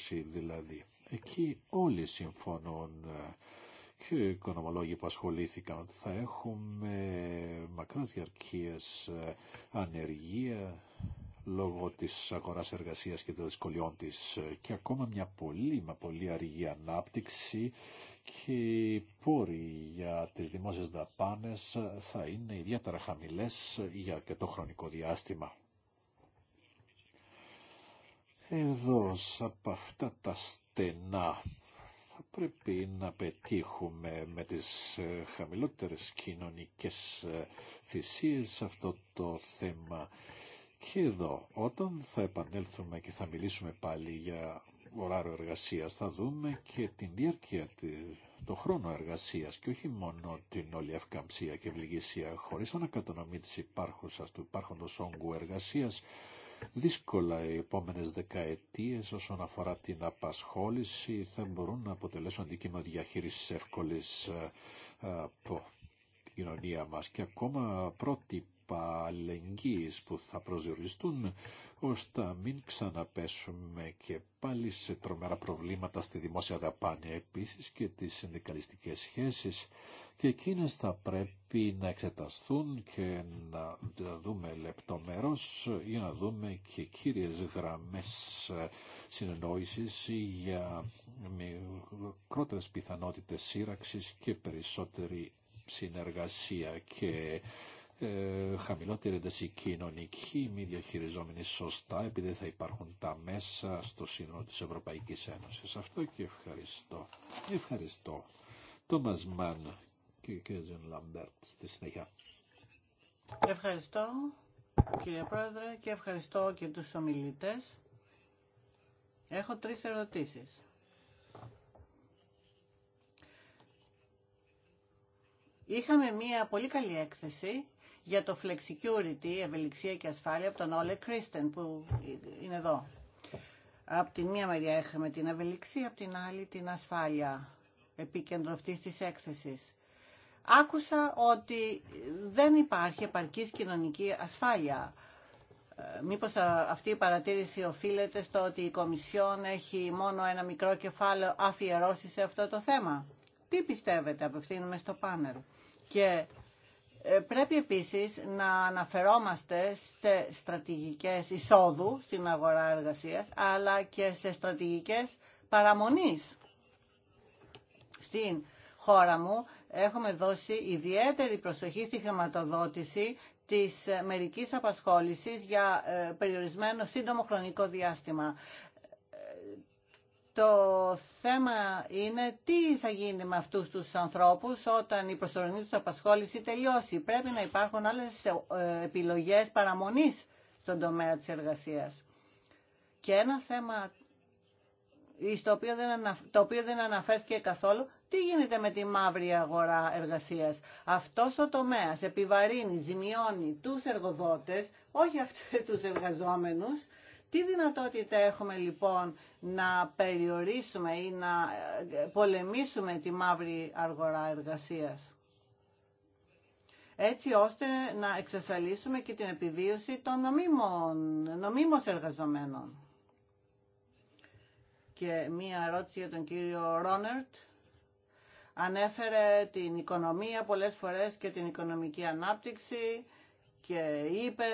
Speaker 2: 2020 δηλαδή. Εκεί όλοι συμφωνούν και οι οικονομολόγοι που ασχολήθηκαν ότι θα έχουμε μακράς διαρκείας ανεργία, λόγω της αγοράς εργασίας και των δυσκολιών της και ακόμα μια πολύ μα πολύ αργή ανάπτυξη και οι πόροι για τις δημόσιες δαπάνες θα είναι ιδιαίτερα χαμηλές για και το χρονικό διάστημα. Εδώ, από αυτά τα στενά, θα πρέπει να πετύχουμε με τις ε, χαμηλότερες κοινωνικές ε, θυσίες αυτό το θέμα και εδώ, όταν θα επανέλθουμε και θα μιλήσουμε πάλι για ωράριο εργασίας, θα δούμε και την διάρκεια το χρόνο εργασίας και όχι μόνο την όλη ευκαμψία και ευληγησία χωρίς ανακατανομή της υπάρχουσας του υπάρχοντος όγκου εργασίας δύσκολα οι επόμενες δεκαετίες όσον αφορά την απασχόληση θα μπορούν να αποτελέσουν αντικείμενο διαχείρισης εύκολης ε, ε, από την κοινωνία μας και ακόμα πρότυπα πρότυπα που θα προσδιοριστούν ώστε να μην ξαναπέσουμε και πάλι σε τρομερά προβλήματα στη δημόσια δαπάνη επίσης και τις συνδικαλιστικές σχέσεις και εκείνε θα πρέπει να εξεταστούν και να δούμε λεπτομερώς για να δούμε και κύριες γραμμές συνεννόησης για μικρότερες πιθανότητε σύραξης και περισσότερη συνεργασία και ε, χαμηλότερη ένταση κοινωνική, μη διαχειριζόμενη σωστά, επειδή θα υπάρχουν τα μέσα στο σύνολο της Ευρωπαϊκής Ένωσης. Αυτό και ευχαριστώ. Ευχαριστώ. Τόμας Μαν και Κέζιν Λαμπέρτ στη συνέχεια.
Speaker 1: Ευχαριστώ κύριε Πρόεδρε και ευχαριστώ και τους ομιλητές. Έχω τρεις ερωτήσεις. Είχαμε μία πολύ καλή έκθεση για το flexicurity, ευελιξία και ασφάλεια από τον Όλε Κρίστεν που είναι εδώ. Από τη μία μεριά έχουμε την ευελιξία, από την άλλη την ασφάλεια, επίκεντρο αυτής της έκθεσης. Άκουσα ότι δεν υπάρχει επαρκής κοινωνική ασφάλεια. Ε, μήπως αυτή η παρατήρηση οφείλεται στο ότι η Κομισιόν έχει μόνο ένα μικρό κεφάλαιο αφιερώσει σε αυτό το θέμα. Τι πιστεύετε, απευθύνουμε στο πάνελ. Και ε, πρέπει επίσης να αναφερόμαστε σε στρατηγικές εισόδου στην αγορά εργασίας, αλλά και σε στρατηγικές παραμονής. Στην χώρα μου έχουμε δώσει ιδιαίτερη προσοχή στη χρηματοδότηση της μερικής απασχόλησης για ε, περιορισμένο σύντομο χρονικό διάστημα. Το θέμα είναι τι θα γίνει με αυτούς τους ανθρώπους όταν η προσωρινή τους απασχόληση τελειώσει. Πρέπει να υπάρχουν άλλες ε, επιλογές παραμονής στον τομέα της εργασίας. Και ένα θέμα δεν το οποίο δεν αναφέρθηκε καθόλου, τι γίνεται με τη μαύρη αγορά εργασίας. Αυτός ο τομέας επιβαρύνει, ζημιώνει τους εργοδότες, όχι αυτούς τους εργαζόμενους, τι δυνατότητα έχουμε λοιπόν να περιορίσουμε ή να ε, πολεμήσουμε τη μαύρη αργορά εργασίας έτσι ώστε να εξασφαλίσουμε και την επιβίωση των νομίμων, νομίμως εργαζομένων. Και μία ερώτηση για τον κύριο Ρόνερτ. Ανέφερε την οικονομία πολλές φορές και την οικονομική ανάπτυξη και είπε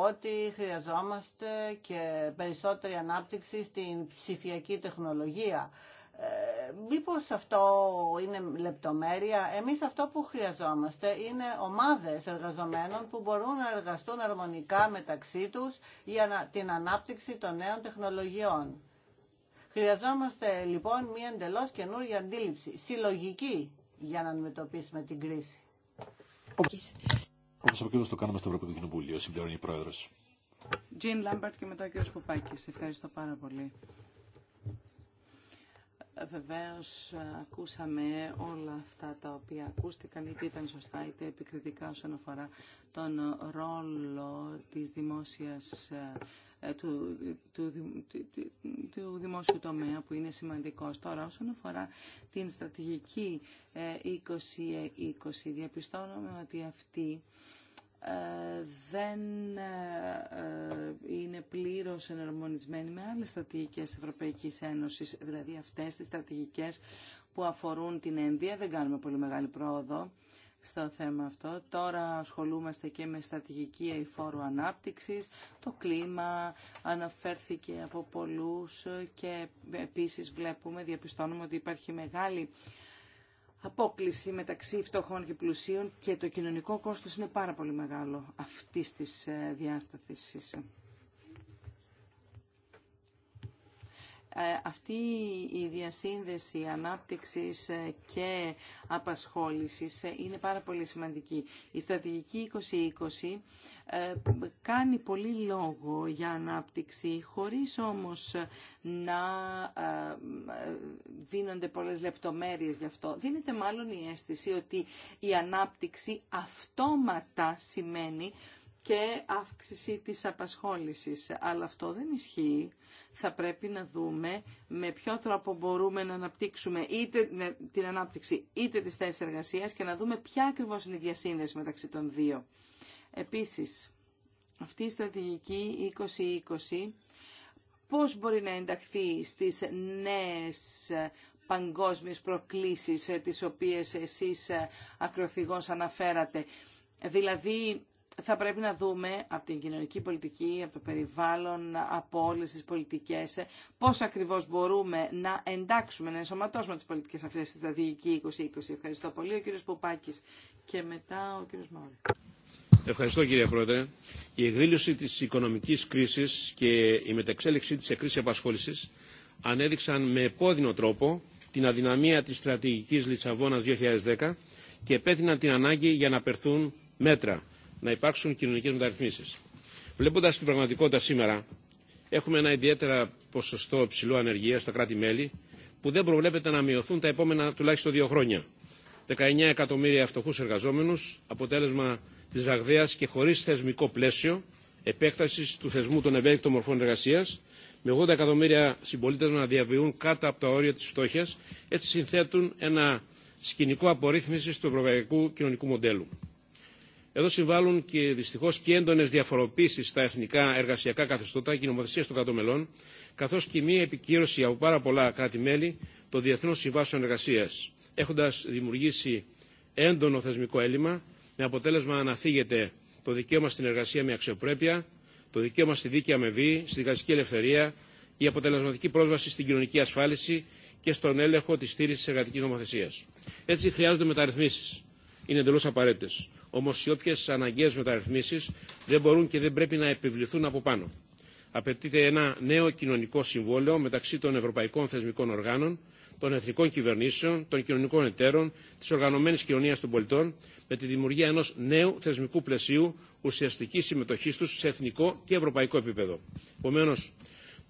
Speaker 1: ότι χρειαζόμαστε και περισσότερη ανάπτυξη στην ψηφιακή τεχνολογία. Ε, μήπως αυτό είναι λεπτομέρεια. Εμείς αυτό που χρειαζόμαστε είναι ομάδες εργαζομένων που μπορούν να εργαστούν αρμονικά μεταξύ τους για την ανάπτυξη των νέων τεχνολογιών. Χρειαζόμαστε λοιπόν μια εντελώς καινούργια αντίληψη, συλλογική, για να αντιμετωπίσουμε την κρίση.
Speaker 2: Όπως ακριβώς το κάναμε στο Ευρωπαϊκό Κοινοβούλιο, συμπληρώνει η Πρόεδρος.
Speaker 3: Τζιν Λάμπαρτ και μετά ο κ. Πουπάκης. Ευχαριστώ πάρα πολύ. Βεβαίως ακούσαμε όλα αυτά τα οποία ακούστηκαν, είτε ήταν σωστά είτε επικριτικά όσον αφορά τον ρόλο της δημόσιας ε, του, του, του, του δημόσιου τομέα που είναι σημαντικός. Τώρα όσον αφορά την στρατηγική 2020 ε, διαπιστώνουμε ότι αυτή ε, δεν είναι πλήρως εναρμονισμένη με άλλες στρατηγικές Ευρωπαϊκής Ένωσης, δηλαδή αυτές τις στρατηγικές που αφορούν την Ένδια, δεν κάνουμε πολύ μεγάλη πρόοδο στο θέμα αυτό. Τώρα ασχολούμαστε και με στρατηγική αηφόρου ανάπτυξης. Το κλίμα αναφέρθηκε από πολλούς και επίσης βλέπουμε, διαπιστώνουμε ότι υπάρχει μεγάλη απόκληση μεταξύ φτωχών και πλουσίων και το κοινωνικό κόστος είναι πάρα πολύ μεγάλο αυτής της ε, διάστασης. Ε, αυτή η διασύνδεση ανάπτυξης ε, και απασχόλησης ε, είναι πάρα πολύ σημαντική. Η στρατηγική 2020 κάνει πολύ λόγο για ανάπτυξη, χωρίς όμως να δίνονται πολλές λεπτομέρειες γι' αυτό. Δίνεται μάλλον η αίσθηση ότι η ανάπτυξη αυτόματα σημαίνει και αύξηση της απασχόλησης. Αλλά αυτό δεν ισχύει. Θα πρέπει να δούμε με ποιο τρόπο μπορούμε να αναπτύξουμε είτε ε, την ανάπτυξη είτε τις θέσεις εργασίας και να δούμε ποια ακριβώς είναι η διασύνδεση μεταξύ των δύο. Επίσης, αυτή η στρατηγική 2020 πώς μπορεί να ενταχθεί στις νέες ε, παγκόσμιες προκλήσεις ε, τις οποίες εσείς ακροθυγώς αναφέρατε. Δηλαδή θα πρέπει να δούμε από την κοινωνική πολιτική, από το περιβάλλον, από όλες τις πολιτικές, πώς ακριβώς μπορούμε να εντάξουμε, να ενσωματώσουμε τις πολιτικές αυτές στη στρατηγική 2020. Ευχαριστώ πολύ. Ο κύριος Πουπάκης και μετά ο κύριος Μαύρη.
Speaker 4: Ευχαριστώ κύριε Πρόεδρε. Η εκδήλωση της οικονομικής κρίσης και η μεταξέλιξή της σε κρίση απασχόλησης ανέδειξαν με επώδυνο τρόπο την αδυναμία της στρατηγικής Λισαβόνας 2010 και επέτειναν την ανάγκη για να περθούν μέτρα να υπάρξουν κοινωνικέ μεταρρυθμίσει. Βλέποντα την πραγματικότητα σήμερα, έχουμε ένα ιδιαίτερα ποσοστό ψηλού ανεργία στα κράτη-μέλη που δεν προβλέπεται να μειωθούν τα επόμενα τουλάχιστον δύο χρόνια. 19 εκατομμύρια φτωχού εργαζόμενου, αποτέλεσμα τη ραγδαία και χωρί θεσμικό πλαίσιο επέκταση του θεσμού των ευέλικτων μορφών εργασία, με 80 εκατομμύρια συμπολίτε να διαβιούν κάτω από τα όρια τη φτώχεια, έτσι συνθέτουν ένα σκηνικό απορρίθμιση του ευρωπαϊκού κοινωνικού μοντέλου. Εδώ συμβάλλουν και δυστυχώ και έντονε διαφοροποίησει στα εθνικά εργασιακά καθεστώτα και νομοθεσία των κρατομελών, καθώ και μία επικύρωση από πάρα πολλά κράτη-μέλη των διεθνών συμβάσεων εργασία, έχοντα δημιουργήσει έντονο θεσμικό έλλειμμα, με αποτέλεσμα να φύγεται το δικαίωμα στην εργασία με αξιοπρέπεια, το δικαίωμα στη δίκαια με βίη, στη δικαστική ελευθερία, η αποτελεσματική πρόσβαση στην κοινωνική ασφάλιση και στον έλεγχο τη στήριξη εργατική νομοθεσία. Έτσι χρειάζονται μεταρρυθμίσει. Είναι εντελώ απαραίτητε. Όμω οι όποιε αναγκαίε μεταρρυθμίσει δεν μπορούν και δεν πρέπει να επιβληθούν από πάνω. Απαιτείται ένα νέο κοινωνικό συμβόλαιο μεταξύ των ευρωπαϊκών θεσμικών οργάνων, των εθνικών κυβερνήσεων, των κοινωνικών εταίρων, τη οργανωμένη κοινωνία των πολιτών, με τη δημιουργία ενό νέου θεσμικού πλαισίου ουσιαστική συμμετοχή του σε εθνικό και ευρωπαϊκό επίπεδο. Επομένω,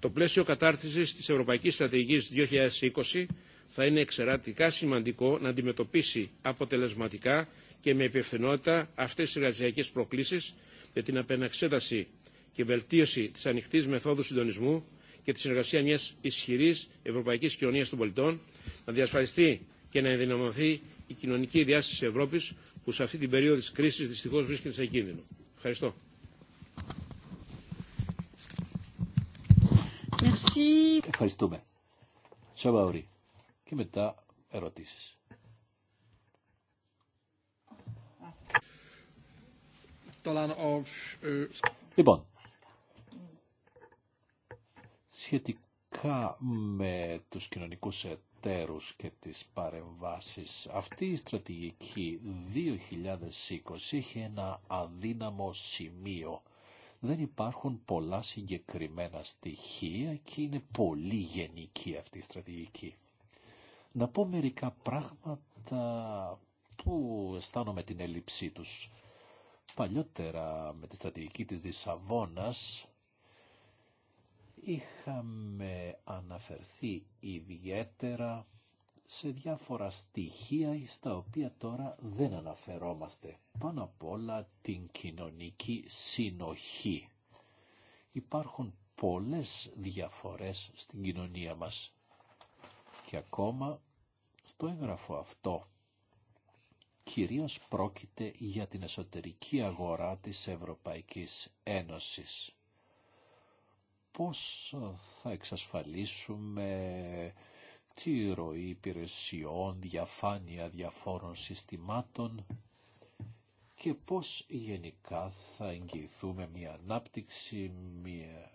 Speaker 4: το πλαίσιο κατάρτιση τη Ευρωπαϊκή Στρατηγική 2020 θα είναι εξαιρετικά σημαντικό να αντιμετωπίσει αποτελεσματικά και με υπευθυνότητα αυτές τις εργασιακέ προκλήσεις για την απεναξέταση και βελτίωση της ανοιχτής μεθόδου συντονισμού και τη συνεργασία μιας ισχυρής ευρωπαϊκής κοινωνίας των πολιτών να διασφαλιστεί και να ενδυναμωθεί η κοινωνική διάσταση της Ευρώπης που σε αυτή την περίοδο της κρίσης δυστυχώς βρίσκεται σε κίνδυνο. Ευχαριστώ.
Speaker 2: Ευχαριστούμε. Και μετά ερωτήσεις. Λοιπόν, σχετικά με τους κοινωνικούς εταίρους και τις παρεμβάσεις, αυτή η στρατηγική 2020 έχει ένα αδύναμο σημείο. Δεν υπάρχουν πολλά συγκεκριμένα στοιχεία και είναι πολύ γενική αυτή η στρατηγική. Να πω μερικά πράγματα που αισθάνομαι την έλλειψή τους. Παλιότερα με τη στρατηγική της Δισαβόνας είχαμε αναφερθεί ιδιαίτερα σε διάφορα στοιχεία στα οποία τώρα δεν αναφερόμαστε. Πάνω απ' όλα την κοινωνική συνοχή. Υπάρχουν πολλές διαφορές στην κοινωνία μας. Και ακόμα στο έγγραφο αυτό κυρίως πρόκειται για την εσωτερική αγορά της Ευρωπαϊκής Ένωσης. Πώς θα εξασφαλίσουμε τη ροή υπηρεσιών, διαφάνεια διαφόρων συστημάτων και πώς γενικά θα εγγυηθούμε μια ανάπτυξη, μια,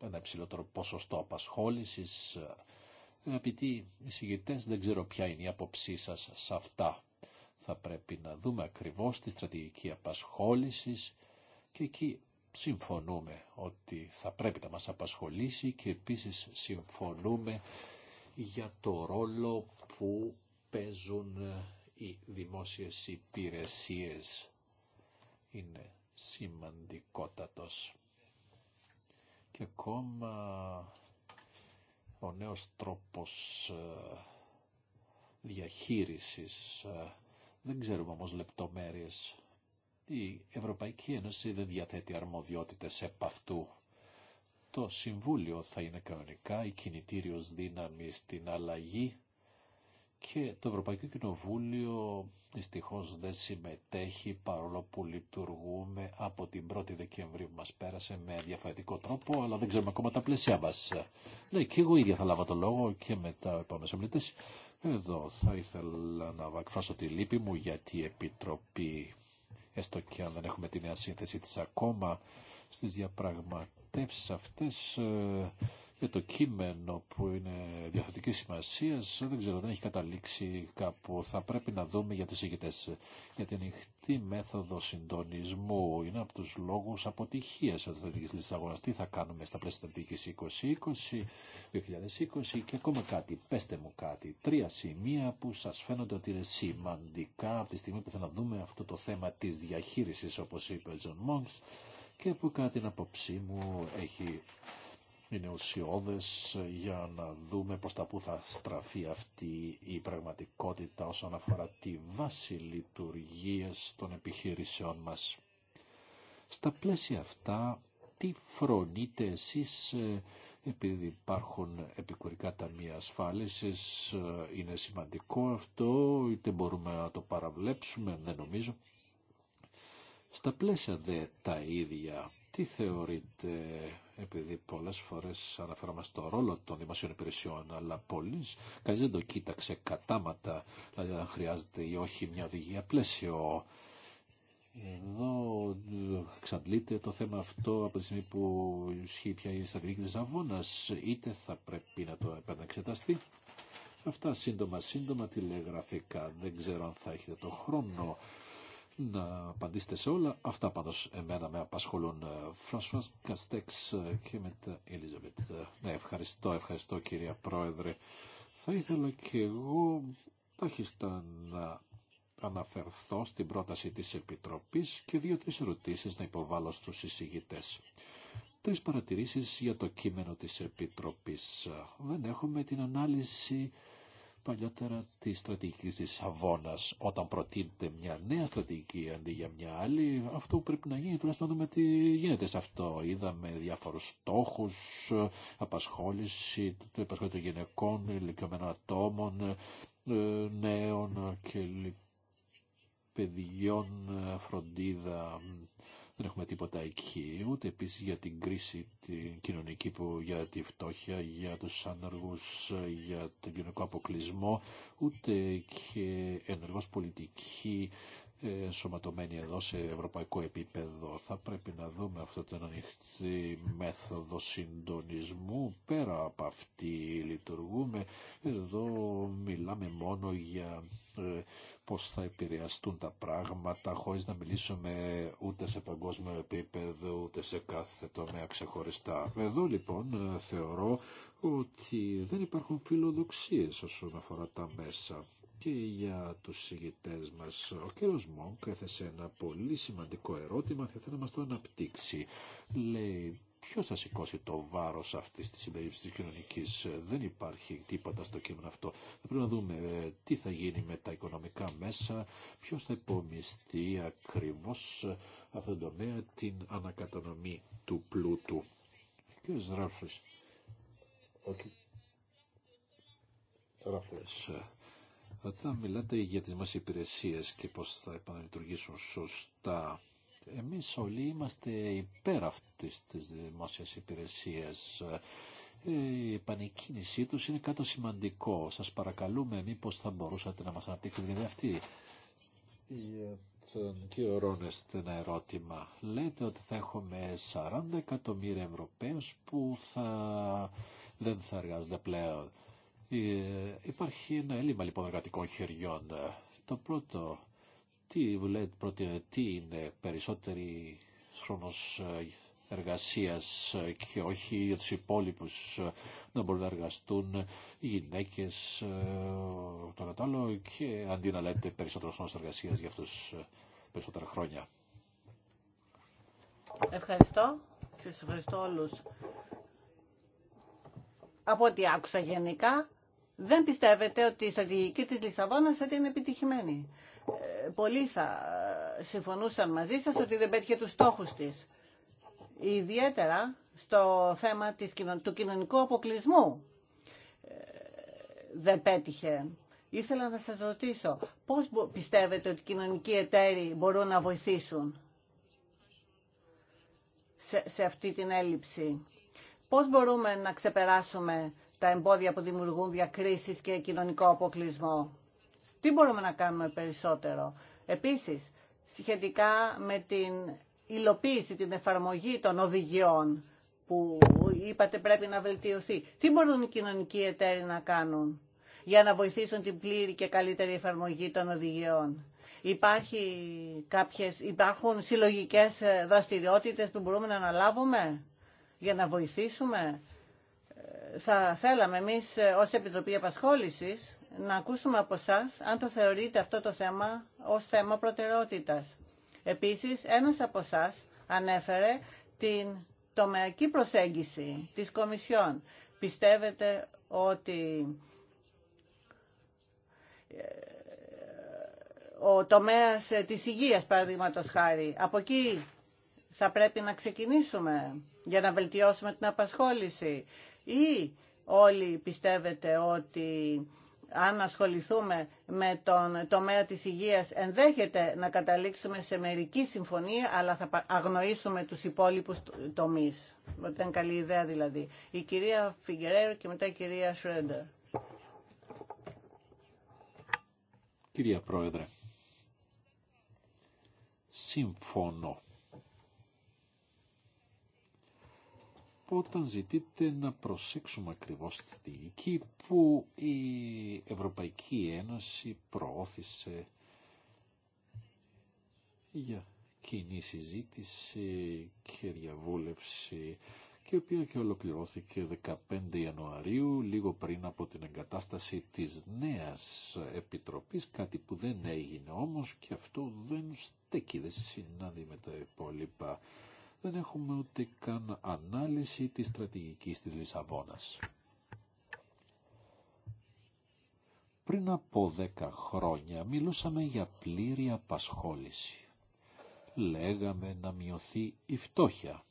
Speaker 2: ένα υψηλότερο ποσοστό απασχόλησης. Αγαπητοί εισηγητές, δεν ξέρω ποια είναι η άποψή σας σε αυτά. Θα πρέπει να δούμε ακριβώς τη στρατηγική απασχόλησης και εκεί συμφωνούμε ότι θα πρέπει να μας απασχολήσει και επίσης συμφωνούμε για το ρόλο που παίζουν οι δημόσιες υπηρεσίες. Είναι σημαντικότατος. Και ακόμα ο νέος τρόπος ε, διαχείρισης ε, δεν ξέρουμε όμως λεπτομέρειες. Η Ευρωπαϊκή Ένωση δεν διαθέτει αρμοδιότητες επ' αυτού. Το Συμβούλιο θα είναι κανονικά η κινητήριος δύναμη στην αλλαγή και το Ευρωπαϊκό Κοινοβούλιο δυστυχώ δεν συμμετέχει παρόλο που λειτουργούμε από την 1η Δεκεμβρίου που μας πέρασε με διαφορετικό τρόπο αλλά δεν ξέρουμε ακόμα τα πλαίσια μα. Ναι και εγώ ίδια θα λάβα το λόγο και μετά ο σε Εδώ θα ήθελα να εκφράσω τη λύπη μου γιατί η Επιτροπή έστω και αν δεν έχουμε τη νέα σύνθεση της ακόμα στις διαπραγματεύσεις αυτές ε, και το κείμενο που είναι διαθετική σημασία, δεν ξέρω, δεν έχει καταλήξει κάπου. Θα πρέπει να δούμε για τις ηγητέ. Για την ανοιχτή μέθοδο συντονισμού είναι από του λόγου αποτυχία τη θετική λύσης αγορά. Τι θα κάνουμε στα πλαίσια της 2020, 2020 και ακόμα κάτι. Πέστε μου κάτι. Τρία σημεία που σα φαίνονται ότι είναι σημαντικά από τη στιγμή που θα δούμε αυτό το θέμα τη διαχείριση, όπω είπε ο Τζον Μόγκ και που κάτι την απόψή μου έχει είναι ουσιώδες για να δούμε προς τα που θα στραφεί αυτή η πραγματικότητα όσον αφορά τη βάση λειτουργίας των επιχειρήσεών μας. Στα πλαίσια αυτά, τι φρονείτε εσείς ε, επειδή υπάρχουν επικουρικά ταμεία ασφάλισης, ε, είναι σημαντικό αυτό, είτε μπορούμε να το παραβλέψουμε, δεν νομίζω. Στα πλαίσια δε τα ίδια, τι θεωρείτε επειδή πολλές φορές αναφέρομαι στο ρόλο των δημοσίων υπηρεσιών, αλλά πολλοί κανεί δεν το κοίταξε κατάματα, δηλαδή αν χρειάζεται ή όχι μια οδηγία πλαίσιο. Εδώ εξαντλείται το θέμα αυτό από τη στιγμή που ισχύει πια η στρατηγική τη Αβώνας, είτε θα πρέπει να το επαναξεταστεί. Αυτά σύντομα, σύντομα τηλεγραφικά. Δεν ξέρω αν θα έχετε το χρόνο να απαντήσετε σε όλα. Αυτά πάντως εμένα με απασχολούν. Φρανσουάς ε, Καστέξ ε, και μετά Ελίζαβετ. Ναι, ευχαριστώ, ευχαριστώ κυρία Πρόεδρε. Θα ήθελα και εγώ τάχιστα να αναφερθώ στην πρόταση της Επιτροπής και δύο-τρεις ερωτήσεις να υποβάλω στους εισηγητές. Τρεις ρωτησεις να υποβαλω στους εισηγητες τρεις παρατηρησεις για το κείμενο της Επιτροπής. Ε, δεν έχουμε την ανάλυση παλιότερα τη στρατηγική τη Σαββόνα. Όταν προτείνεται μια νέα στρατηγική αντί για μια άλλη, αυτό πρέπει να γίνει, τουλάχιστον να δούμε τι γίνεται σε αυτό. Είδαμε διάφορου στόχου, απασχόληση, το απασχόληση των γυναικών, ηλικιωμένων ατόμων, ε, νέων και παιδιών, φροντίδα, δεν έχουμε τίποτα εκεί, ούτε επίσης για την κρίση την κοινωνική, που, για τη φτώχεια, για τους άνεργους, για τον κοινωνικό αποκλεισμό, ούτε και ενεργός πολιτική ενσωματωμένη εδώ σε ευρωπαϊκό επίπεδο. Θα πρέπει να δούμε αυτό το ανοιχτή μέθοδο συντονισμού. Πέρα από αυτή λειτουργούμε. Εδώ μιλάμε μόνο για ε, πώς θα επηρεαστούν τα πράγματα χωρίς να μιλήσουμε ούτε σε παγκόσμιο επίπεδο ούτε σε κάθε τομέα ξεχωριστά. Εδώ λοιπόν ε, θεωρώ ότι δεν υπάρχουν φιλοδοξίες όσον αφορά τα μέσα και για τους συγητές μας. Ο κύριος Μόγκ έθεσε ένα πολύ σημαντικό ερώτημα, θα ήθελα να μας το αναπτύξει. Λέει, ποιο θα σηκώσει το βάρο αυτή τη συμπερίληψη τη κοινωνική. Δεν υπάρχει τίποτα στο κείμενο αυτό. Θα πρέπει να δούμε ε, τι θα γίνει με τα οικονομικά μέσα, ποιο θα υπομειστεί ακριβώ αυτόν τον τομέα την ανακατανομή του πλούτου. Okay. Όταν μιλάτε για τις μας υπηρεσίες και πώς θα επαναλειτουργήσουν σωστά, εμείς όλοι είμαστε υπέρ αυτής της δημόσιας υπηρεσίας. Ε, η επανεκκίνησή τους είναι κάτι σημαντικό. Σας παρακαλούμε μήπως θα μπορούσατε να μας αναπτύξετε δηλαδή αυτή. Για τον κύριο Ρόνεστ ένα ερώτημα. Λέτε ότι θα έχουμε 40 εκατομμύρια Ευρωπαίους που θα... δεν θα εργάζονται πλέον. Ε, υπάρχει ένα έλλειμμα λοιπόν εργατικών χεριών. Το πρώτο, τι λέτε, πρώτη, τι είναι περισσότερη χρόνος ε, εργασίας ε, και όχι για τους υπόλοιπους να μπορούν να εργαστούν οι γυναίκες το κατάλληλο και αντί να λέτε περισσότερο χρόνος εργασίας για αυτούς περισσότερα χρόνια.
Speaker 1: Ευχαριστώ. Σας ευχαριστώ όλους. Από ό,τι άκουσα γενικά, δεν πιστεύετε ότι η στρατηγική της Λισαβόνας θα την επιτυχημένη. Ε, πολλοί θα ε, συμφωνούσαν μαζί σας ότι δεν πέτυχε τους στόχους της. Ιδιαίτερα στο θέμα της, του κοινωνικού αποκλεισμού ε, δεν πέτυχε. Ήθελα να σας ρωτήσω, πώς πιστεύετε ότι οι κοινωνικοί εταίροι μπορούν να βοηθήσουν σε, σε αυτή την έλλειψη. Πώς μπορούμε να ξεπεράσουμε τα εμπόδια που δημιουργούν διακρίσεις και κοινωνικό αποκλεισμό. Τι μπορούμε να κάνουμε περισσότερο. Επίσης, σχετικά με την υλοποίηση, την εφαρμογή των οδηγιών που είπατε πρέπει να βελτιωθεί. Τι μπορούν οι κοινωνικοί εταίροι να κάνουν για να βοηθήσουν την πλήρη και καλύτερη εφαρμογή των οδηγιών. Υπάρχει κάποιες, υπάρχουν συλλογικές δραστηριότητες που μπορούμε να αναλάβουμε για να βοηθήσουμε θα θέλαμε εμείς ε, ως Επιτροπή Επασχόλησης να ακούσουμε από εσά αν το θεωρείτε αυτό το θέμα ως θέμα προτεραιότητας. Επίσης, ένας από εσά ανέφερε την τομεακή προσέγγιση της Κομισιόν. Πιστεύετε ότι ε, ο τομέας της υγείας, παραδείγματος χάρη, από εκεί θα πρέπει να ξεκινήσουμε για να βελτιώσουμε την απασχόληση ή όλοι πιστεύετε ότι αν ασχοληθούμε με τον τομέα της υγείας ενδέχεται να καταλήξουμε σε μερική συμφωνία αλλά θα αγνοήσουμε τους υπόλοιπους τομείς. Ήταν καλή ιδέα δηλαδή. Η κυρία Φιγκερέρο και μετά η κυρία Σρέντερ.
Speaker 2: Κυρία Πρόεδρε, συμφωνώ όταν ζητείτε να προσέξουμε ακριβώς τη δίκη που η Ευρωπαϊκή Ένωση προώθησε για κοινή συζήτηση και διαβούλευση και η οποία και ολοκληρώθηκε 15 Ιανουαρίου, λίγο πριν από την εγκατάσταση της νέας επιτροπής, κάτι που δεν έγινε όμως και αυτό δεν στέκει, δεν συνάντη με τα υπόλοιπα δεν έχουμε ούτε καν ανάλυση της στρατηγικής της Λισαβόνας. Πριν από δέκα χρόνια μιλούσαμε για πλήρη απασχόληση. Λέγαμε να μειωθεί η φτώχεια.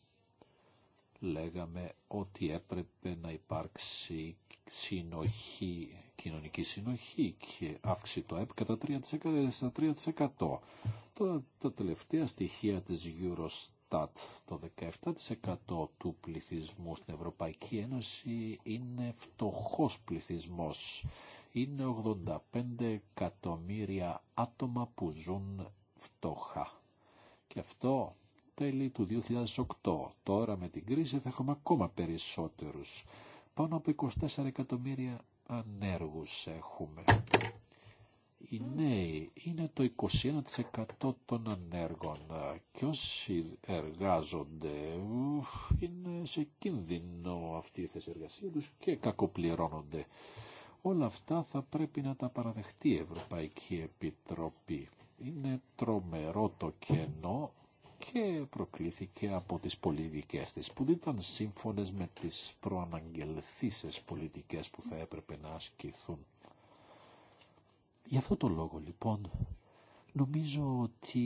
Speaker 2: Λέγαμε ότι έπρεπε να υπάρξει κοινωνική συνοχή και αύξηση το ΕΠ κατά 3%. 3%. Τώρα τα τελευταία στοιχεία της Eurostat το 17% του πληθυσμού στην Ευρωπαϊκή Ένωση είναι φτωχός πληθυσμός. Είναι 85 εκατομμύρια άτομα που ζουν φτωχά. Και αυτό τέλη του 2008. Τώρα με την κρίση θα έχουμε ακόμα περισσότερους. Πάνω από 24 εκατομμύρια ανέργους έχουμε οι νέοι είναι το 21% των ανέργων και όσοι εργάζονται είναι σε κίνδυνο αυτή η θέση εργασία τους και κακοπληρώνονται. Όλα αυτά θα πρέπει να τα παραδεχτεί η Ευρωπαϊκή Επιτροπή. Είναι τρομερό το κενό και προκλήθηκε από τις πολιτικές της που δεν ήταν σύμφωνες με τις προαναγγελθήσεις πολιτικές που θα έπρεπε να ασκηθούν. Γι' αυτό το λόγο λοιπόν νομίζω ότι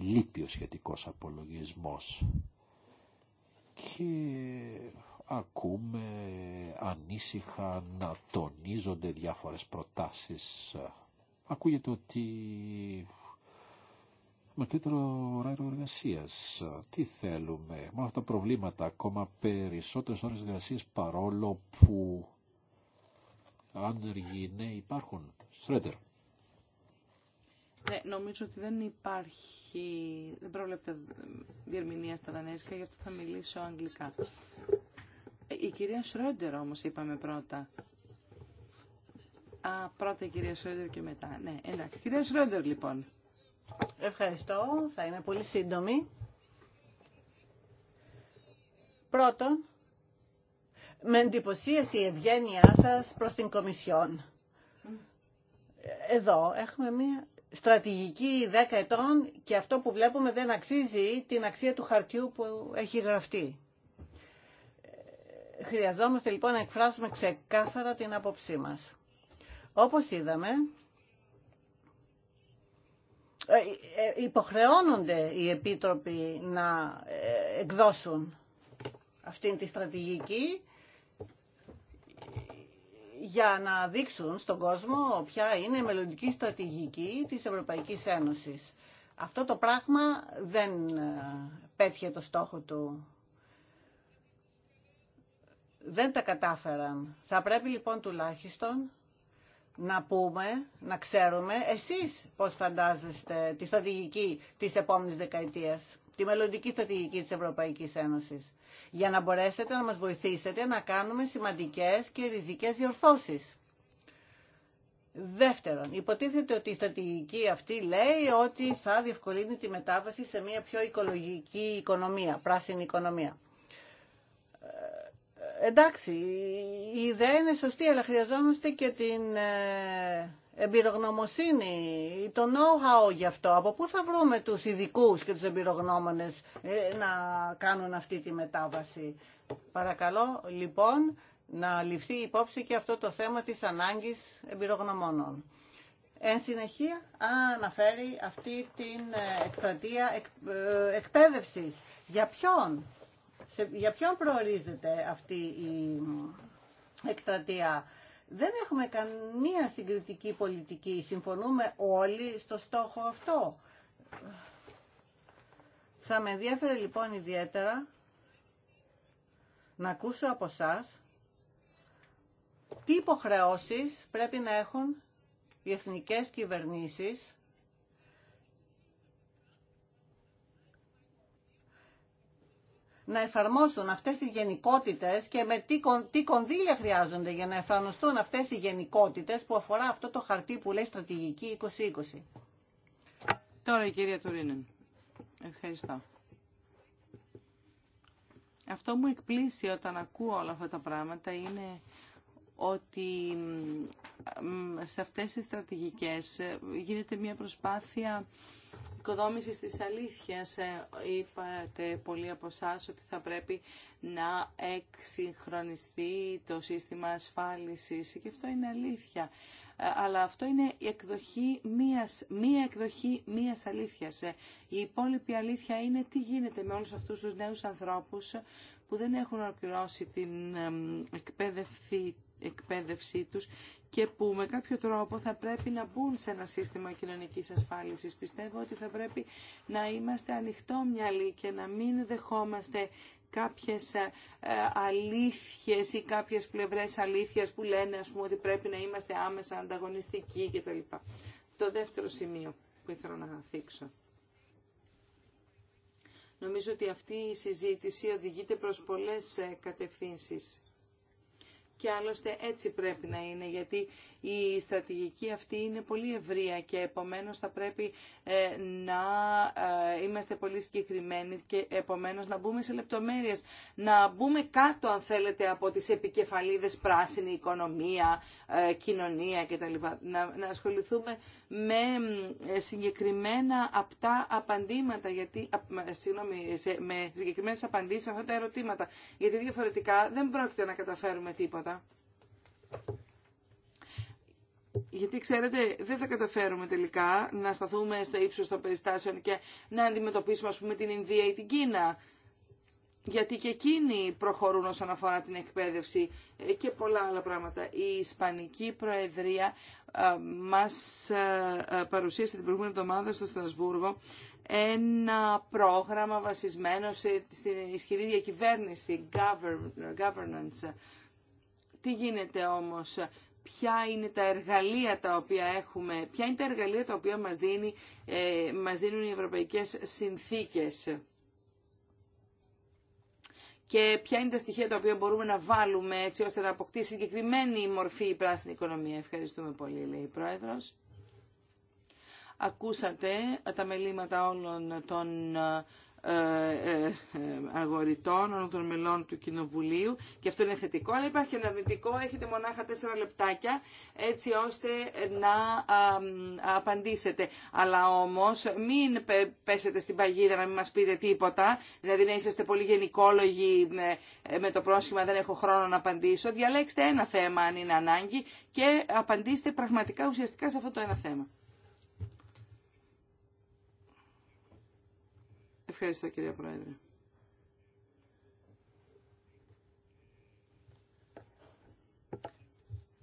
Speaker 2: λείπει ο σχετικός απολογισμός και ακούμε ανήσυχα να τονίζονται διάφορες προτάσεις. Ακούγεται ότι μεγαλύτερο ωράριο εργασία. Τι θέλουμε, με αυτά τα προβλήματα, ακόμα περισσότερες ώρες εργασία παρόλο που άνεργοι νέοι υπάρχουν. Στρέτερ.
Speaker 3: Ναι, νομίζω ότι δεν υπάρχει, δεν προβλέπεται διερμηνία στα δανέζικα, γι' αυτό θα μιλήσω αγγλικά. Ε, η κυρία Σρόντερ όμως είπαμε πρώτα. Α, πρώτα η κυρία Σρόντερ και μετά. Ναι, εντάξει. Κυρία Σρόντερ λοιπόν. Ευχαριστώ, θα είναι πολύ σύντομη.
Speaker 1: Πρώτον, με εντυπωσίαση η ευγένειά σας προς την Κομισιόν. Εδώ έχουμε μία στρατηγική 10 ετών και αυτό που βλέπουμε δεν αξίζει την αξία του χαρτιού που έχει γραφτεί. Χρειαζόμαστε λοιπόν να εκφράσουμε ξεκάθαρα την άποψή μας. Όπως είδαμε, ε, ε, υποχρεώνονται οι επίτροποι να ε, εκδώσουν αυτήν τη στρατηγική για να δείξουν στον κόσμο ποια είναι η μελλοντική στρατηγική της Ευρωπαϊκής Ένωσης. Αυτό το πράγμα δεν ε, πέτυχε το στόχο του. Δεν τα κατάφεραν. Θα πρέπει λοιπόν τουλάχιστον να πούμε, να ξέρουμε εσείς πώς φαντάζεστε τη στρατηγική της επόμενης δεκαετίας, τη μελλοντική στρατηγική της Ευρωπαϊκής Ένωσης για να μπορέσετε να μας βοηθήσετε να κάνουμε σημαντικές και ριζικές διορθώσεις. Δεύτερον, υποτίθεται ότι η στρατηγική αυτή λέει ότι θα διευκολύνει τη μετάβαση σε μια πιο οικολογική οικονομία, πράσινη οικονομία. Ε, εντάξει, η ιδέα είναι σωστή, αλλά χρειαζόμαστε και την ε, εμπειρογνωμοσύνη, το know-how γι' αυτό. Από πού θα βρούμε τους ειδικού και τους εμπειρογνώμονες ε, να κάνουν αυτή τη μετάβαση. Παρακαλώ λοιπόν να ληφθεί υπόψη και αυτό το θέμα της ανάγκης εμπειρογνωμόνων. Εν συνεχεία αναφέρει αυτή την ε, εκστρατεία εκ, ε, Για ποιον, για ποιον προορίζεται αυτή η εκστρατεία δεν έχουμε καμία συγκριτική πολιτική. Συμφωνούμε όλοι στο στόχο αυτό. Θα με ενδιαφέρε λοιπόν ιδιαίτερα να ακούσω από εσά τι υποχρεώσεις πρέπει να έχουν οι εθνικές κυβερνήσεις να εφαρμόσουν αυτές οι γενικότητες και με τι, τι κονδύλια χρειάζονται για να εφαρμοστούν αυτές οι γενικότητες που αφορά αυτό το χαρτί που λέει στρατηγική
Speaker 3: 2020. Τώρα η κυρία Τουρίνεν. Ευχαριστώ. Αυτό μου εκπλήσει όταν ακούω όλα αυτά τα πράγματα είναι ότι σε αυτές τις στρατηγικές ε, γίνεται μια προσπάθεια οικοδόμησης της αλήθειας. Ε, είπατε πολλοί από εσά ότι θα πρέπει να εξυγχρονιστεί το σύστημα ασφάλισης και αυτό είναι αλήθεια. Ε, αλλά αυτό είναι η εκδοχή μίας, μία εκδοχή μίας αλήθειας. Ε, η υπόλοιπη αλήθεια είναι τι γίνεται με όλους αυτούς τους νέους ανθρώπους που δεν έχουν ολοκληρώσει την εκπαίδευση, εκπαίδευσή τους και που με κάποιο τρόπο θα πρέπει να μπουν σε ένα σύστημα κοινωνικής ασφάλισης. Πιστεύω ότι θα πρέπει να είμαστε ανοιχτόμυαλοι και να μην δεχόμαστε κάποιες ε, αλήθειες ή κάποιες πλευρές αλήθειας που λένε ας πούμε, ότι πρέπει να είμαστε άμεσα ανταγωνιστικοί κτλ. Το δεύτερο σημείο που ήθελα να θίξω. Νομίζω ότι αυτή η συζήτηση οδηγείται προς πολλές ε, κατευθύνσεις και άλλωστε έτσι πρέπει να είναι γιατί η στρατηγική αυτή είναι πολύ ευρεία και επομένως θα πρέπει ε, να ε, είμαστε πολύ συγκεκριμένοι και επομένως να μπούμε σε λεπτομέρειες. Να μπούμε κάτω αν θέλετε από τις επικεφαλίδες πράσινη οικονομία, ε, κοινωνία κτλ. Να, να ασχοληθούμε με συγκεκριμένα απτά απαντήματα, γιατί, συγγνώμη, με συγκεκριμένες απαντήσεις σε αυτά τα ερωτήματα, γιατί διαφορετικά δεν πρόκειται να καταφέρουμε τίποτα. Γιατί ξέρετε, δεν θα καταφέρουμε τελικά να σταθούμε στο ύψο των περιστάσεων και να αντιμετωπίσουμε ας πούμε την Ινδία ή την Κίνα. Γιατί και εκείνοι προχωρούν όσον αφορά την εκπαίδευση ε, και πολλά άλλα πράγματα. Η Ισπανική Προεδρία ε, μας ε, παρουσίασε την προηγούμενη εβδομάδα στο Στρασβούργο ένα πρόγραμμα βασισμένο στην ισχυρή διακυβέρνηση, governance. Τι γίνεται όμως, ποια είναι τα εργαλεία τα οποία έχουμε, ποια είναι τα εργαλεία τα οποία μας, δίνει, ε, μας δίνουν οι ευρωπαϊκές συνθήκες και ποια είναι τα στοιχεία τα οποία μπορούμε να βάλουμε έτσι ώστε να αποκτήσει συγκεκριμένη μορφή η πράσινη οικονομία. Ευχαριστούμε πολύ, λέει η Πρόεδρος. Ακούσατε τα μελήματα όλων των ε, ε, ε, αγοριτών, όλων των μελών του Κοινοβουλίου και αυτό είναι θετικό, αλλά υπάρχει και αρνητικό, έχετε μονάχα τέσσερα λεπτάκια έτσι ώστε να απαντήσετε. Αλλά όμως μην πέσετε στην παγίδα να μην μας πείτε τίποτα, δηλαδή να είσαστε πολύ γενικόλογοι ε, με το πρόσχημα δεν έχω χρόνο να απαντήσω. Διαλέξτε ένα θέμα αν είναι ανάγκη και απαντήστε πραγματικά ουσιαστικά σε αυτό το ένα θέμα. Ευχαριστώ κυρία Πρόεδρε.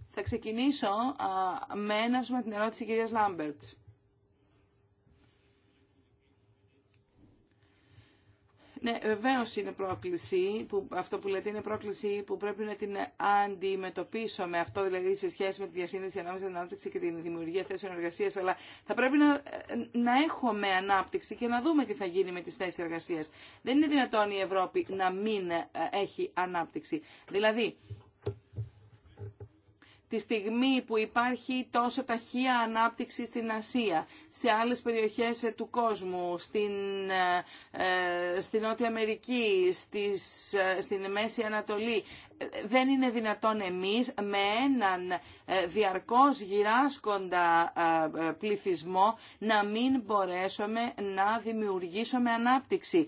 Speaker 3: Θα ξεκινήσω με ένα με την ερώτηση κυρίας Λάμπερτς. Ναι, βεβαίω είναι πρόκληση, που, αυτό που λέτε είναι πρόκληση που πρέπει να την αντιμετωπίσουμε. Αυτό δηλαδή σε σχέση με τη διασύνδεση ανάμεσα στην ανάπτυξη και τη δημιουργία θέσεων εργασία. Αλλά θα πρέπει να, έχουμε ανάπτυξη και να δούμε τι θα γίνει με τι θέσει εργασία. Δεν είναι δυνατόν η Ευρώπη να μην ε, έχει ανάπτυξη. Δηλαδή, τη στιγμή που υπάρχει τόσο ταχεία ανάπτυξη στην Ασία, σε άλλες περιοχές ε, του κόσμου, στην, ε, ε, στην Νότια Αμερική, στην Μέση Ανατολή, δεν είναι δυνατόν εμείς με έναν διαρκώς γυράσκοντα πληθυσμό να μην μπορέσουμε να δημιουργήσουμε ανάπτυξη.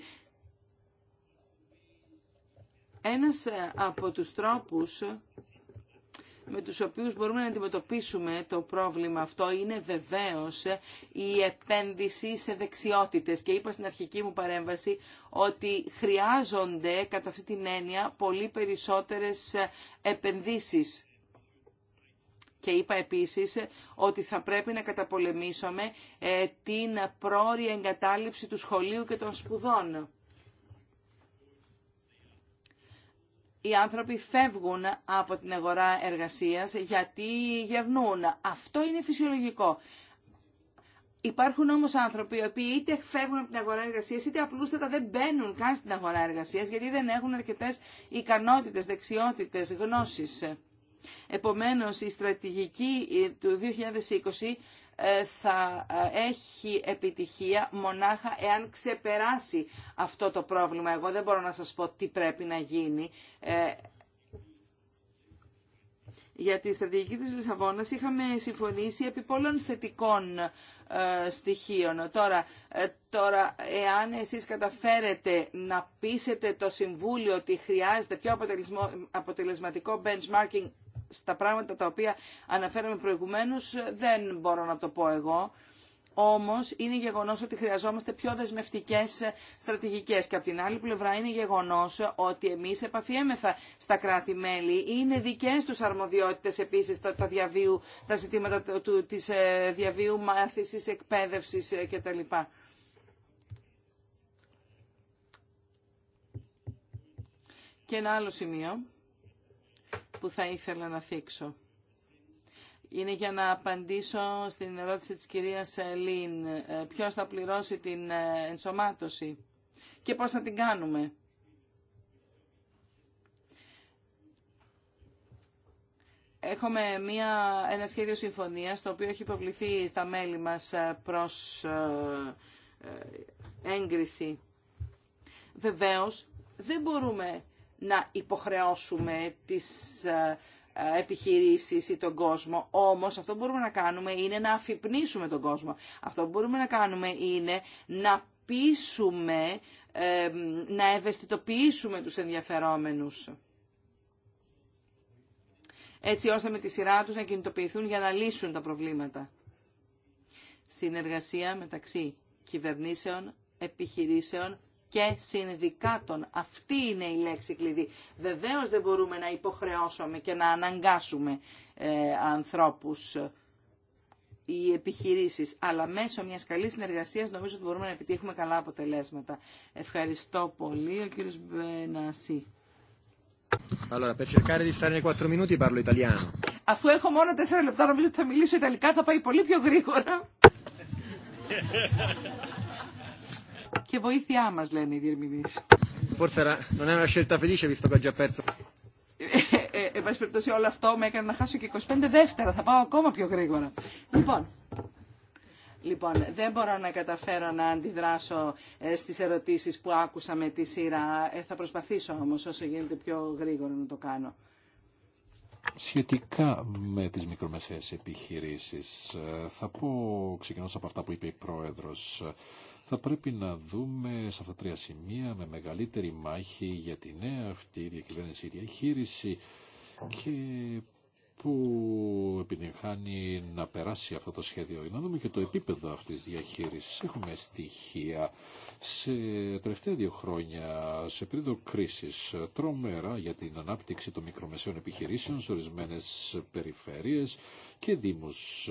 Speaker 3: Ένας από τους τρόπους με τους οποίους μπορούμε να αντιμετωπίσουμε το πρόβλημα αυτό είναι βεβαίως η επένδυση σε δεξιότητες. Και είπα στην αρχική μου παρέμβαση ότι χρειάζονται κατά αυτή την έννοια πολύ περισσότερες επενδύσεις. Και είπα επίσης ότι θα πρέπει να καταπολεμήσουμε ε, την πρόορια εγκατάλειψη του σχολείου και των σπουδών. οι άνθρωποι φεύγουν από την αγορά εργασίας γιατί γερνούν. Αυτό είναι φυσιολογικό. Υπάρχουν όμω άνθρωποι οι οποίοι είτε φεύγουν από την αγορά εργασία είτε απλούστατα δεν μπαίνουν καν στην αγορά εργασία γιατί δεν έχουν αρκετέ ικανότητε, δεξιότητε, γνώσει. Επομένως, η στρατηγική ε, του 2020 ε, θα ε, έχει επιτυχία μονάχα εάν ξεπεράσει αυτό το πρόβλημα. Εγώ δεν μπορώ να σας πω τι πρέπει να γίνει. Ε, για τη στρατηγική της Λισαβόνας είχαμε συμφωνήσει επί πολλών θετικών στοιχείων. Τώρα, τώρα, εάν εσείς καταφέρετε να πείσετε το Συμβούλιο ότι χρειάζεται πιο αποτελεσματικό benchmarking στα πράγματα τα οποία αναφέραμε προηγουμένως δεν μπορώ να το πω εγώ. Όμως είναι γεγονός ότι χρειαζόμαστε πιο δεσμευτικές στρατηγικές και από την άλλη πλευρά είναι γεγονός ότι εμείς επαφιέμεθα στα κράτη-μέλη. Είναι δικές τους αρμοδιότητες επίσης τα, τα, τα ζητήματα του, της ε, διαβίου μάθησης, εκπαίδευσης ε, κτλ. Και ένα άλλο σημείο που θα ήθελα να θίξω. Είναι για να απαντήσω στην ερώτηση της κυρίας Λίν. Ε, ποιος θα πληρώσει την ε, ενσωμάτωση και πώς θα την κάνουμε. Έχουμε μια, ένα σχέδιο συμφωνίας το οποίο έχει υποβληθεί στα μέλη μας ε, προς έγκριση. Βεβαίως δεν μπορούμε να υποχρεώσουμε τις ε, ε, επιχειρήσεις ή τον κόσμο. Όμως αυτό που μπορούμε να κάνουμε είναι να αφυπνίσουμε τον κόσμο. Αυτό που μπορούμε να κάνουμε είναι να πείσουμε, ε, να ευαισθητοποιήσουμε τους ενδιαφερόμενους έτσι ώστε με τη σειρά τους να κινητοποιηθούν για να λύσουν τα προβλήματα. Συνεργασία μεταξύ κυβερνήσεων, επιχειρήσεων, και συνδικάτων. Αυτή είναι η λέξη κλειδί. Βεβαίως δεν μπορούμε να υποχρεώσουμε και να αναγκάσουμε ε, ανθρώπους ε, οι επιχειρήσεις, αλλά μέσω μιας καλής συνεργασίας νομίζω ότι μπορούμε να επιτύχουμε καλά αποτελέσματα. Ευχαριστώ πολύ, ο κύριος Μπενασί.
Speaker 2: Allora, per cercare di stare nei
Speaker 3: minuti parlo italiano. Αφού έχω μόνο τέσσερα λεπτά, νομίζω ότι θα μιλήσω ιταλικά, θα πάει πολύ πιο γρήγορα. και βοήθειά μα λένε οι διερμηνείς. Ε, εν πάση περιπτώσει όλο αυτό με έκανε να χάσω και 25 δεύτερα. Θα πάω ακόμα πιο γρήγορα. Λοιπόν, Λοιπόν, δεν μπορώ να καταφέρω να αντιδράσω ε, στις ερωτήσεις που άκουσα με τη σειρά. Ε, θα προσπαθήσω όμως όσο γίνεται πιο γρήγορα να το κάνω.
Speaker 2: Σχετικά με τις μικρομεσαίες επιχειρήσεις, ε, θα πω ξεκινώ από αυτά που είπε η Πρόεδρος θα πρέπει να δούμε σε αυτά τα τρία σημεία με μεγαλύτερη μάχη για τη νέα αυτή διακυβέρνηση διαχείριση και που επιτυγχάνει να περάσει αυτό το σχέδιο. Να δούμε και το επίπεδο αυτής της διαχείρισης. Έχουμε στοιχεία σε τελευταία δύο χρόνια, σε περίοδο κρίσης, τρομερά για την ανάπτυξη των μικρομεσαίων επιχειρήσεων σε ορισμένες περιφέρειες και Δήμους.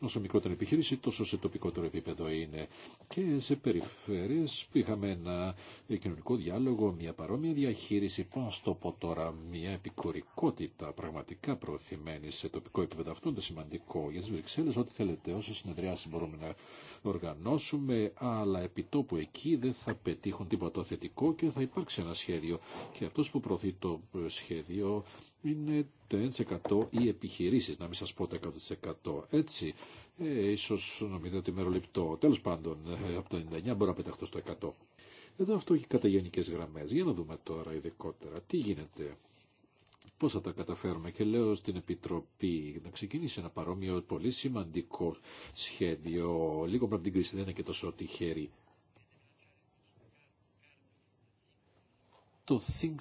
Speaker 2: Όσο μικρότερη επιχείρηση, τόσο σε τοπικότερο επίπεδο είναι. Και σε περιφέρειες που είχαμε ένα κοινωνικό διάλογο, μια παρόμοια διαχείριση, πώς το πω τώρα, μια επικουρικότητα πραγματικά προωθημένη σε τοπικό επίπεδο. Αυτό είναι το σημαντικό για τις ό,τι θέλετε, όσε συνεδριάσεις μπορούμε να οργανώσουμε, αλλά επί επιτόπου εκεί δεν θα πετύχουν τίποτα θετικό και θα υπάρξει ένα σχέδιο. Και αυτός που προωθεί το σχέδιο είναι το 1% οι επιχειρήσεις, να μην σας πω το 100%. Έτσι, ε, ίσως νομίζετε ότι είναι μεροληπτό. Τέλος πάντων, ε, από το 99 μπορώ να πεταχτώ στο 100. Εδώ αυτό έχει κατά γενικές γραμμές. Για να δούμε τώρα ειδικότερα τι γίνεται. Πώς θα τα καταφέρουμε και λέω στην Επιτροπή να ξεκινήσει ένα παρόμοιο πολύ σημαντικό σχέδιο. Λίγο πριν από την κρίση δεν είναι και τόσο τυχερή. το think,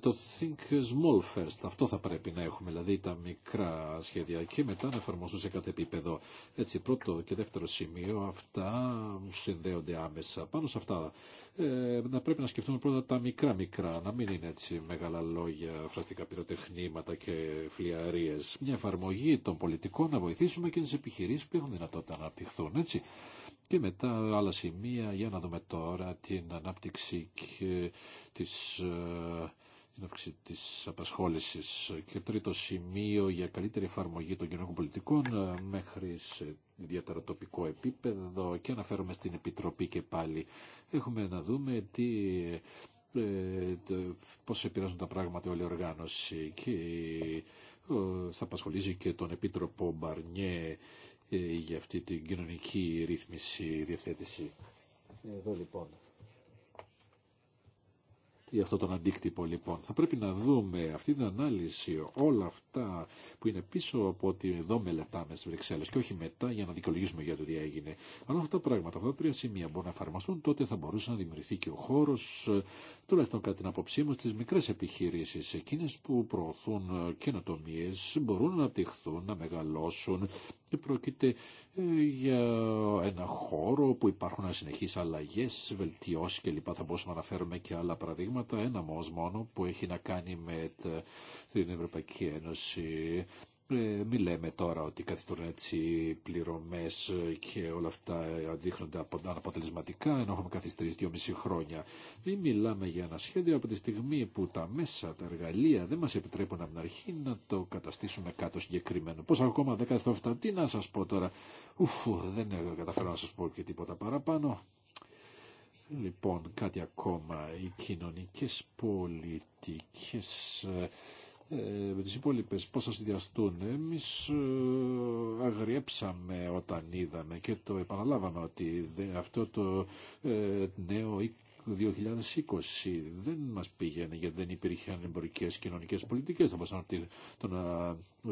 Speaker 2: το think small first. Αυτό θα πρέπει να έχουμε, δηλαδή τα μικρά σχέδια και μετά να εφαρμοστούν σε κάθε επίπεδο. Έτσι, πρώτο και δεύτερο σημείο, αυτά συνδέονται άμεσα. Πάνω σε αυτά, ε, να πρέπει να σκεφτούμε πρώτα τα μικρά-μικρά, να μην είναι έτσι μεγάλα λόγια, φραστικά πυροτεχνήματα και φλιαρίες. Μια εφαρμογή των πολιτικών να βοηθήσουμε και τις επιχειρήσεις που έχουν δυνατότητα να αναπτυχθούν, έτσι. Και μετά άλλα σημεία για να δούμε τώρα την ανάπτυξη και της, ε, την αύξηση της απασχόλησης. Και τρίτο σημείο για καλύτερη εφαρμογή των κοινωνικών πολιτικών ε, μέχρι σε ιδιαίτερα τοπικό επίπεδο και αναφέρομαι στην Επιτροπή και πάλι. Έχουμε να δούμε τι ε, πώς επηρεάζουν τα πράγματα όλη η οργάνωση και θα απασχολήσει και τον Επίτροπο Μπαρνιέ ε, για αυτή την κοινωνική ρύθμιση διευθέτηση. Εδώ λοιπόν για αυτό τον αντίκτυπο λοιπόν. Θα πρέπει να δούμε αυτή την ανάλυση, όλα αυτά που είναι πίσω από ότι εδώ μελετάμε στις Βρυξέλλες και όχι μετά για να δικαιολογήσουμε για το τι έγινε. Αν αυτά τα πράγματα, αυτά τα τρία σημεία μπορούν να εφαρμοστούν, τότε θα μπορούσε να δημιουργηθεί και ο χώρο τουλάχιστον κατά την απόψή μου, στι μικρές επιχειρήσεις, εκείνες που προωθούν καινοτομίε μπορούν να αναπτυχθούν, να μεγαλώσουν και πρόκειται ε, για ένα χώρο που υπάρχουν συνεχεί αλλαγέ, βελτιώσει κλπ. Θα μπορούσαμε να αναφέρουμε και άλλα παραδείγματα θέματα, ένα όμως μόνο που έχει να κάνει με την Ευρωπαϊκή Ένωση. Ε, λέμε τώρα ότι καθιστούν έτσι πληρωμές και όλα αυτά δείχνονται αναποτελεσματικά ενώ έχουμε καθυστερήσει δυόμιση χρόνια. Ή μιλάμε για ένα σχέδιο από τη στιγμή που τα μέσα, τα εργαλεία δεν μας επιτρέπουν από την αρχή να το καταστήσουμε κάτω συγκεκριμένο. Πώς ακόμα 17, τι να σας πω τώρα. Ουφ, δεν καταφέρω να σας πω και τίποτα παραπάνω. Λοιπόν, κάτι ακόμα. Οι κοινωνικές πολιτικές ε, με τις υπόλοιπες πώς θα συνδυαστούν. Εμείς ε, αγριέψαμε όταν είδαμε και το επαναλάβαμε ότι αυτό το ε, νέο 2020. Δεν μας πήγαινε γιατί δεν υπήρχαν εμπορικές κοινωνικές πολιτικές. Θα μπορούσαμε να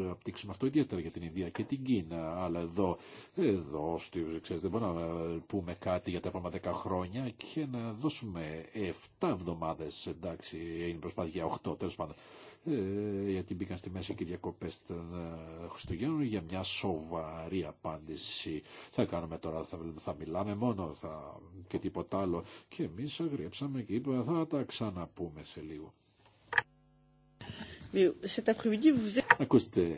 Speaker 2: ε, απτύξουμε αυτό ιδιαίτερα για την Ινδία και την Κίνα. Αλλά εδώ, εδώ ξέρεις, δεν μπορούμε να πούμε κάτι για τα επόμενα 10 χρόνια και να δώσουμε 7 εβδομάδες, εντάξει, είναι προσπάθεια 8 τέλος πάντων. Ε, γιατί μπήκαν στη μέση και διακοπέ των ε, Χριστουγέννων για μια σοβαρή απάντηση. Θα κάνουμε τώρα, θα, μιλάμε μόνο θα, και τίποτα άλλο. Και εμεί αγριέψαμε και είπαμε θα τα ξαναπούμε σε λίγο. Ακούστε,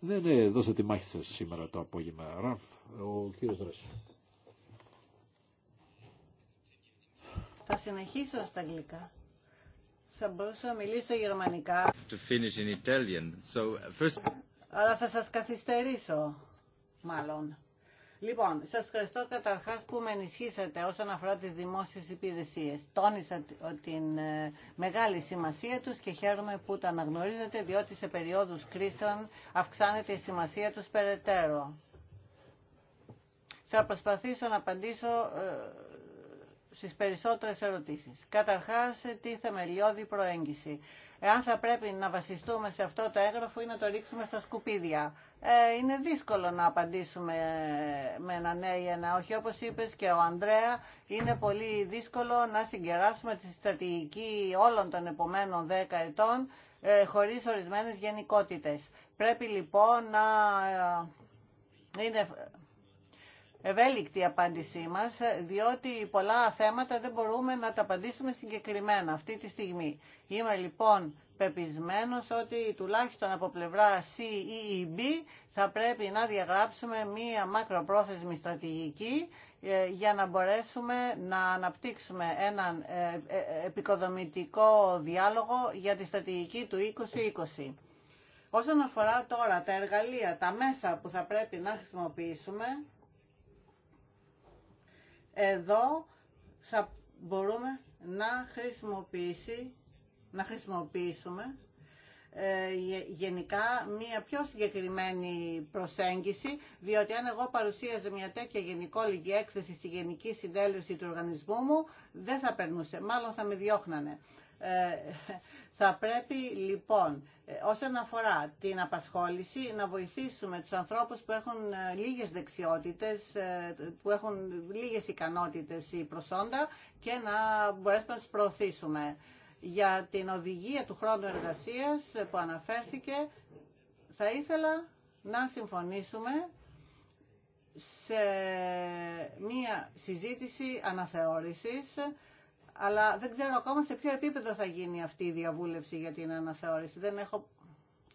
Speaker 2: ναι, ναι, δώσε τη μάχη σας σήμερα το απόγευμα. Ραφ, ο κύριος
Speaker 1: Θα συνεχίσω στα αγγλικά. Θα μπορούσα να μιλήσω γερμανικά.
Speaker 2: To finish in Italian. So, first...
Speaker 1: Αλλά θα σας καθυστερήσω, μάλλον. Λοιπόν, σας ευχαριστώ καταρχάς που με ενισχύσατε όσον αφορά τις δημόσιες υπηρεσίες. Τόνισα την ε, μεγάλη σημασία τους και χαίρομαι που τα αναγνωρίζετε, διότι σε περίοδους κρίσεων αυξάνεται η σημασία τους περαιτέρω. Θα προσπαθήσω να απαντήσω ε, στις περισσότερες ερωτήσεις. Καταρχάς, τι θεμελιώδη προέγγιση. Εάν θα πρέπει να βασιστούμε σε αυτό το έγγραφο ή να το ρίξουμε στα σκουπίδια. Ε, είναι δύσκολο να απαντήσουμε με ένα ναι ή ένα όχι. Όπως είπες και ο Ανδρέα, είναι πολύ δύσκολο να συγκεράσουμε τη στρατηγική όλων των επομένων δέκα ετών ε, χωρίς ορισμένες γενικότητες. Πρέπει λοιπόν να... Ε, είναι ευέλικτη η απάντησή μας, διότι πολλά θέματα δεν μπορούμε να τα απαντήσουμε συγκεκριμένα αυτή τη στιγμή. Είμαι λοιπόν πεπισμένος ότι τουλάχιστον από πλευρά CEEB θα πρέπει να διαγράψουμε μία μακροπρόθεσμη στρατηγική ε, για να μπορέσουμε να αναπτύξουμε έναν ε, ε, επικοδομητικό διάλογο για τη στρατηγική του 2020. Όσον αφορά τώρα τα εργαλεία, τα μέσα που θα πρέπει να χρησιμοποιήσουμε, εδώ θα μπορούμε να χρησιμοποιήσει, να χρησιμοποιήσουμε ε, γενικά μια πιο συγκεκριμένη προσέγγιση, διότι αν εγώ παρουσίαζα μια τέτοια γενικόλογη έκθεση στη Γενική Συντέλευση του οργανισμού μου, δεν θα περνούσε, μάλλον θα με διώχνανε. Ε, θα πρέπει λοιπόν ε, όσον αφορά την απασχόληση να βοηθήσουμε τους ανθρώπους που έχουν ε, λίγες δεξιότητες, που έχουν λίγες ικανότητες ή προσόντα και να μπορέσουμε να τους προωθήσουμε. Για την οδηγία του χρόνου εργασίας που αναφέρθηκε θα ήθελα να συμφωνήσουμε σε μία συζήτηση αναθεώρησης αλλά δεν ξέρω ακόμα σε ποιο επίπεδο θα γίνει αυτή η διαβούλευση για την αναθεώρηση. Δεν έχω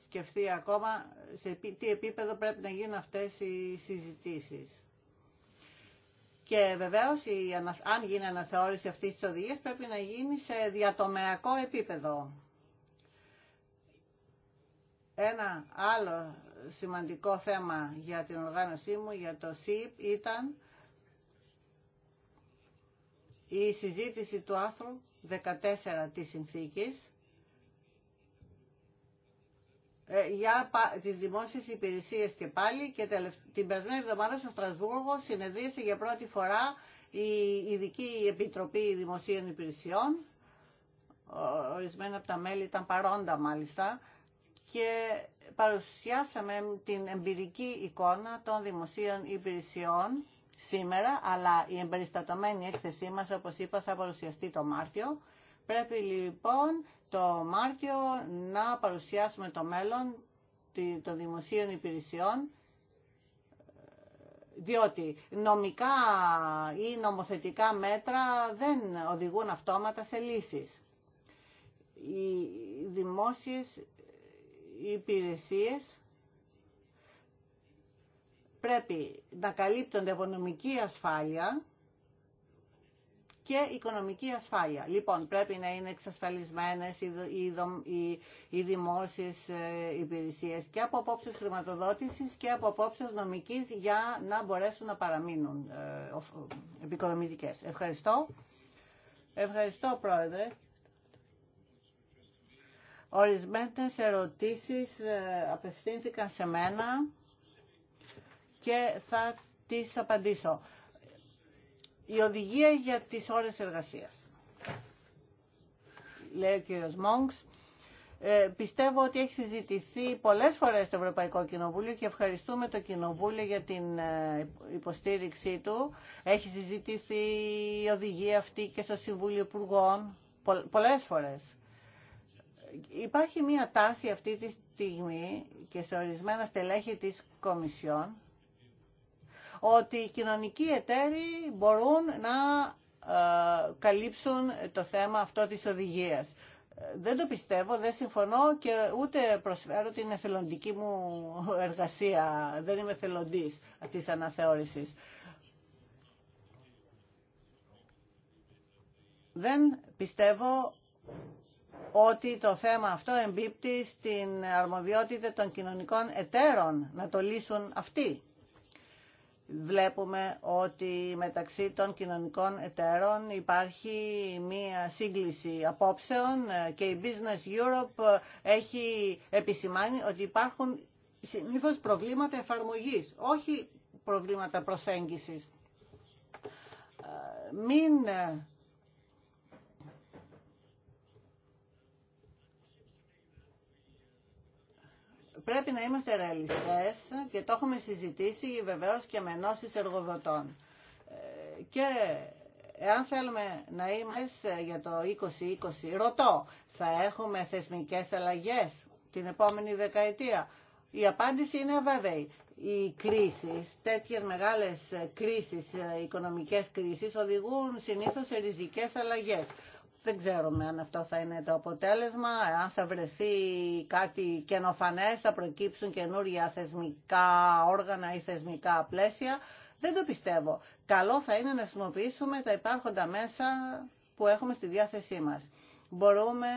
Speaker 1: σκεφτεί ακόμα σε τι επίπεδο πρέπει να γίνουν αυτές οι συζητήσεις. Και βεβαίω, αν γίνει αναθεώρηση αυτή τη οδηγία, πρέπει να γίνει σε διατομεακό επίπεδο. Ένα άλλο σημαντικό θέμα για την οργάνωσή μου, για το ΣΥΠ, ήταν η συζήτηση του άρθρου 14 της συνθήκης ε, για τις δημόσιες υπηρεσίες και πάλι και την περασμένη εβδομάδα στο Στρασβούργο συνεδρίασε για πρώτη φορά η Ειδική Επιτροπή Δημοσίων Υπηρεσιών ορισμένα από τα μέλη ήταν παρόντα μάλιστα και παρουσιάσαμε την εμπειρική εικόνα των δημοσίων υπηρεσιών σήμερα, αλλά η εμπεριστατωμένη έκθεσή μας, όπως είπα, θα παρουσιαστεί το Μάρτιο. Πρέπει λοιπόν το Μάρτιο να παρουσιάσουμε το μέλλον των δημοσίων υπηρεσιών, διότι νομικά ή νομοθετικά μέτρα δεν οδηγούν αυτόματα σε λύσεις. Οι δημόσιες υπηρεσίες πρέπει να καλύπτονται από ασφάλεια και οικονομική ασφάλεια. Λοιπόν, πρέπει να είναι εξασφαλισμένες οι δημόσιες ε, υπηρεσίες και από απόψεις χρηματοδότησης και από απόψεις νομικής για να μπορέσουν να παραμείνουν ε, επικοδομητικές. Ευχαριστώ. Ευχαριστώ, Πρόεδρε. Ορισμένες ερωτήσεις ε, απευθύνθηκαν σε μένα και θα τις απαντήσω. Η οδηγία για τις ώρες εργασίας. Λέει ο κύριος Μόγκς. Ε, πιστεύω ότι έχει συζητηθεί πολλές φορές στο Ευρωπαϊκό Κοινοβούλιο και ευχαριστούμε το Κοινοβούλιο για την ε, υποστήριξή του. Έχει συζητηθεί η οδηγία αυτή και στο Συμβούλιο Υπουργών πολλές φορές. Υπάρχει μια τάση αυτή τη στιγμή και σε ορισμένα στελέχη της Κομισιόν ότι οι κοινωνικοί εταίροι μπορούν να ε, καλύψουν το θέμα αυτό της οδηγίας. Δεν το πιστεύω, δεν συμφωνώ και ούτε προσφέρω την εθελοντική μου εργασία. Δεν είμαι εθελοντής της αναθεώρησης. Δεν πιστεύω ότι το θέμα αυτό εμπίπτει στην αρμοδιότητα των κοινωνικών εταίρων να το λύσουν αυτοί βλέπουμε ότι μεταξύ των κοινωνικών εταίρων υπάρχει μία σύγκληση απόψεων και η Business Europe έχει επισημάνει ότι υπάρχουν συνήθως προβλήματα εφαρμογής, όχι προβλήματα προσέγγισης. Μην Πρέπει να είμαστε ρεαλιστές και το έχουμε συζητήσει βεβαίως και με ενώσεις εργοδοτών. Ε, και εάν θέλουμε να είμαστε για το 2020, ρωτώ, θα έχουμε θεσμικές αλλαγές την επόμενη δεκαετία. Η απάντηση είναι βέβαιη. Οι κρίσεις, τέτοιες μεγάλες κρίσεις, ε, οικονομικές κρίσεις, οδηγούν συνήθως σε ριζικές αλλαγές. Δεν ξέρουμε αν αυτό θα είναι το αποτέλεσμα, αν θα βρεθεί κάτι καινοφανές, θα προκύψουν καινούργια θεσμικά όργανα ή θεσμικά πλαίσια. Δεν το πιστεύω. Καλό θα είναι να χρησιμοποιήσουμε τα υπάρχοντα μέσα που έχουμε στη διάθεσή μας. Μπορούμε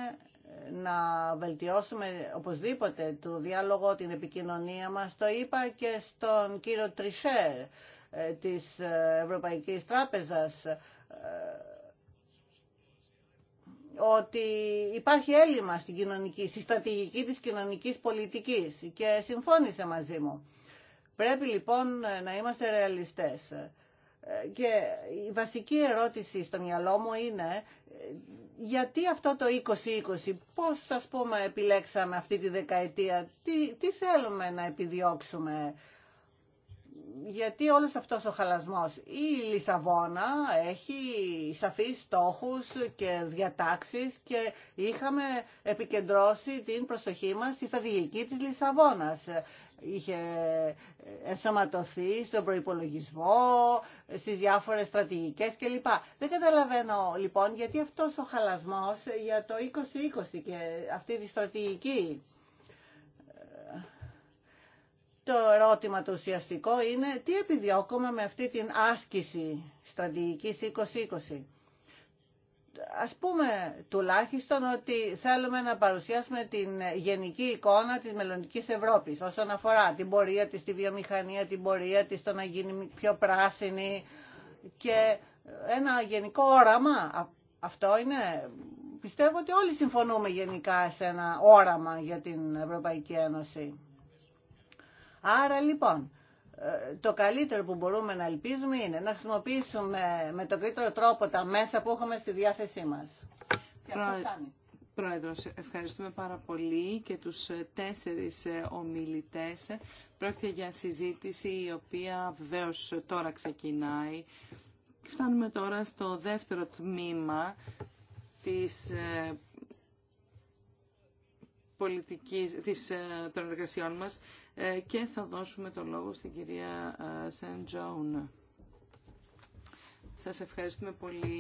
Speaker 1: ε, να βελτιώσουμε οπωσδήποτε το διάλογο, την επικοινωνία μας. Το είπα και στον κύριο Τρισέρ ε, της ε, Ευρωπαϊκής Τράπεζας ότι υπάρχει έλλειμμα στην κοινωνική, στη στρατηγική της κοινωνικής πολιτικής και συμφώνησε μαζί μου. Πρέπει λοιπόν να είμαστε ρεαλιστές. Και η βασική ερώτηση στο μυαλό μου είναι γιατί αυτό το 2020, πώς ας πούμε επιλέξαμε αυτή τη δεκαετία, τι, τι θέλουμε να επιδιώξουμε γιατί όλος αυτός ο χαλασμός. Η Λισαβόνα έχει σαφείς στόχους και διατάξεις και είχαμε επικεντρώσει την προσοχή μας στη στρατηγική της Λισαβόνας. Είχε ενσωματωθεί στον προϋπολογισμό, στις διάφορες στρατηγικές κλπ. Δεν καταλαβαίνω λοιπόν γιατί αυτός ο χαλασμός για το 2020 και αυτή τη στρατηγική. Το ερώτημα το ουσιαστικό είναι τι επιδιώκουμε με αυτή την άσκηση στρατηγικής 2020. Ας πούμε τουλάχιστον ότι θέλουμε να παρουσιάσουμε την γενική εικόνα της μελλοντικής Ευρώπης όσον αφορά την πορεία της στη βιομηχανία, την πορεία της στο να γίνει πιο πράσινη και ένα γενικό όραμα. Αυτό είναι, πιστεύω ότι όλοι συμφωνούμε γενικά σε ένα όραμα για την Ευρωπαϊκή Ένωση. Άρα λοιπόν, ε, το καλύτερο που μπορούμε να ελπίζουμε είναι να χρησιμοποιήσουμε με τον καλύτερο τρόπο τα μέσα που έχουμε στη διάθεσή μας.
Speaker 3: Και Πρόεδρος, ευχαριστούμε πάρα πολύ και τους ε, τέσσερις ε, ομιλητές. Πρόκειται για συζήτηση η οποία βεβαίω τώρα ξεκινάει. Φτάνουμε τώρα στο δεύτερο τμήμα της πολιτικής, της, των εργασιών μας ε, και θα δώσουμε το λόγο στην κυρία ε, Σεν Τζόουν. Σας ευχαριστούμε πολύ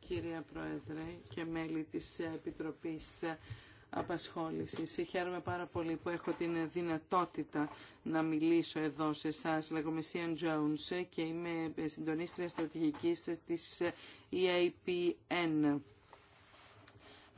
Speaker 3: κυρία Πρόεδρε και μέλη της Επιτροπής απασχόλησης. Χαίρομαι πάρα πολύ που έχω την δυνατότητα να μιλήσω εδώ σε εσά. Λέγομαι Σιαν Τζόουνς και είμαι συντονίστρια στρατηγικής της EAPN. Ε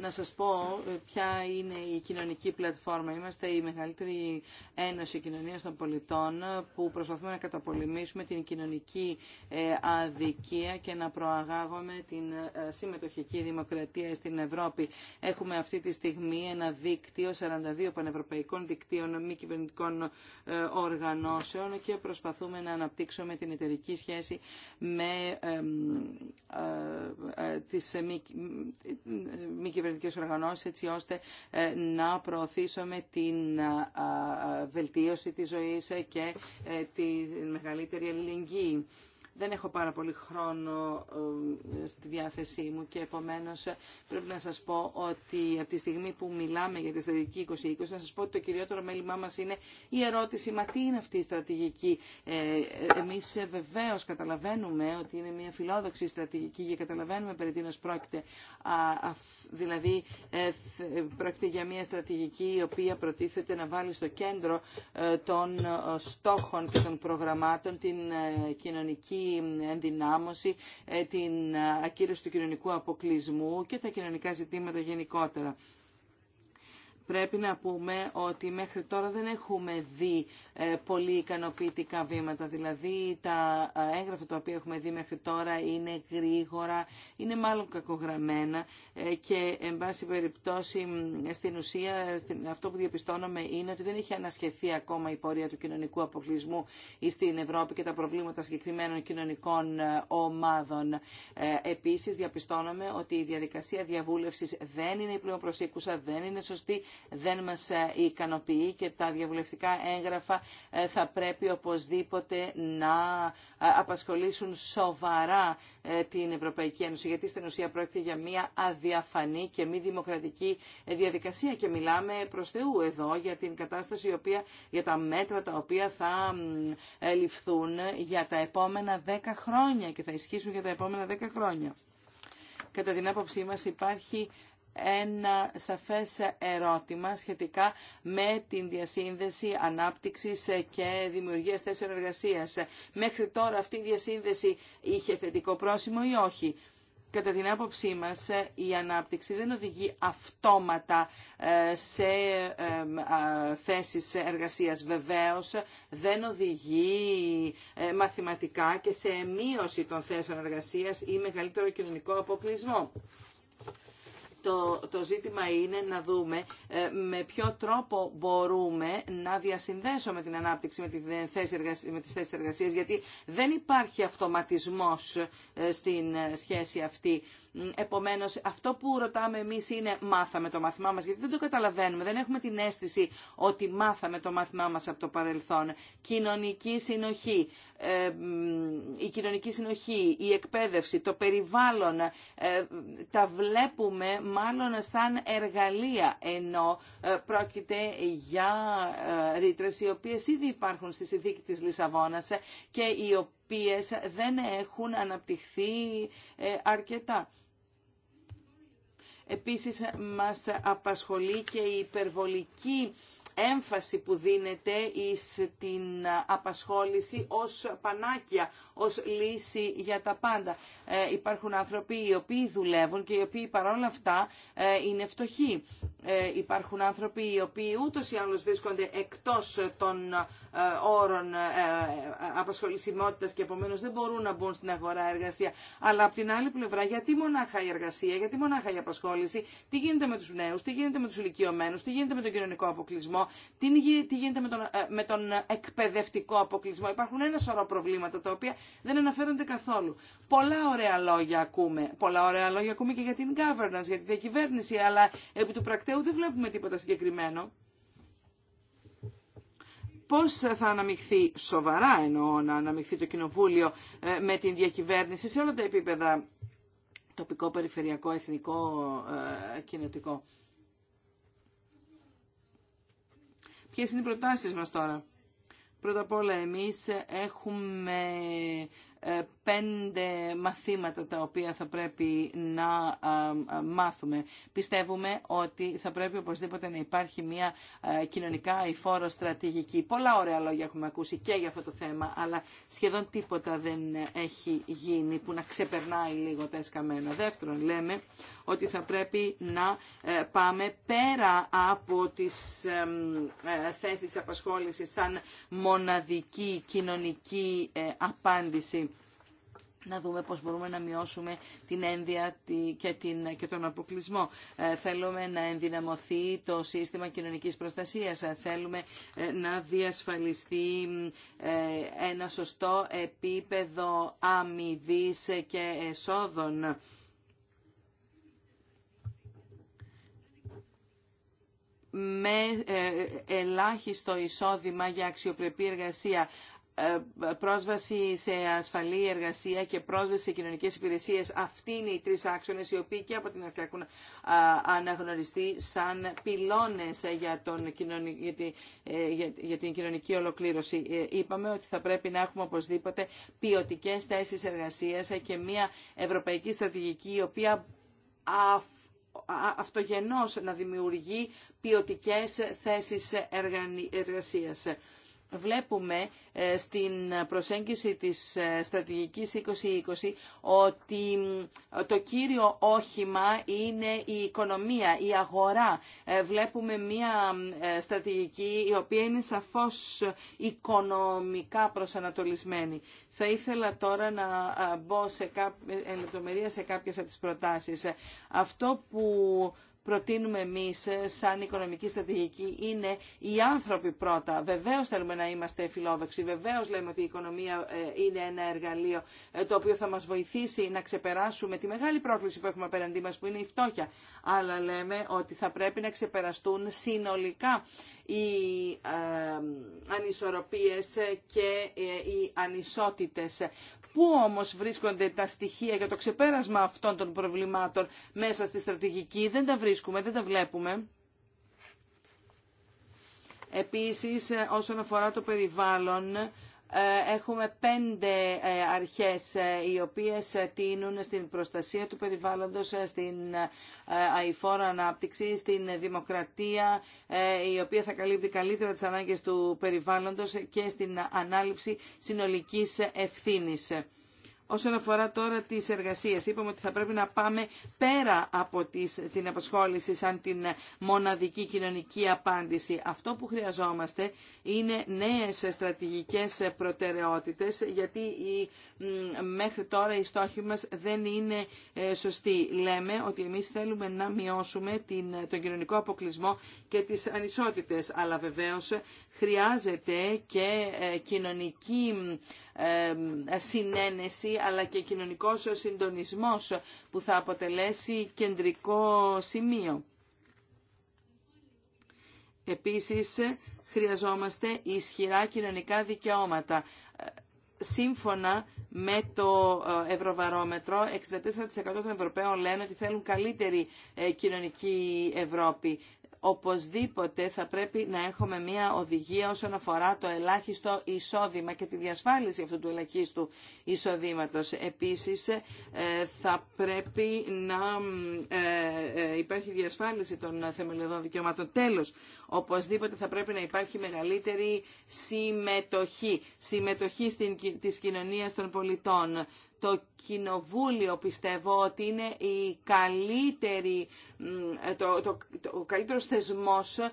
Speaker 3: να σας πω ε, ποια είναι η κοινωνική πλατφόρμα. Είμαστε η μεγαλύτερη ένωση κοινωνίας των πολιτών ε, που προσπαθούμε να καταπολεμήσουμε την κοινωνική ε, αδικία και να προαγάγουμε την συμμετοχική δημοκρατία στην Ευρώπη. Έχουμε αυτή τη στιγμή ένα δίκτυο 42 πανευρωπαϊκών δικτύων μη κυβερνητικών οργανώσεων και προσπαθούμε να αναπτύξουμε την εταιρική σχέση με τις μη κυβερνητικές οργανώσεις έτσι ώστε ε, να προωθήσουμε την ε, ε, βελτίωση της ζωής και τη μεγαλύτερη ελληνική. Δεν έχω πάρα πολύ χρόνο ε, στη διάθεσή μου και επομένως ε, πρέπει να σας πω ότι από τη στιγμή που μιλάμε για τη στρατηγική 2020, να σας πω ότι το κυριότερο μέλημά μας είναι η ερώτηση, μα τι είναι αυτή η στρατηγική. Ε, εμείς βεβαίως καταλαβαίνουμε ότι είναι μια φιλόδοξη στρατηγική και καταλαβαίνουμε περί τίνος πρόκειται. Δηλαδή πρόκειται για μια στρατηγική η οποία προτίθεται να βάλει στο κέντρο των στόχων και των προγραμμάτων την κοινωνική ε, την ενδυνάμωση, την ακύρωση του κοινωνικού αποκλεισμού και τα κοινωνικά ζητήματα γενικότερα πρέπει να πούμε ότι μέχρι τώρα δεν έχουμε δει ε, πολύ ικανοποιητικά βήματα. Δηλαδή τα ε, έγγραφα τα οποία έχουμε δει μέχρι τώρα είναι γρήγορα, είναι μάλλον κακογραμμένα ε, και εν πάση περιπτώσει στην ουσία αυτό που διαπιστώνομαι είναι ότι δεν έχει ανασχεθεί ακόμα η πορεία του κοινωνικού αποκλεισμού στην Ευρώπη και τα προβλήματα συγκεκριμένων κοινωνικών ομάδων. Επίσης διαπιστώνομαι ότι η διαδικασία διαβούλευσης δεν είναι η πλέον προσήκουσα, δεν είναι σωστή δεν μας ε, ικανοποιεί και τα διαβουλευτικά έγγραφα ε, θα πρέπει οπωσδήποτε να ε, απασχολήσουν σοβαρά την Ευρωπαϊκή Ένωση, γιατί στην ουσία πρόκειται για μια αδιαφανή και μη δημοκρατική διαδικασία και μιλάμε προς Θεού εδώ για την κατάσταση η οποία, για τα μέτρα τα οποία θα ληφθούν για τα επόμενα δέκα χρόνια και θα ισχύσουν για τα επόμενα δέκα χρόνια. Κατά την άποψή μας υπάρχει ένα σαφές ερώτημα σχετικά με την διασύνδεση ανάπτυξης και δημιουργίας θέσεων εργασίας. Μέχρι τώρα αυτή η διασύνδεση είχε θετικό πρόσημο ή όχι. Κατά την άποψή μας η ανάπτυξη δεν οδηγεί αυτόματα ε, σε ε, θέσεις εργασίας. Βεβαίως δεν οδηγεί ε, μαθηματικά και σε μείωση των θέσεων εργασίας ή μεγαλύτερο κοινωνικό αποκλεισμό. Το, το ζήτημα είναι να δούμε ε, με ποιο τρόπο μπορούμε να διασυνδέσουμε την ανάπτυξη με, τη θέση εργασία, με τις θέσεις εργασίας, γιατί δεν υπάρχει αυτοματισμός ε, στην ε, σχέση αυτή. Επομένω, αυτό που ρωτάμε εμεί είναι μάθαμε το μάθημά μα, γιατί δεν το καταλαβαίνουμε, δεν έχουμε την αίσθηση ότι μάθαμε το μάθημά μα από το παρελθόν. Κοινωνική συνοχή, ε, η κοινωνική συνοχή, η εκπαίδευση, το περιβάλλον, ε, τα βλέπουμε μάλλον σαν εργαλεία, ενώ ε, πρόκειται για ρήτρε, οι οποίε ήδη υπάρχουν στη συνθήκη τη Λισαβόνα και οι οποίε δεν έχουν αναπτυχθεί αρκετά. Επίσης μας απασχολεί και η υπερβολική έμφαση που δίνεται εις την απασχόληση ως πανάκια, ως λύση για τα πάντα. Ε, υπάρχουν άνθρωποι οι οποίοι δουλεύουν και οι οποίοι παρόλα αυτά ε, είναι φτωχοί. Ε, υπάρχουν άνθρωποι οι οποίοι ούτως ή άλλως βρίσκονται εκτός των ε, όρων ε, απασχολησιμότητας και επομένως δεν μπορούν να μπουν στην αγορά εργασία. Αλλά από την άλλη πλευρά, γιατί μονάχα η εργασία, γιατί μονάχα η απασχόληση, τι γίνεται με τους νέους, τι γίνεται με τους ηλικιωμένους, τι γίνεται με τον κοινωνικό αποκλεισμό, τι γίνεται με τον, με τον εκπαιδευτικό αποκλεισμό. Υπάρχουν ένα σωρό προβλήματα τα οποία δεν αναφέρονται καθόλου. Πολλά ωραία λόγια ακούμε. Πολλά ωραία λόγια ακούμε και για την governance, για τη διακυβέρνηση, αλλά επί του δεν δεν βλέπουμε τίποτα συγκεκριμένο. Πώς θα αναμειχθεί, σοβαρά εννοώ να αναμειχθεί το Κοινοβούλιο ε, με την διακυβέρνηση σε όλα τα επίπεδα, τοπικό, περιφερειακό, εθνικό, ε, κοινωτικό. Ποιες είναι οι προτάσεις μας τώρα. Πρώτα απ' όλα εμείς έχουμε ε, πέντε μαθήματα τα οποία θα πρέπει να ε, ε, μάθουμε. Πιστεύουμε ότι θα πρέπει οπωσδήποτε να υπάρχει μια κοινωνικά υφόρο στρατηγική. Πολλά ωραία λόγια έχουμε ακούσει και για αυτό το θέμα, αλλά σχεδόν τίποτα δεν έχει γίνει που να ξεπερνάει λίγο τα εσκαμένα. Δεύτερον, λέμε ότι θα πρέπει να πάμε πέρα από τις θέσεις απασχόλησης σαν μοναδική κοινωνική απάντηση να δούμε πώς μπορούμε να μειώσουμε την ένδια και, την, και τον αποκλεισμό. Ε, θέλουμε να ενδυναμωθεί το σύστημα κοινωνικής προστασίας. Ε, θέλουμε ε, να διασφαλιστεί ένα σωστό επίπεδο αμοιβή και εσόδων. με ελάχιστο εισόδημα για αξιοπρεπή εργασία. Ε, πρόσβαση σε ασφαλή εργασία και πρόσβαση σε κοινωνικές υπηρεσίες. Αυτοί είναι οι τρεις άξονες οι οποίοι και από την αρχή έχουν αναγνωριστεί σαν πυλώνες για, τον, ε, για, για την κοινωνική ολοκλήρωση. Ε, είπαμε ότι θα πρέπει να έχουμε οπωσδήποτε ποιοτικέ θέσεις εργασίας και μια ευρωπαϊκή στρατηγική η οποία αυτογενώς να δημιουργεί ποιοτικές θέσεις εργασίας βλέπουμε ε, στην προσέγγιση της ε, στρατηγικής 2020 ότι ε, το κύριο όχημα είναι η οικονομία, η αγορά. Βλέπουμε μια στρατηγική η οποία είναι σαφώς οικονομικά προσανατολισμένη. Θα ήθελα τώρα να μπω σε λεπτομερία σε κάποιες από τις προτάσεις. Αυτό που προτείνουμε εμείς ε, σαν οικονομική στρατηγική είναι οι άνθρωποι πρώτα. Βεβαίως θέλουμε να είμαστε φιλόδοξοι, βεβαίως λέμε ότι η οικονομία ε, είναι ένα εργαλείο ε, το οποίο θα μας βοηθήσει να ξεπεράσουμε τη μεγάλη πρόκληση που έχουμε απέναντί μας που είναι η φτώχεια. Αλλά λέμε ότι θα πρέπει να ξεπεραστούν συνολικά οι ανισορροπίες και οι ανισότητες. Πού όμως βρίσκονται τα στοιχεία για το ξεπέρασμα αυτών των προβλημάτων μέσα στη στρατηγική. Δεν τα βρίσκουμε, δεν τα βλέπουμε. Επίσης, όσον αφορά το περιβάλλον, ε, έχουμε πέντε ε, αρχές ε, οι οποίες τίνουν στην προστασία του περιβάλλοντος, στην αηφόρα ανάπτυξη, στην δημοκρατία, η οποία θα καλύπτει καλύτερα τις ανάγκες του περιβάλλοντος και στην ανάληψη συνολικής ευθύνης. Όσον αφορά τώρα τις εργασίες, είπαμε ότι θα πρέπει να πάμε πέρα από την απασχόληση σαν την μοναδική κοινωνική απάντηση. Αυτό που χρειαζόμαστε είναι νέες στρατηγικές προτεραιότητες, γιατί η μέχρι τώρα οι στόχοι μας δεν είναι ε, σωστοί. Λέμε ότι εμείς θέλουμε να μειώσουμε την, τον κοινωνικό αποκλεισμό και τις ανισότητες, αλλά βεβαίως χρειάζεται και ε, κοινωνική ε, συνένεση αλλά και κοινωνικός συντονισμός που θα αποτελέσει κεντρικό σημείο. Επίσης, χρειαζόμαστε ισχυρά κοινωνικά δικαιώματα σύμφωνα με το ε, Ευρωβαρόμετρο 64% των Ευρωπαίων λένε ότι θέλουν καλύτερη ε, κοινωνική Ευρώπη οπωσδήποτε θα πρέπει να έχουμε μια οδηγία όσον αφορά το ελάχιστο εισόδημα και τη διασφάλιση αυτού του ελαχίστου εισοδήματος. Επίσης ε, θα πρέπει να ε, ε, υπάρχει διασφάλιση των θεμελιωδών δικαιωμάτων. Τέλος, οπωσδήποτε θα πρέπει να υπάρχει μεγαλύτερη συμμετοχή, συμμετοχή στην, της κοινωνίας των πολιτών το Κοινοβούλιο πιστεύω ότι είναι η καλύτερη, το, το, ο καλύτερος θεσμός ε,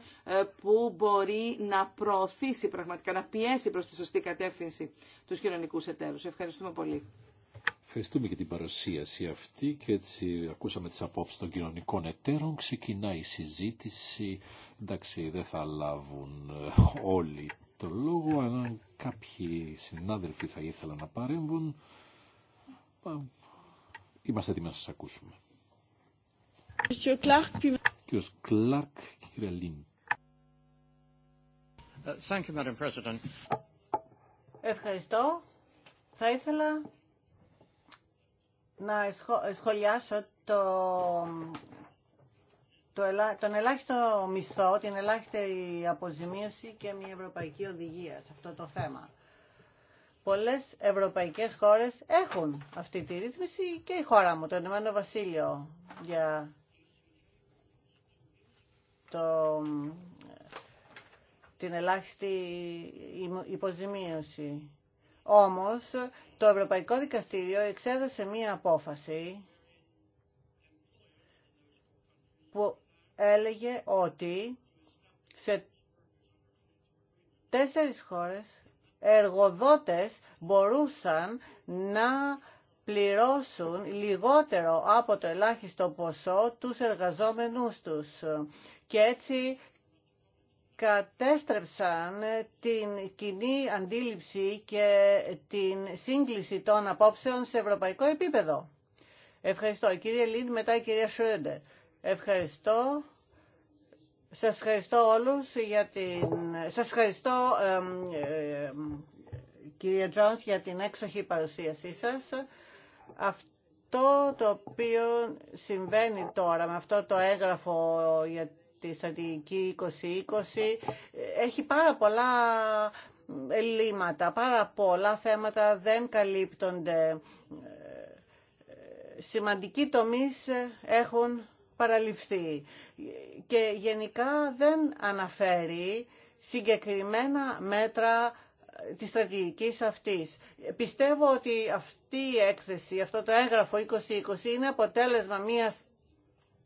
Speaker 3: που μπορεί να προωθήσει πραγματικά, να πιέσει προς τη σωστή κατεύθυνση τους κοινωνικούς εταίρους. Ευχαριστούμε πολύ.
Speaker 2: Ευχαριστούμε και την παρουσίαση αυτή και έτσι ακούσαμε τις απόψεις των κοινωνικών εταίρων. Ξεκινάει η συζήτηση. Εντάξει, δεν θα λάβουν ε, όλοι το λόγο, αλλά κάποιοι συνάδελφοι θα ήθελαν να παρέμβουν. Είμαστε έτοιμοι να σας ακούσουμε. Κύριος Κλάρκ
Speaker 1: ε, Ευχαριστώ. Θα ήθελα να σχολιάσω το, το, τον ελάχιστο μισθό, την ελάχιστη αποζημίωση και μια ευρωπαϊκή οδηγία σε αυτό το θέμα. Πολλές ευρωπαϊκές χώρες έχουν αυτή τη ρύθμιση και η χώρα μου, το Ενωμένο Βασίλειο, για το, την ελάχιστη υποζημίωση. Όμως, το Ευρωπαϊκό Δικαστήριο εξέδωσε μία απόφαση που έλεγε ότι σε τέσσερις χώρες εργοδότες μπορούσαν να πληρώσουν λιγότερο από το ελάχιστο ποσό τους εργαζόμενούς τους και έτσι κατέστρεψαν την κοινή αντίληψη και την σύγκληση των απόψεων σε ευρωπαϊκό επίπεδο. Ευχαριστώ. Η κυρία Λίντ μετά η κυρία Σρέντερ. Ευχαριστώ. Σας ευχαριστώ όλους για την... Σας ευχαριστώ ε, κυρία Τζόνς για την έξοχη παρουσίασή σας. Αυτό το οποίο συμβαίνει τώρα με αυτό το έγγραφο για τη στρατηγική 2020 ε, έχει πάρα πολλά ελλείμματα, πάρα πολλά θέματα δεν καλύπτονται. Ε, ε, σημαντικοί τομείς έχουν παραληφθεί και γενικά δεν αναφέρει συγκεκριμένα μέτρα της στρατηγικής αυτής. Πιστεύω ότι αυτή η έκθεση, αυτό το έγγραφο 2020 είναι αποτέλεσμα μιας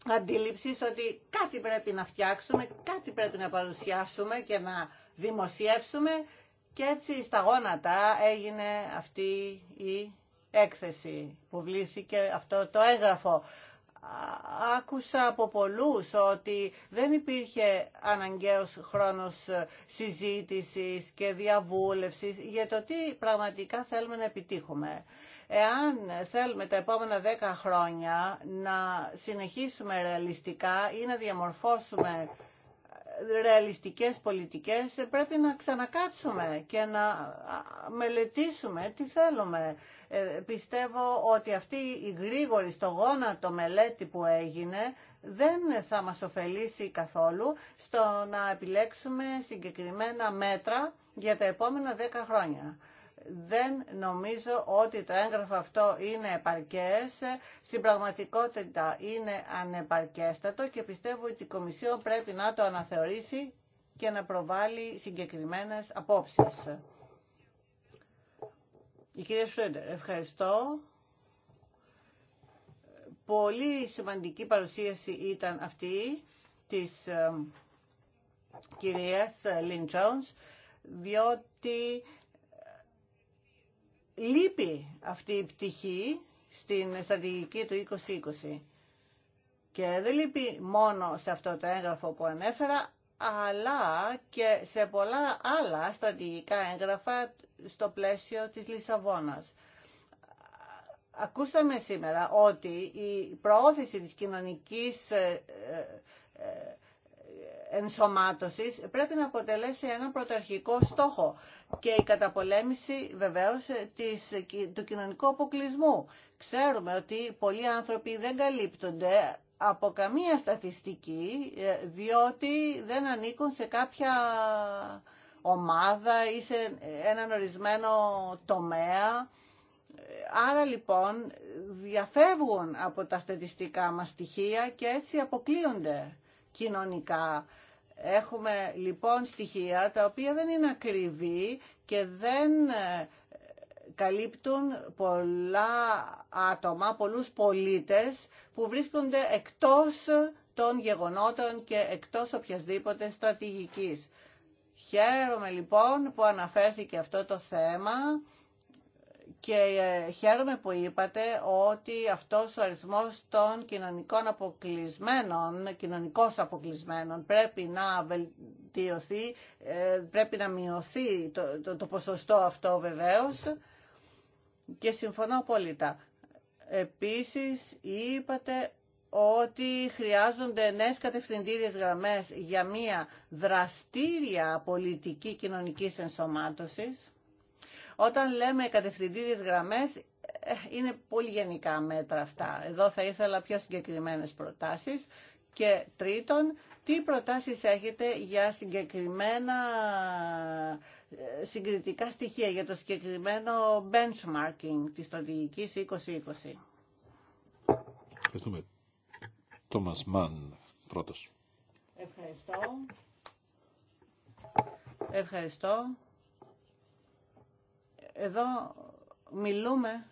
Speaker 1: αντίληψης ότι κάτι πρέπει να φτιάξουμε, κάτι πρέπει να παρουσιάσουμε και να δημοσιεύσουμε και έτσι στα γόνατα έγινε αυτή η έκθεση που βλήθηκε αυτό το έγγραφο άκουσα από πολλούς ότι δεν υπήρχε αναγκαίος χρόνος συζήτησης και διαβούλευσης για το τι πραγματικά θέλουμε να επιτύχουμε. Εάν θέλουμε τα επόμενα δέκα χρόνια να συνεχίσουμε ρεαλιστικά ή να διαμορφώσουμε ρεαλιστικές πολιτικές ε, πρέπει να ξανακάτσουμε και να μελετήσουμε τι θέλουμε. Ε, πιστεύω ότι αυτή η γρήγορη στο γόνατο μελέτη που έγινε δεν θα μας ωφελήσει καθόλου στο να επιλέξουμε συγκεκριμένα μέτρα για τα επόμενα δέκα χρόνια δεν νομίζω ότι το έγγραφο αυτό είναι επαρκές. Στην πραγματικότητα είναι ανεπαρκέστατο και πιστεύω ότι η Κομισιόν πρέπει να το αναθεωρήσει και να προβάλλει συγκεκριμένες απόψεις. Η κυρία Σρέντερ, ευχαριστώ. Πολύ σημαντική παρουσίαση ήταν αυτή της ε, κυρίας Λίν διότι λείπει αυτή η πτυχή στην στρατηγική του 2020. Και δεν λείπει μόνο σε αυτό το έγγραφο που ανέφερα, αλλά και σε πολλά άλλα στρατηγικά έγγραφα στο πλαίσιο της Λισαβόνας. Ακούσαμε σήμερα ότι η προώθηση της κοινωνικής ε, ε, ενσωμάτωσης πρέπει να αποτελέσει ένα πρωταρχικό στόχο και η καταπολέμηση βεβαίως της, του κοινωνικού αποκλεισμού. Ξέρουμε ότι πολλοί άνθρωποι δεν καλύπτονται από καμία στατιστική ε, διότι δεν ανήκουν σε κάποια ομάδα ή σε έναν ορισμένο τομέα. Άρα λοιπόν διαφεύγουν από τα στατιστικά μας στοιχεία και έτσι αποκλείονται κοινωνικά. Έχουμε λοιπόν στοιχεία τα οποία δεν είναι ακριβή και δεν ε, καλύπτουν πολλά άτομα, πολλούς πολίτες που βρίσκονται εκτός των γεγονότων και εκτός οποιασδήποτε στρατηγικής. Χαίρομαι λοιπόν που αναφέρθηκε αυτό το θέμα και ε, χαίρομαι που είπατε ότι αυτός ο αριθμός των κοινωνικών αποκλεισμένων, κοινωνικώς αποκλεισμένων πρέπει να βελτιωθεί, ε, πρέπει να μειωθεί το, το, ποσοστό αυτό βεβαίως και συμφωνώ απόλυτα. Επίσης είπατε ότι χρειάζονται νέες κατευθυντήριες γραμμές για μια δραστήρια πολιτική κοινωνικής ενσωμάτωσης όταν λέμε κατευθυντήριε γραμμές, ε, είναι πολύ γενικά μέτρα αυτά. Εδώ θα ήθελα πιο συγκεκριμένες προτάσεις. Και τρίτον, τι προτάσεις έχετε για συγκεκριμένα ε, συγκριτικά στοιχεία, για το συγκεκριμένο benchmarking της στρατηγικής 2020.
Speaker 2: Ευχαριστούμε. Τόμας Μαν, πρώτος.
Speaker 1: Ευχαριστώ. Ευχαριστώ εδώ μιλούμε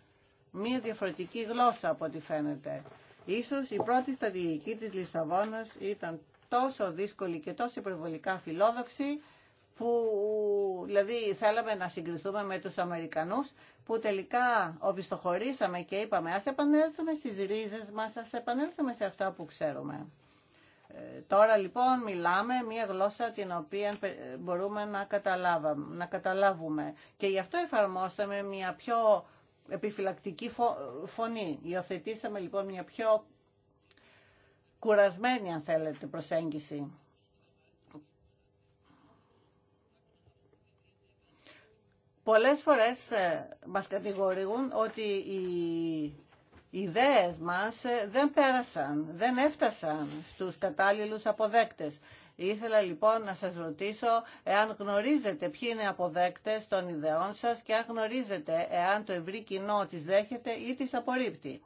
Speaker 1: μία διαφορετική γλώσσα από ό,τι φαίνεται. Ίσως η πρώτη στρατηγική της Λισαβόνας ήταν τόσο δύσκολη και τόσο υπερβολικά φιλόδοξη που δηλαδή θέλαμε να συγκριθούμε με τους Αμερικανούς που τελικά οπισθοχωρήσαμε και είπαμε ας επανέλθουμε στις ρίζες μας, ας επανέλθουμε σε αυτά που ξέρουμε. Ε, τώρα λοιπόν μιλάμε μία γλώσσα την οποία μπορούμε να, να καταλάβουμε και γι' αυτό εφαρμόσαμε μία πιο επιφυλακτική φωνή. Υιοθετήσαμε λοιπόν μία πιο κουρασμένη αν θέλετε προσέγγιση. Πολλές φορές ε, μας κατηγορούν ότι η οι ιδέες μας ε, δεν πέρασαν, δεν έφτασαν στους κατάλληλους αποδέκτες. Ήθελα λοιπόν να σας ρωτήσω εάν γνωρίζετε ποιοι είναι αποδέκτες των ιδεών σας και αν γνωρίζετε εάν το ευρύ κοινό τις δέχεται ή τις απορρίπτει.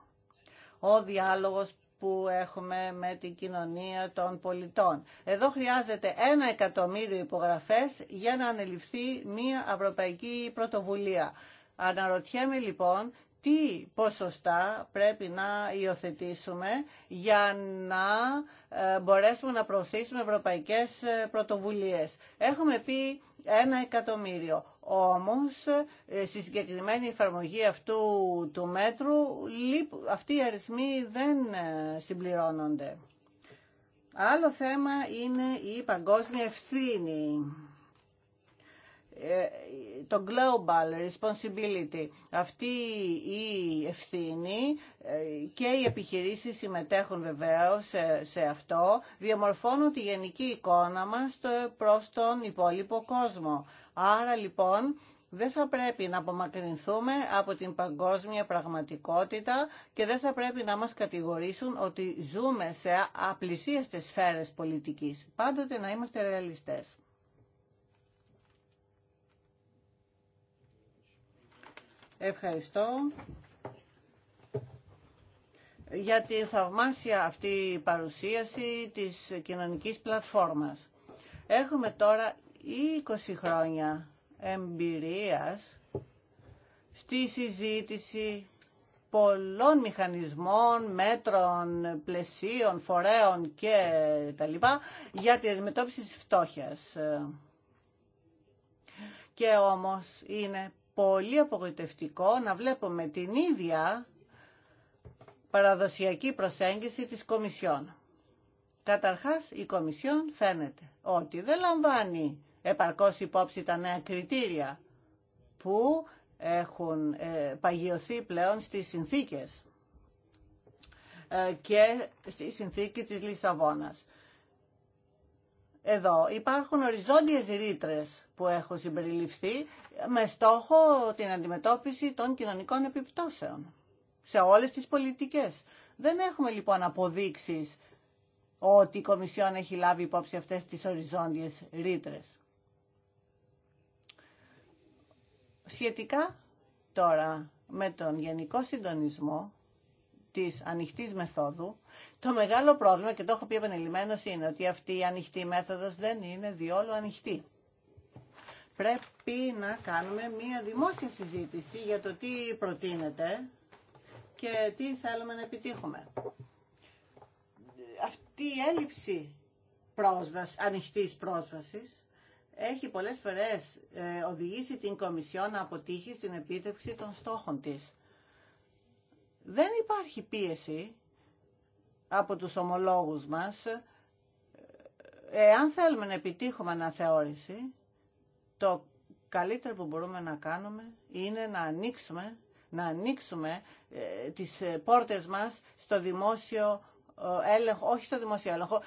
Speaker 1: Ο διάλογος που έχουμε με την κοινωνία των πολιτών. Εδώ χρειάζεται ένα εκατομμύριο υπογραφές για να ανεληφθεί μια ευρωπαϊκή πρωτοβουλία. Αναρωτιέμαι λοιπόν τι ποσοστά πρέπει να υιοθετήσουμε για να ε, μπορέσουμε να προωθήσουμε ευρωπαϊκές ε, πρωτοβουλίες. Έχουμε πει ένα εκατομμύριο. Όμως, ε, στη συγκεκριμένη εφαρμογή αυτού του μέτρου, αυτοί οι αριθμοί δεν συμπληρώνονται. Άλλο θέμα είναι η παγκόσμια ευθύνη. Ε, το global responsibility, αυτή η ευθύνη ε, και οι επιχειρήσεις συμμετέχουν βεβαίως σε, αυτό, διαμορφώνουν τη γενική εικόνα μας προς τον υπόλοιπο κόσμο. Άρα λοιπόν δεν θα πρέπει να απομακρυνθούμε από την παγκόσμια πραγματικότητα και δεν θα πρέπει να μας κατηγορήσουν ότι ζούμε σε απλησίαστες σφαίρες πολιτικής. Πάντοτε να είμαστε ρεαλιστές. Ευχαριστώ για τη θαυμάσια αυτή παρουσίαση της κοινωνικής πλατφόρμας. Έχουμε τώρα 20 χρόνια εμπειρίας στη συζήτηση πολλών μηχανισμών, μέτρων, πλαισίων, φορέων και τα λοιπά για τη αντιμετώπιση της φτώχειας. Και όμως είναι πολύ απογοητευτικό να βλέπουμε την ίδια παραδοσιακή προσέγγιση της Κομισιόν. Καταρχάς, η Κομισιόν φαίνεται ότι δεν λαμβάνει επαρκώς υπόψη τα νέα κριτήρια που έχουν ε, παγιωθεί πλέον στις συνθήκες ε, και στη συνθήκη της Λισαβόνας εδώ υπάρχουν οριζόντιες ρήτρε που έχουν συμπεριληφθεί με στόχο την αντιμετώπιση των κοινωνικών επιπτώσεων σε όλες τις πολιτικές. Δεν έχουμε λοιπόν αποδείξεις ότι η Κομισιόν έχει λάβει υπόψη αυτές τις οριζόντιες ρήτρε. Σχετικά τώρα με τον Γενικό Συντονισμό της ανοιχτής μεθόδου, το μεγάλο πρόβλημα, και το έχω πει επανειλημμένως, είναι ότι αυτή η ανοιχτή μέθοδος δεν είναι διόλου ανοιχτή. Πρέπει να κάνουμε μία δημόσια συζήτηση για το τι προτείνεται και τι θέλουμε να επιτύχουμε. Αυτή η έλλειψη πρόσβαση, ανοιχτής πρόσβασης έχει πολλές φορές ε, οδηγήσει την Κομισιό να αποτύχει στην επίτευξη των στόχων της δεν υπάρχει πίεση από τους ομολόγους μας. Εάν θέλουμε να επιτύχουμε αναθεώρηση, το καλύτερο που μπορούμε να κάνουμε είναι να ανοίξουμε, να ανοίξουμε ε, τις ε, πόρτες μας στο δημόσιο ε, έλεγχο, όχι στο δημόσιο έλεγχο,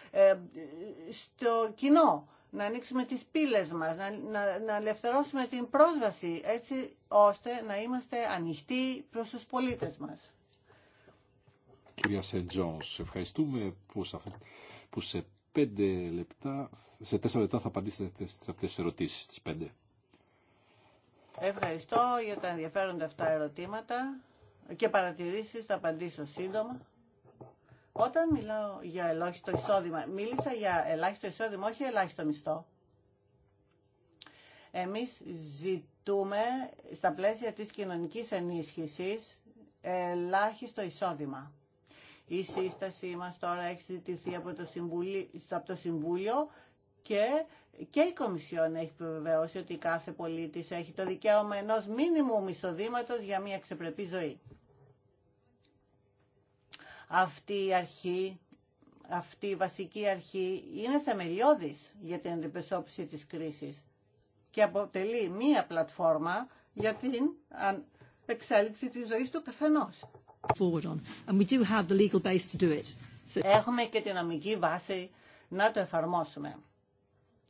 Speaker 1: στο κοινό. Να ανοίξουμε τις πύλες μας, να, να, να ελευθερώσουμε την πρόσβαση έτσι ώστε να είμαστε ανοιχτοί προς τους πολίτες
Speaker 4: μας
Speaker 2: κυρία Σεντζόνς. Ευχαριστούμε που σε, που πέντε λεπτά, σε τέσσερα λεπτά θα απαντήσετε σε αυτές τις ερωτήσεις, τις πέντε.
Speaker 1: Ευχαριστώ για τα ενδιαφέροντα αυτά ερωτήματα και παρατηρήσεις, θα απαντήσω σύντομα. Όταν μιλάω για ελάχιστο εισόδημα, μίλησα για ελάχιστο εισόδημα, όχι ελάχιστο μισθό. Εμείς ζητούμε στα πλαίσια της κοινωνικής ενίσχυσης ελάχιστο εισόδημα. Η σύστασή μας τώρα έχει συζητηθεί από το Συμβούλιο, το Συμβούλιο και, και η Κομισιόν έχει επιβεβαιώσει ότι κάθε πολίτης έχει το δικαίωμα ενός μήνυμου μισοδήματο για μια ξεπρεπή ζωή. Αυτή η αρχή, αυτή η βασική αρχή είναι θεμελιώδης για την αντιπεσόψη της κρίσης και αποτελεί μία πλατφόρμα για την εξέλιξη της ζωής του καθενός. Έχουμε και την νομική βάση να το εφαρμόσουμε.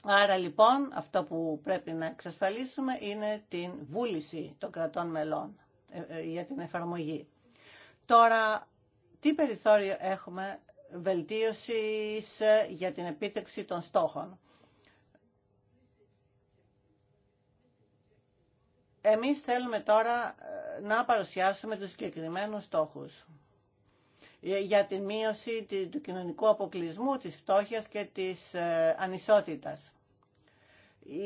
Speaker 1: Άρα λοιπόν αυτό που πρέπει να εξασφαλίσουμε είναι την βούληση των κρατών μελών ε, ε, για την εφαρμογή. Τώρα, τι περιθώριο έχουμε βελτίωσης ε, για την επίτευξη των στόχων. Εμείς θέλουμε τώρα ε, να παρουσιάσουμε τους συγκεκριμένους στόχους για την μείωση του κοινωνικού αποκλεισμού, της φτώχειας και της ε, ανισότητας.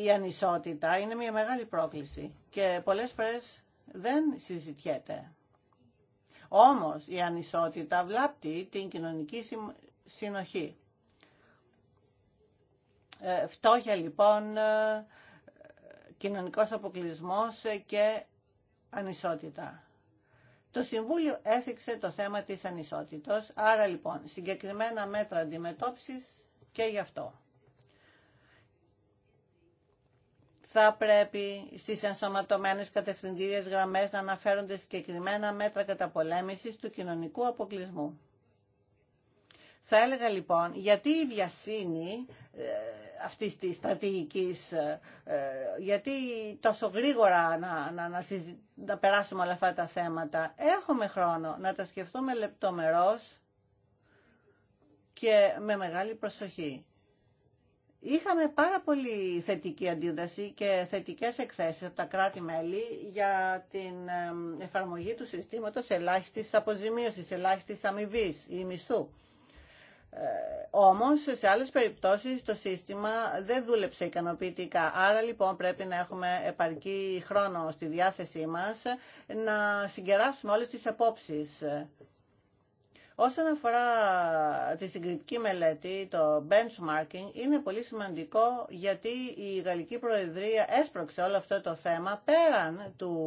Speaker 1: Η ανισότητα είναι μια μεγάλη πρόκληση και πολλές φορές δεν συζητιέται. Όμως η ανισότητα βλάπτει την κοινωνική συνοχή. Ε, φτώχεια λοιπόν κοινωνικός αποκλεισμός και ανισότητα. Το Συμβούλιο έθιξε το θέμα της ανισότητος, άρα λοιπόν συγκεκριμένα μέτρα αντιμετώπισης και γι' αυτό. Θα πρέπει στις ενσωματωμένες κατευθυντήριες γραμμές να αναφέρονται συγκεκριμένα μέτρα καταπολέμησης του κοινωνικού αποκλεισμού. Θα έλεγα λοιπόν γιατί η βιασύνη ε, αυτής της στρατηγικής, ε, ε, γιατί τόσο γρήγορα να, περάσουμε όλα αυτά τα θέματα. Έχουμε χρόνο να τα σκεφτούμε λεπτομερώς και με μεγάλη προσοχή. Είχαμε πάρα πολύ θετική αντίδραση και θετικές εκθέσεις από τα κράτη-μέλη για την ε, εφαρμογή του συστήματος ελάχιστης αποζημίωσης, ελάχιστης αμοιβή ή μισθού. Ε, όμως σε άλλες περιπτώσεις το σύστημα δεν δούλεψε ικανοποιητικά. Άρα λοιπόν πρέπει να έχουμε επαρκή χρόνο στη διάθεσή μας να συγκεράσουμε όλες τις απόψεις. Όσον αφορά τη συγκριτική μελέτη, το benchmarking είναι πολύ σημαντικό γιατί η Γαλλική Προεδρία έσπρωξε όλο αυτό το θέμα πέραν του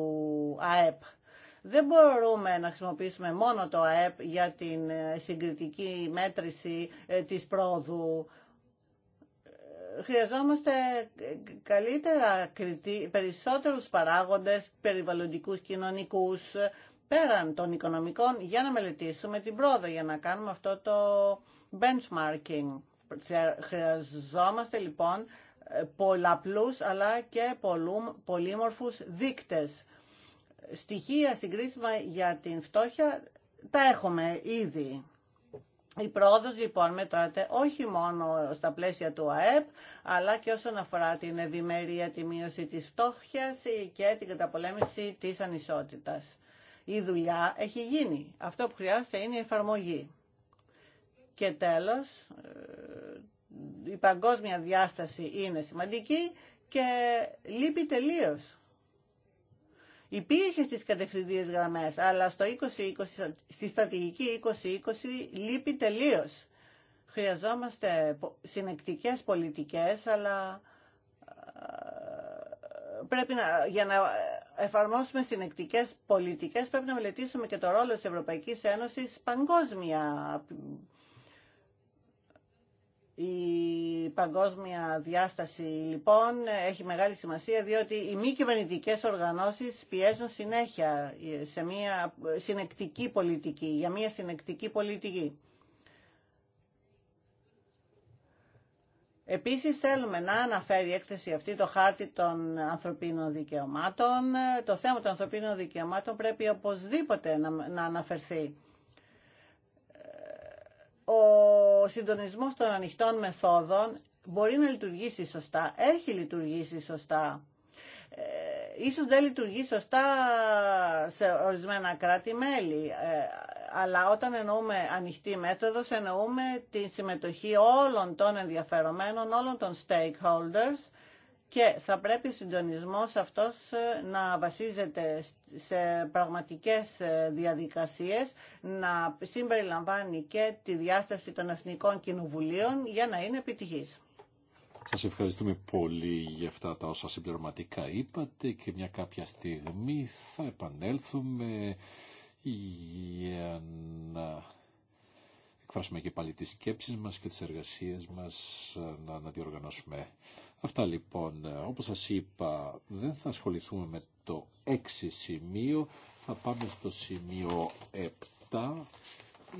Speaker 1: ΑΕΠ δεν μπορούμε να χρησιμοποιήσουμε μόνο το ΑΕΠ για την ε, συγκριτική μέτρηση ε, της πρόοδου. Ε, χρειαζόμαστε καλύτερα περισσότερους παράγοντες περιβαλλοντικούς, κοινωνικούς, πέραν των οικονομικών, για να μελετήσουμε την πρόοδο, για να κάνουμε αυτό το benchmarking. Χρειαζόμαστε λοιπόν πολλαπλούς αλλά και πολύμορφους δείκτες στοιχεία συγκρίσιμα για την φτώχεια τα έχουμε ήδη. Η πρόοδο λοιπόν μετράται όχι μόνο στα πλαίσια του ΑΕΠ, αλλά και όσον αφορά την ευημερία, τη μείωση της φτώχεια και την καταπολέμηση της ανισότητας. Η δουλειά έχει γίνει. Αυτό που χρειάζεται είναι η εφαρμογή. Και τέλος, ε, η παγκόσμια διάσταση είναι σημαντική και λείπει τελείως υπήρχε στις κατευθυντήριες γραμμές, αλλά στο 2020, στη στρατηγική 2020 λείπει τελείως. Χρειαζόμαστε συνεκτικές πολιτικές, αλλά ε, πρέπει να, για να εφαρμόσουμε συνεκτικές πολιτικές πρέπει να μελετήσουμε και το ρόλο της ευρωπαϊκή Ένωσης παγκόσμια η παγκόσμια διάσταση λοιπόν έχει μεγάλη σημασία διότι οι μη κυβερνητικέ οργανώσεις πιέζουν συνέχεια σε μια συνεκτική πολιτική, για μια συνεκτική πολιτική. Επίσης θέλουμε να αναφέρει η έκθεση αυτή το χάρτη των ανθρωπίνων δικαιωμάτων. Το θέμα των ανθρωπίνων δικαιωμάτων πρέπει οπωσδήποτε να αναφερθεί ο συντονισμός των ανοιχτών μεθόδων μπορεί να λειτουργήσει σωστά, έχει λειτουργήσει σωστά. Ε, ίσως δεν λειτουργεί σωστά σε ορισμένα κράτη-μέλη, ε, αλλά όταν εννοούμε ανοιχτή μέθοδος, εννοούμε τη συμμετοχή όλων των ενδιαφερομένων, όλων των stakeholders, και θα πρέπει ο συντονισμός αυτός ε, να βασίζεται σε πραγματικές ε, διαδικασίες, να συμπεριλαμβάνει και τη διάσταση των εθνικών κοινοβουλίων για να είναι επιτυχής.
Speaker 2: Σας ευχαριστούμε πολύ για αυτά τα όσα συμπληρωματικά είπατε και μια κάποια στιγμή θα επανέλθουμε για να εκφράσουμε και πάλι τις σκέψεις μας και τις εργασίες μας ε, να, να διοργανώσουμε. Αυτά λοιπόν, ε, όπως σας είπα, δεν θα ασχοληθούμε με το 6 σημείο, θα πάμε στο σημείο 7,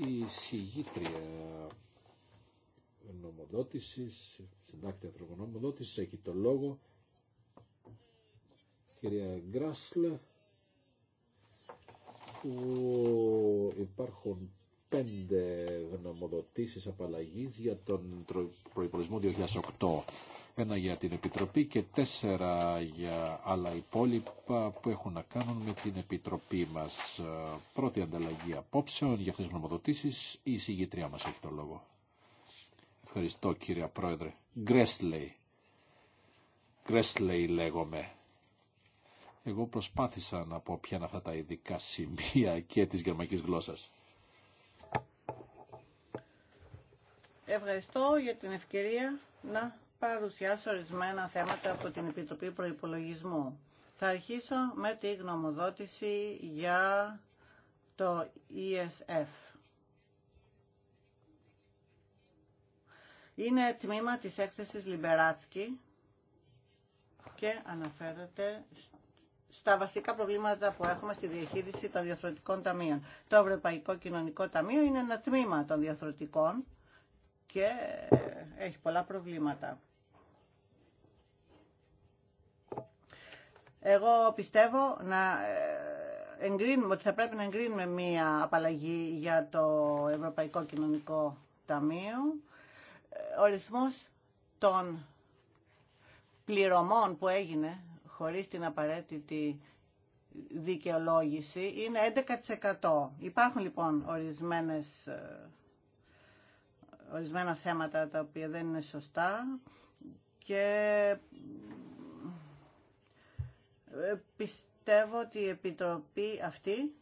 Speaker 2: η συγγήτρια νομοδότησης, συντάκτη ανθρωπονομοδότησης, έχει το λόγο, κυρία γκράσλ που υπάρχουν πέντε γνωμοδοτήσεις απαλλαγής για τον προϋπολογισμό 2008. Ένα για την Επιτροπή και τέσσερα για άλλα υπόλοιπα που έχουν να κάνουν με την Επιτροπή μας. Πρώτη ανταλλαγή απόψεων για αυτές τις γνωμοδοτήσεις. Η συγγητριά μας έχει το λόγο. Ευχαριστώ κύριε Πρόεδρε. Γκρέσλεϊ. Γκρέσλεϊ λέγομαι. Εγώ προσπάθησα να πω ποια είναι αυτά τα ειδικά σημεία και της γερμανικής γλώσσας.
Speaker 1: Ευχαριστώ για την ευκαιρία να παρουσιάσω ορισμένα θέματα από την Επιτροπή Προϋπολογισμού. Θα αρχίσω με τη γνωμοδότηση για το ESF. Είναι τμήμα της έκθεσης Λιμπεράτσκι και αναφέρεται στα βασικά προβλήματα που έχουμε στη διαχείριση των διαθροτικών ταμείων. Το Ευρωπαϊκό Κοινωνικό Ταμείο είναι ένα τμήμα των διαθροτικών και έχει πολλά προβλήματα. Εγώ πιστεύω να ε, εγκρίνουμε, ότι θα πρέπει να εγκρίνουμε μία απαλλαγή για το Ευρωπαϊκό Κοινωνικό Ταμείο. Ε, ορισμός των πληρωμών που έγινε χωρίς την απαραίτητη δικαιολόγηση είναι 11%. Υπάρχουν λοιπόν ορισμένες ε, ορισμένα θέματα τα οποία δεν είναι σωστά και ε, πιστεύω ότι η Επιτροπή αυτή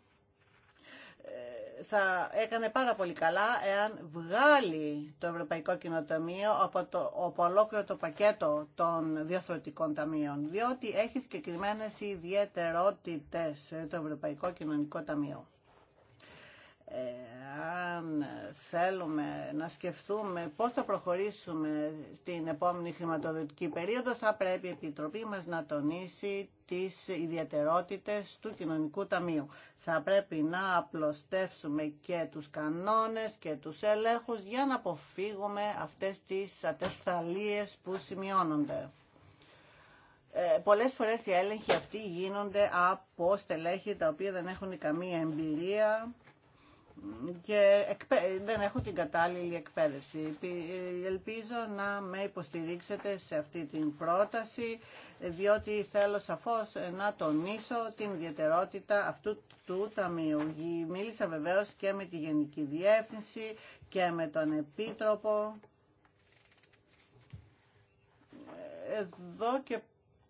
Speaker 1: ε, θα έκανε πάρα πολύ καλά εάν βγάλει το Ευρωπαϊκό Κοινοταμείο από το από ολόκληρο το πακέτο των διαφορετικών ταμείων, διότι έχει συγκεκριμένε ιδιαιτερότητες ε, το Ευρωπαϊκό Κοινωνικό Ταμείο αν θέλουμε να σκεφτούμε πώς θα προχωρήσουμε την επόμενη χρηματοδοτική περίοδο, θα πρέπει η Επιτροπή μας να τονίσει τις ιδιαιτερότητες του Κοινωνικού Ταμείου. Θα πρέπει να απλωστεύσουμε και τους κανόνες και τους ελέγχους για να αποφύγουμε αυτές τις ατεσταλίες που σημειώνονται. Ε, πολλές φορές οι έλεγχοι αυτοί γίνονται από στελέχη τα οποία δεν έχουν καμία εμπειρία και δεν έχω την κατάλληλη εκπαίδευση. Ελπίζω να με υποστηρίξετε σε αυτή την πρόταση, διότι θέλω σαφώς να τονίσω την ιδιαιτερότητα αυτού του ταμείου. Μίλησα βεβαίως και με τη Γενική Διεύθυνση και με τον Επίτροπο. Εδώ και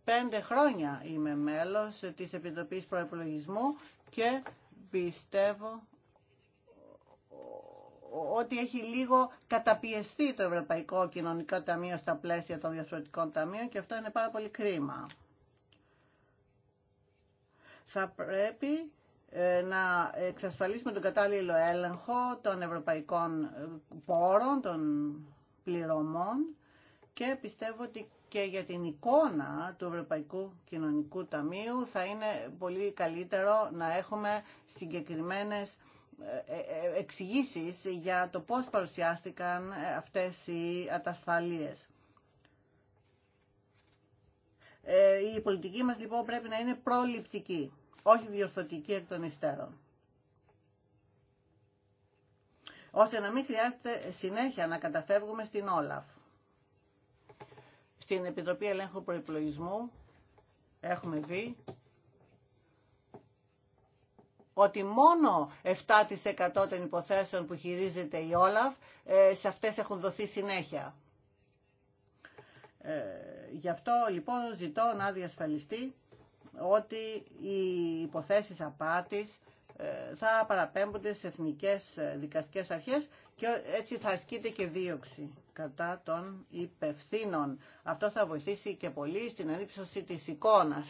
Speaker 1: πέντε χρόνια είμαι μέλος της Επιτροπής Προεπιλογισμού και πιστεύω ότι έχει λίγο καταπιεστεί το Ευρωπαϊκό Κοινωνικό Ταμείο στα πλαίσια των διαφορετικών ταμείων και αυτό είναι πάρα πολύ κρίμα. Θα πρέπει ε, να εξασφαλίσουμε τον κατάλληλο έλεγχο των ευρωπαϊκών ε, πόρων, των πληρωμών και πιστεύω ότι και για την εικόνα του Ευρωπαϊκού Κοινωνικού Ταμείου θα είναι πολύ καλύτερο να έχουμε συγκεκριμένες ε, ε, ε, εξηγήσεις για το πώς παρουσιάστηκαν αυτές οι ατασφαλίες. Η πολιτική μας λοιπόν πρέπει να είναι προληπτική, όχι διορθωτική εκ των υστέρων. Ώστε να μην χρειάζεται συνέχεια να καταφεύγουμε στην Όλαφ. Στην Επιτροπή Ελέγχου Προϋπολογισμού έχουμε δει ότι μόνο 7% των υποθέσεων που χειρίζεται η Όλαφ ε, σε αυτές έχουν δοθεί συνέχεια. Ε, γι' αυτό λοιπόν ζητώ να διασφαλιστεί ότι οι υποθέσεις απάτης ε, θα παραπέμπονται σε εθνικές δικαστικές αρχές και έτσι θα ασκείται και δίωξη κατά των υπευθύνων. Αυτό θα βοηθήσει και πολύ στην ανύψωση της εικόνας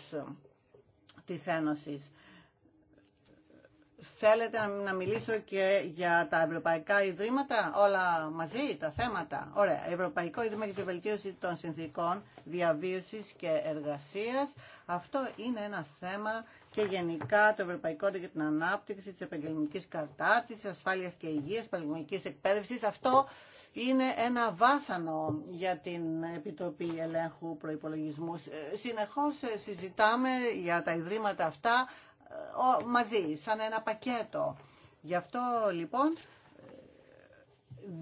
Speaker 1: της Ένωσης. Θέλετε να μιλήσω και για τα ευρωπαϊκά ιδρύματα, όλα μαζί, τα θέματα. Ωραία. Ευρωπαϊκό Ιδρύμα για τη Βελτίωση των Συνθήκων Διαβίωσης και Εργασίας. Αυτό είναι ένα θέμα και γενικά το Ευρωπαϊκό για την Ανάπτυξη της επαγγελματικής κατάρτισης, ασφάλειας και υγείας, επαγγελματικής εκπαίδευσης. Αυτό είναι ένα βάσανο για την Επιτροπή Ελέγχου Προϋπολογισμού. Ε, συνεχώς ε, συζητάμε για τα ιδρύματα αυτά, ε, μαζί, σαν ένα πακέτο. Γι' αυτό λοιπόν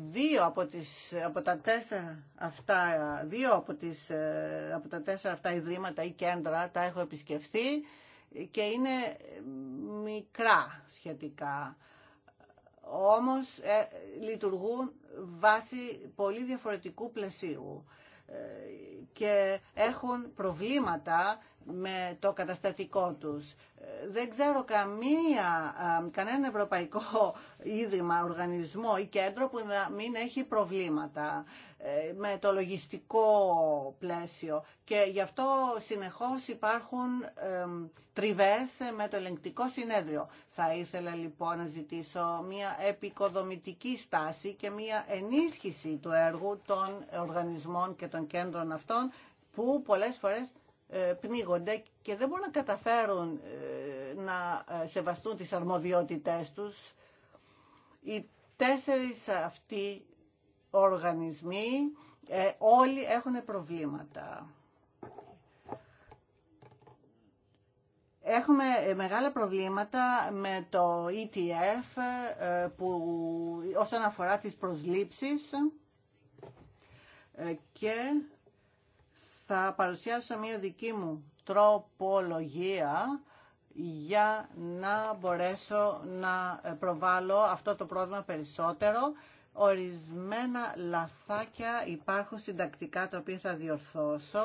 Speaker 1: δύο από, τις, από τα τέσσερα αυτά, δύο από, τις, ε, από τα τέσσερα αυτά ιδρύματα ή κέντρα τα έχω επισκεφθεί και είναι μικρά σχετικά. Όμως ε, λειτουργούν βάσει πολύ διαφορετικού πλαισίου και έχουν προβλήματα με το καταστατικό τους. Δεν ξέρω καμία, κανένα ευρωπαϊκό ίδρυμα, οργανισμό ή κέντρο που να μην έχει προβλήματα ε, με το λογιστικό πλαίσιο και γι' αυτό συνεχώς υπάρχουν τριβές με το ελεγκτικό συνέδριο. Θα ήθελα λοιπόν να ζητήσω μια επικοδομητική στάση και μια ενίσχυση του έργου των οργανισμών και των κέντρων αυτών που πολλές φορές ε, πνίγονται και δεν μπορούν να καταφέρουν ε, να ε, σεβαστούν τις αρμοδιότητές τους. Οι τέσσερις αυτοί οργανισμοί όλοι έχουν προβλήματα. Έχουμε μεγάλα προβλήματα με το ETF που όσον αφορά τις προσλήψεις και θα παρουσιάσω μία δική μου τροπολογία για να μπορέσω να προβάλλω αυτό το πρόβλημα περισσότερο. Ορισμένα λαθάκια υπάρχουν συντακτικά τα οποία θα διορθώσω.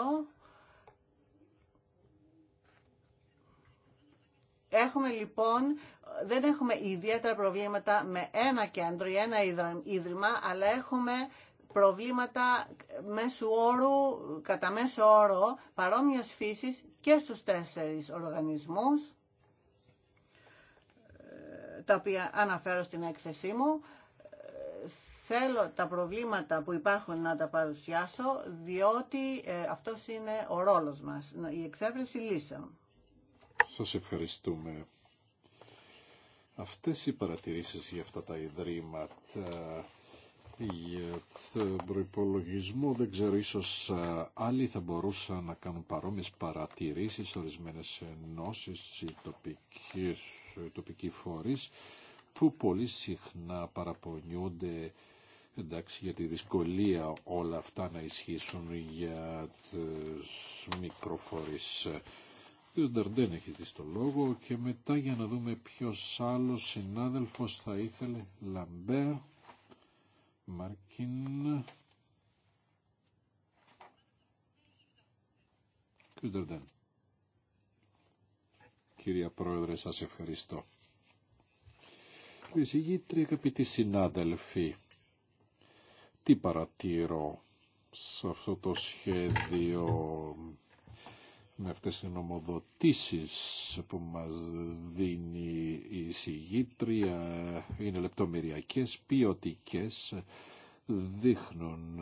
Speaker 1: Έχουμε λοιπόν, δεν έχουμε ιδιαίτερα προβλήματα με ένα κέντρο ή ένα ίδρυμα, αλλά έχουμε προβλήματα μέσου όρου, κατά μέσο όρο παρόμοιας φύσης και στους τέσσερις οργανισμούς ε, τα οποία αναφέρω στην έξεση μου. Θέλω τα προβλήματα που υπάρχουν να τα παρουσιάσω, διότι ε, αυτός είναι ο ρόλος μας, η εξέβρεση λύσεων.
Speaker 2: Σας ευχαριστούμε. Αυτές οι παρατηρήσεις για αυτά τα ιδρύματα για το προπολογισμό δεν ξέρω, ίσως άλλοι θα μπορούσαν να κάνουν παρόμοιες παρατηρήσεις, ορισμένες ενώσεις ή τοπικοί που πολύ συχνά παραπονιούνται εντάξει, για τη δυσκολία όλα αυτά να ισχύσουν για τους μικροφορείς. Ο Νταρντέν έχει δει στο λόγο και μετά για να δούμε ποιος άλλος συνάδελφος θα ήθελε. Λαμπέρ. Μάρκιν. Κυρία Πρόεδρε, σας ευχαριστώ. Εισηγήτρια, αγαπητοί συνάδελφοι, τι παρατήρω σε αυτό το σχέδιο με αυτές τις νομοδοτήσεις που μας δίνει η συγγήτρια είναι λεπτομεριακές, ποιοτικέ, δείχνουν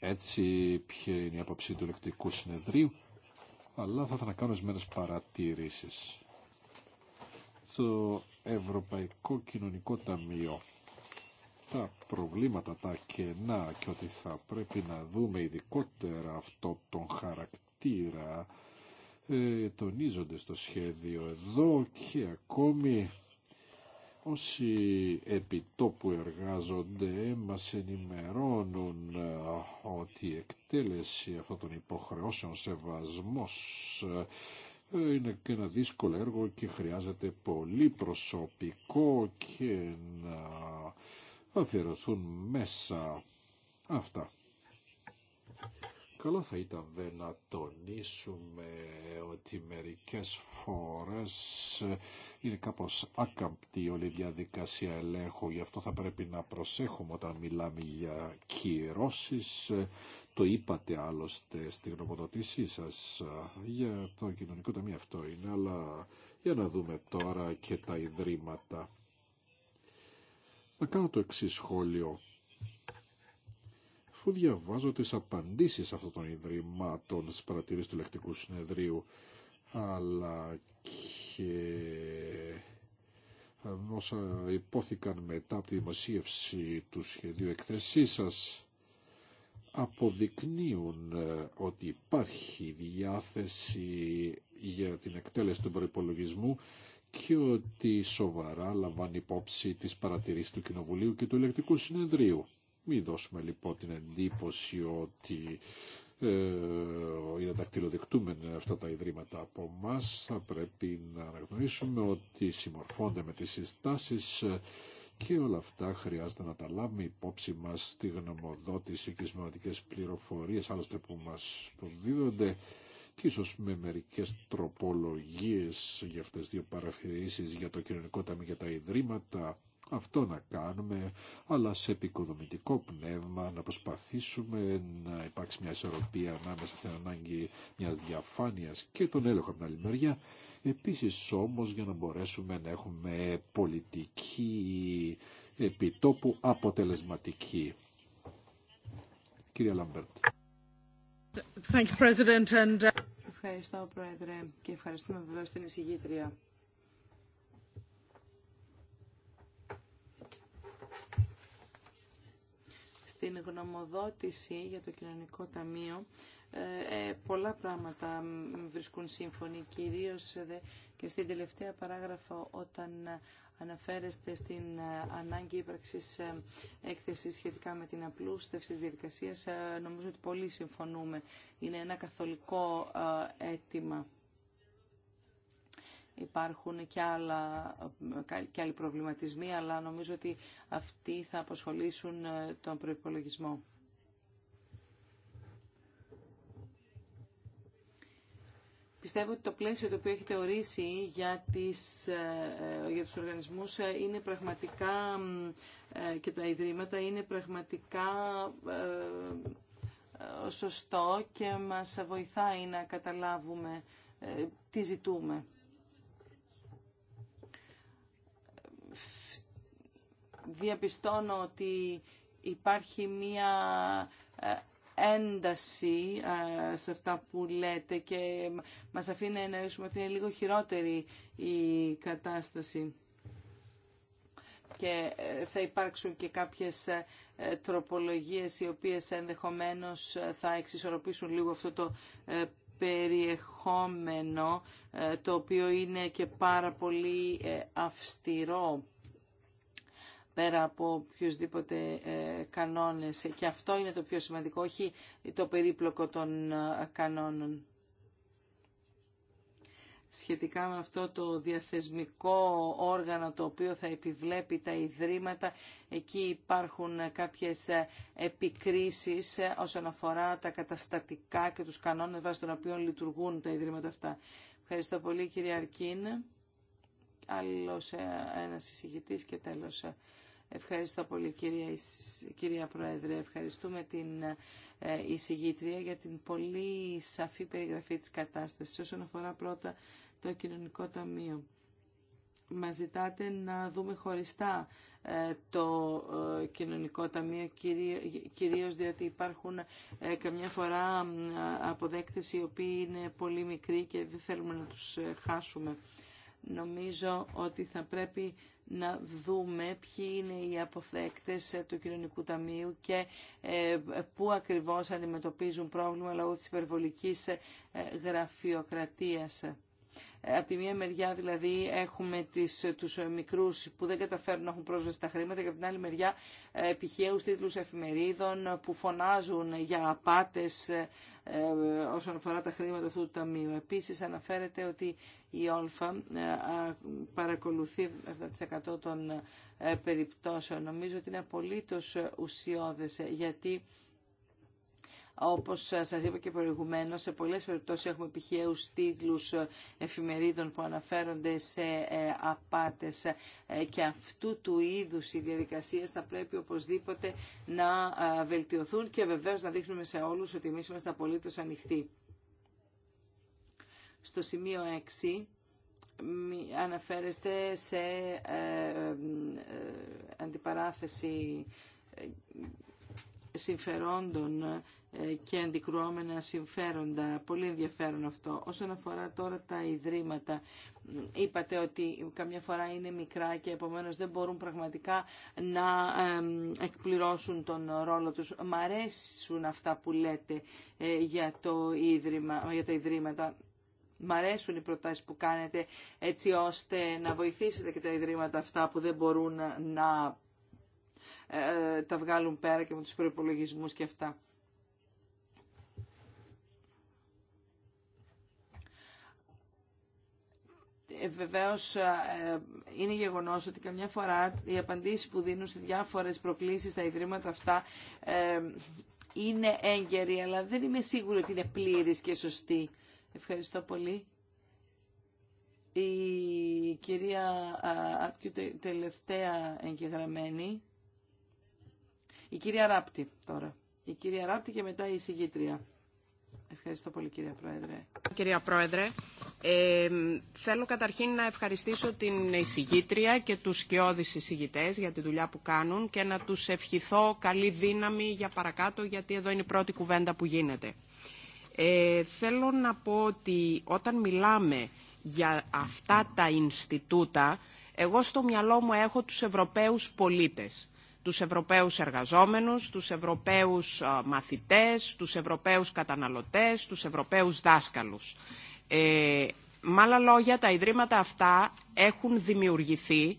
Speaker 2: έτσι ποια είναι η άποψη του ηλεκτρικού συνεδρίου, αλλά θα ήθελα να κάνω παρατηρήσεις. Στο Ευρωπαϊκό Κοινωνικό Ταμείο τα προβλήματα, τα κενά και ότι θα πρέπει να δούμε ειδικότερα αυτό τον χαρακτήρα ε, τονίζονται στο σχέδιο εδώ και ακόμη όσοι επιτόπου εργάζονται μας ενημερώνουν ε, ότι η εκτέλεση αυτών των υποχρεώσεων σεβασμός ε, είναι και ένα δύσκολο έργο και χρειάζεται πολύ προσωπικό και να αφιερωθούν μέσα αυτά. Καλό θα ήταν δε να τονίσουμε ότι μερικές φορές είναι κάπως άκαμπτη όλη η διαδικασία ελέγχου. Γι' αυτό θα πρέπει να προσέχουμε όταν μιλάμε για κυρώσεις. Το είπατε άλλωστε στην γνωμοδοτήσή σας για το κοινωνικό ταμείο αυτό είναι, αλλά για να δούμε τώρα και τα ιδρύματα. Να κάνω το εξή σχόλιο αφού διαβάζω τις απαντήσεις αυτών των ιδρυμάτων στις παρατηρήσεις του λεκτικού συνεδρίου, αλλά και όσα υπόθηκαν μετά από τη δημοσίευση του σχεδίου εκθεσής σας αποδεικνύουν ε, ότι υπάρχει διάθεση για την εκτέλεση του προπολογισμού και ότι σοβαρά λαμβάνει υπόψη τις παρατηρήσεις του Κοινοβουλίου και του Ελεκτικού Συνεδρίου. Μην δώσουμε λοιπόν την εντύπωση ότι ε, είναι δακτυλοδεικτούμενα αυτά τα ιδρύματα από εμά. Θα πρέπει να αναγνωρίσουμε ότι συμμορφώνται με τις συστάσεις ε, και όλα αυτά χρειάζεται να τα λάβουμε υπόψη μας στη γνωμοδότηση και στις πληροφορίες άλλωστε που μας προδίδονται και ίσως με μερικές τροπολογίες για αυτές δύο παραφηρήσεις για το κοινωνικό ταμείο για τα ιδρύματα αυτό να κάνουμε, αλλά σε επικοδομητικό πνεύμα να προσπαθήσουμε να υπάρξει μια ισορροπία ανάμεσα στην ανάγκη μιας διαφάνειας και τον έλεγχο από την άλλη μεριά. Επίσης όμως για να μπορέσουμε να έχουμε πολιτική επιτόπου αποτελεσματική. Κύριε Λαμπέρτ.
Speaker 3: Uh, Ευχαριστώ, Πρόεδρε, και ευχαριστούμε βεβαίως την εισηγήτρια. στην γνωμοδότηση για το κοινωνικό ταμείο ε, ε, πολλά πράγματα βρίσκουν σύμφωνη, κυρίως και στην τελευταία παράγραφο όταν αναφέρεστε στην ε, ανάγκη ύπαρξης έκθεσης σχετικά με την απλούστευση της διαδικασίας. Νομίζω ότι πολύ συμφωνούμε. Είναι ένα καθολικό αίτημα. Υπάρχουν και, άλλα, και άλλοι προβληματισμοί, αλλά νομίζω ότι αυτοί θα απασχολήσουν ε, τον προϋπολογισμό. Πιστεύω ότι το πλαίσιο το οποίο έχετε ορίσει για, τις, ε, ε, για τους οργανισμούς είναι πραγματικά και τα ιδρύματα είναι πραγματικά σωστό και μας βοηθάει να καταλάβουμε τι ζητούμε. διαπιστώνω ότι υπάρχει μία ε, ένταση ε, σε αυτά που λέτε και μας αφήνει να εννοήσουμε ότι είναι λίγο χειρότερη η κατάσταση και ε, θα υπάρξουν και κάποιες τροπολογίες οι οποίες ενδεχομένως θα εξισορροπήσουν λίγο αυτό το περιεχόμενο το οποίο είναι και πάρα πολύ αυστηρό πέρα από οποιουσδήποτε ε, κανόνες. Και αυτό είναι το πιο σημαντικό, όχι το περίπλοκο των ε, κανόνων. Σχετικά με αυτό το διαθεσμικό όργανο το οποίο θα επιβλέπει τα ιδρύματα, εκεί υπάρχουν ε, κάποιες επικρίσεις όσον αφορά τα καταστατικά και τους κανόνες βάσει των οποίων λειτουργούν τα ιδρύματα αυτά. Ευχαριστώ πολύ κύριε Αρκίν άλλος ε, ένας εισηγητής και τέλος. Ευχαριστώ πολύ κυρία, κυρία Πρόεδρε. Ευχαριστούμε την ε, εισηγήτρια για την πολύ σαφή περιγραφή της κατάστασης όσον αφορά πρώτα το κοινωνικό ταμείο. Μα ζητάτε να δούμε χωριστά ε, το κοινωνικό ταμείο, κυρίως διότι υπάρχουν καμιά φορά αποδέκτες οι οποίοι είναι πολύ μικροί και δεν θέλουμε να τους χάσουμε νομίζω ότι θα πρέπει να δούμε ποιοι είναι οι αποθέκτες ε, του κοινωνικού ταμείου και ε, πού ακριβώς αντιμετωπίζουν πρόβλημα λόγω της υπερβολικής ε, γραφειοκρατίας. Από τη μία μεριά δηλαδή έχουμε τις, τους μικρούς που δεν καταφέρουν να έχουν πρόσβαση στα χρήματα και από την άλλη μεριά ε, επιχαίους τίτλους εφημερίδων που φωνάζουν για απάτες ε, ε, όσον αφορά τα χρήματα αυτού του ταμείου. Επίσης αναφέρεται ότι η ΟΛΦΑ παρακολουθεί 7% των περιπτώσεων. Νομίζω ότι είναι απολύτως ουσιώδες γιατί όπως σας είπα και προηγουμένως, σε πολλές περιπτώσεις έχουμε πηχαίους τίτλους ε, εφημερίδων που αναφέρονται σε ε, απάτες ε, και αυτού του είδους οι διαδικασίες θα πρέπει οπωσδήποτε να βελτιωθούν και βεβαίως να δείχνουμε σε όλους ότι εμείς είμαστε απολύτως ανοιχτοί. Στο σημείο 6 αναφέρεστε σε αντιπαράθεση συμφερόντων ε, και αντικρουόμενα συμφέροντα. Πολύ ενδιαφέρον αυτό. Όσον αφορά τώρα τα ιδρύματα, είπατε ότι καμιά φορά είναι μικρά και επομένως δεν μπορούν πραγματικά να εκπληρώσουν τον ρόλο τους. Μ' αρέσουν αυτά που λέτε ε, για, το ίδρυμα, για τα ιδρύματα. Μ' αρέσουν οι προτάσεις που κάνετε έτσι ώστε να βοηθήσετε και τα ιδρύματα αυτά που δεν μπορούν να ε, τα βγάλουν πέρα και με τους προϋπολογισμούς και αυτά. Ε, βεβαίως ε, είναι γεγονός ότι καμιά φορά οι απαντήσεις που δίνουν σε διάφορες προκλήσεις τα ιδρύματα αυτά είναι έγκαιροι, αλλά δεν είμαι σίγουρη ότι είναι πλήρης και σωστή. Ευχαριστώ πολύ. Η κυρία Άπιου τελευταία εγγεγραμμένη. Η κυρία Ράπτη τώρα. Η κυρία Ράπτη και μετά η εισηγήτρια. Ευχαριστώ πολύ κυρία Πρόεδρε.
Speaker 5: Κυρία Πρόεδρε, ε, θέλω καταρχήν να ευχαριστήσω την εισηγήτρια και τους σκιώδεις εισηγητές για τη δουλειά που κάνουν και να τους ευχηθώ καλή δύναμη για παρακάτω γιατί εδώ είναι η πρώτη κουβέντα που γίνεται. Ε, θέλω να πω ότι όταν μιλάμε για αυτά τα Ινστιτούτα, εγώ στο μυαλό μου έχω τους Ευρωπαίους πολίτες τους Ευρωπαίους εργαζόμενους, τους Ευρωπαίους μαθητές, τους Ευρωπαίους καταναλωτές, τους Ευρωπαίους δάσκαλους. Ε, με άλλα λόγια, τα ιδρύματα αυτά έχουν δημιουργηθεί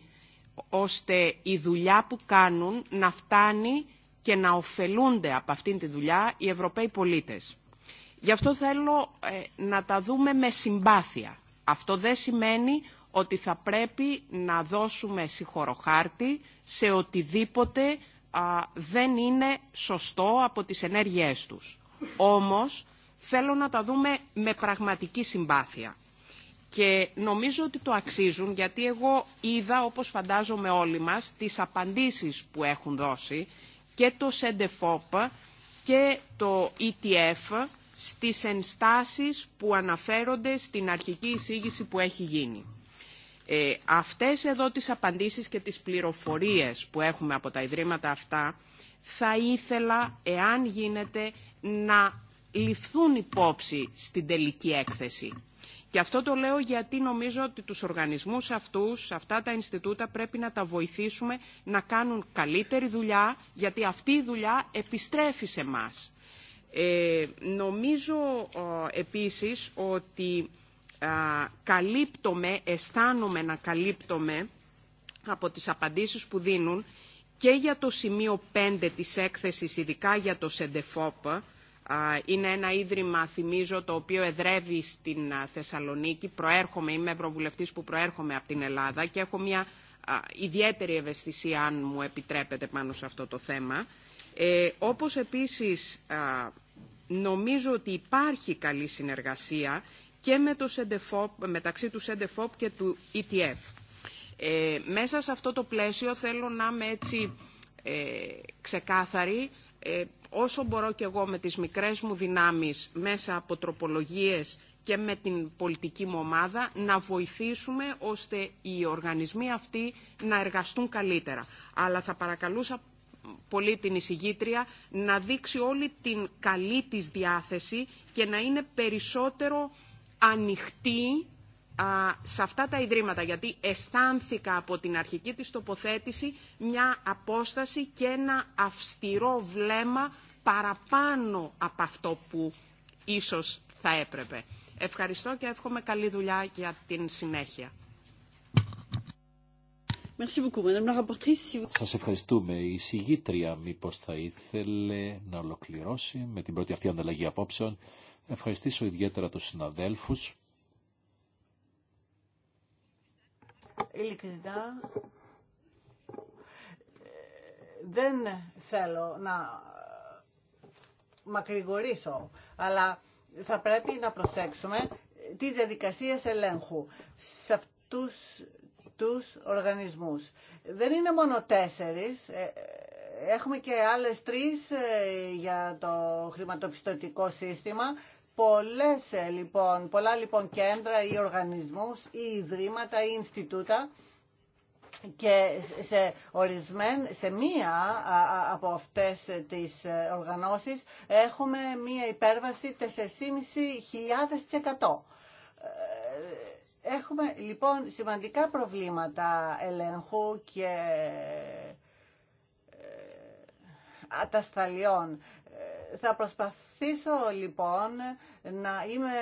Speaker 5: ώστε η δουλειά που κάνουν να φτάνει και να ωφελούνται από αυτήν τη δουλειά οι Ευρωπαίοι πολίτες. Γι' αυτό θέλω ε, να τα δούμε με συμπάθεια. Αυτό δεν σημαίνει ότι θα πρέπει να δώσουμε συγχωροχάρτη σε οτιδήποτε δεν είναι σωστό από τις ενέργειές τους. Όμως θέλω να τα δούμε με πραγματική συμπάθεια. Και νομίζω ότι το αξίζουν γιατί εγώ είδα, όπως φαντάζομαι όλοι μας, τις απαντήσεις που έχουν δώσει και το ΣΕΝΤΕΦΟΠ και το ETF στις ενστάσεις που αναφέρονται στην αρχική εισήγηση που έχει γίνει. Ε, αυτές εδώ τις απαντήσεις και τις πληροφορίες που έχουμε από τα ιδρύματα αυτά θα ήθελα, εάν γίνεται, να ληφθούν υπόψη στην τελική έκθεση. Και αυτό το λέω γιατί νομίζω ότι τους οργανισμούς αυτούς, αυτά τα Ινστιτούτα πρέπει να τα βοηθήσουμε να κάνουν καλύτερη δουλειά, γιατί αυτή η δουλειά επιστρέφει σε μας. Ε, νομίζω ε, επίσης ότι καλύπτομαι, αισθάνομαι να καλύπτομαι από τις απαντήσεις που δίνουν και για το σημείο 5 της έκθεσης, ειδικά για το ΣΕΝΤΕΦΟΠ, είναι ένα ίδρυμα, θυμίζω, το οποίο εδρεύει στην Θεσσαλονίκη. Προέρχομαι, είμαι ευρωβουλευτής που προέρχομαι από την Ελλάδα και έχω μια ιδιαίτερη ευαισθησία, αν μου επιτρέπετε, πάνω σε αυτό το θέμα. Ε, όπως επίσης νομίζω ότι υπάρχει καλή συνεργασία και με το μεταξύ του ΣΕΝΤΕΦΟΠ και του ETF. Ε, μέσα σε αυτό το πλαίσιο θέλω να είμαι έτσι ε, ξεκάθαρη ε, όσο μπορώ και εγώ με τις μικρές μου δυνάμεις μέσα από τροπολογίες και με την πολιτική μου ομάδα να βοηθήσουμε ώστε οι οργανισμοί αυτοί να εργαστούν καλύτερα. Αλλά θα παρακαλούσα πολύ την εισηγήτρια να δείξει όλη την καλή της διάθεση και να είναι περισσότερο ανοιχτή σε αυτά τα ιδρύματα, γιατί αισθάνθηκα από την αρχική της τοποθέτηση μια απόσταση και ένα αυστηρό βλέμμα παραπάνω από αυτό που ίσως θα έπρεπε. Ευχαριστώ και εύχομαι καλή δουλειά για την συνέχεια.
Speaker 1: Σα
Speaker 2: ευχαριστούμε. Η συγγήτρια μήπω θα ήθελε να ολοκληρώσει με την πρώτη αυτή ανταλλαγή απόψεων ευχαριστήσω ιδιαίτερα τους συναδέλφους.
Speaker 1: Ειλικρινά, δεν θέλω να μακρηγορήσω, αλλά θα πρέπει να προσέξουμε τις διαδικασίες ελέγχου σε αυτού τους οργανισμούς. Δεν είναι μόνο τέσσερι. Ε, έχουμε και άλλες τρεις ε, για το χρηματοπιστωτικό σύστημα πολλές, ε, λοιπόν, πολλά λοιπόν κέντρα ή οργανισμούς ή ιδρύματα ή Ινστιτούτα και σε, ορισμέν, σε μία από αυτές τις ε, οργανώσεις έχουμε μία υπέρβαση 4.500%. Ε, έχουμε λοιπόν σημαντικά προβλήματα ελέγχου και ατασταλιών. Θα προσπαθήσω λοιπόν να είμαι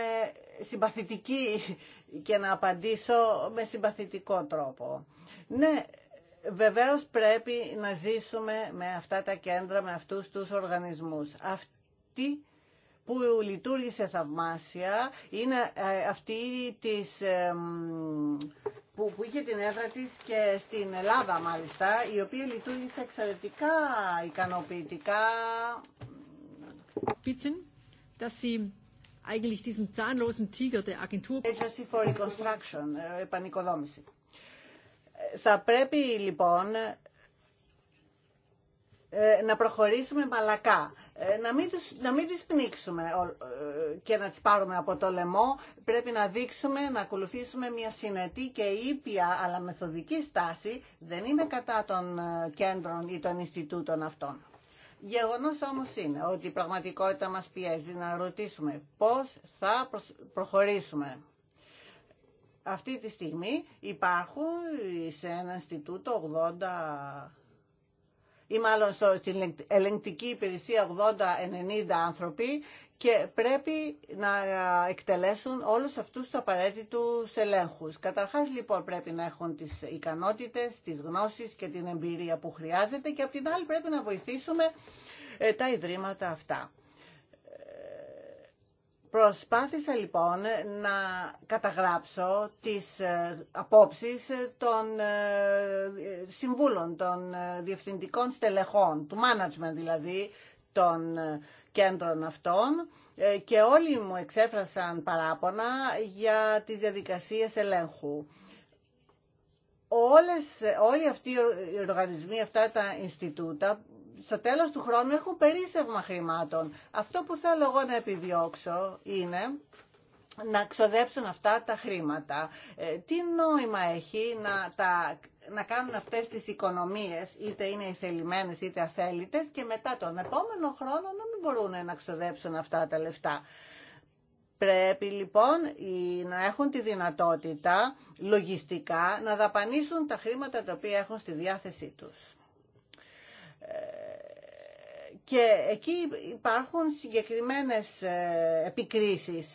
Speaker 1: συμπαθητική και να απαντήσω με συμπαθητικό τρόπο. Ναι, βεβαίως πρέπει να ζήσουμε με αυτά τα κέντρα, με αυτούς τους οργανισμούς. Αυτή που λειτουργήσε θαυμάσια είναι ε, αυτή της, που, που είχε την έδρα της και στην Ελλάδα μάλιστα, η οποία λειτουργήσε εξαιρετικά ικανοποιητικά bitten, Θα πρέπει λοιπόν ε, να προχωρήσουμε μαλακά, ε, να μην, τους, να μην τις πνίξουμε ε, και να τις πάρουμε από το λαιμό. Πρέπει να δείξουμε, να ακολουθήσουμε μια συνετή και ήπια αλλά μεθοδική στάση. Δεν είμαι κατά των κέντρων ή των Ινστιτούτων αυτών. Γεγονός όμως είναι ότι η πραγματικότητα μας πιέζει να ρωτήσουμε πώς θα προχωρήσουμε. Αυτή τη στιγμή υπάρχουν σε ένα Ινστιτούτο 80 ή μάλλον στην ελεγκτική υπηρεσία 80-90 άνθρωποι και πρέπει να εκτελέσουν όλους αυτούς τους απαραίτητους ελέγχους. Καταρχάς λοιπόν πρέπει να έχουν τις ικανότητες, τις γνώσεις και την εμπειρία που χρειάζεται και απ' την άλλη πρέπει να βοηθήσουμε ε, τα ιδρύματα αυτά. Ε, προσπάθησα λοιπόν να καταγράψω τις ε, απόψεις των συμβούλων, των διευθυντικών στελεχών, του management δηλαδή, των κέντρων αυτών ε, και όλοι μου εξέφρασαν παράπονα για τις διαδικασίες ελέγχου. Όλες, όλοι αυτοί οι οργανισμοί, αυτά τα Ινστιτούτα, στο τέλος του χρόνου έχουν περίσευμα χρημάτων. Αυτό που θέλω εγώ να επιδιώξω είναι να ξοδέψουν αυτά τα χρήματα. Ε, τι νόημα έχει να τα να κάνουν αυτές τις οικονομίες, είτε είναι ηθελημένες είτε αθέλητες και μετά τον επόμενο χρόνο να μην μπορούν να ξοδέψουν αυτά τα λεφτά. Πρέπει λοιπόν να έχουν τη δυνατότητα λογιστικά να δαπανίσουν τα χρήματα τα οποία έχουν στη διάθεσή τους. Ε, και εκεί υπάρχουν συγκεκριμένες ε, επικρίσεις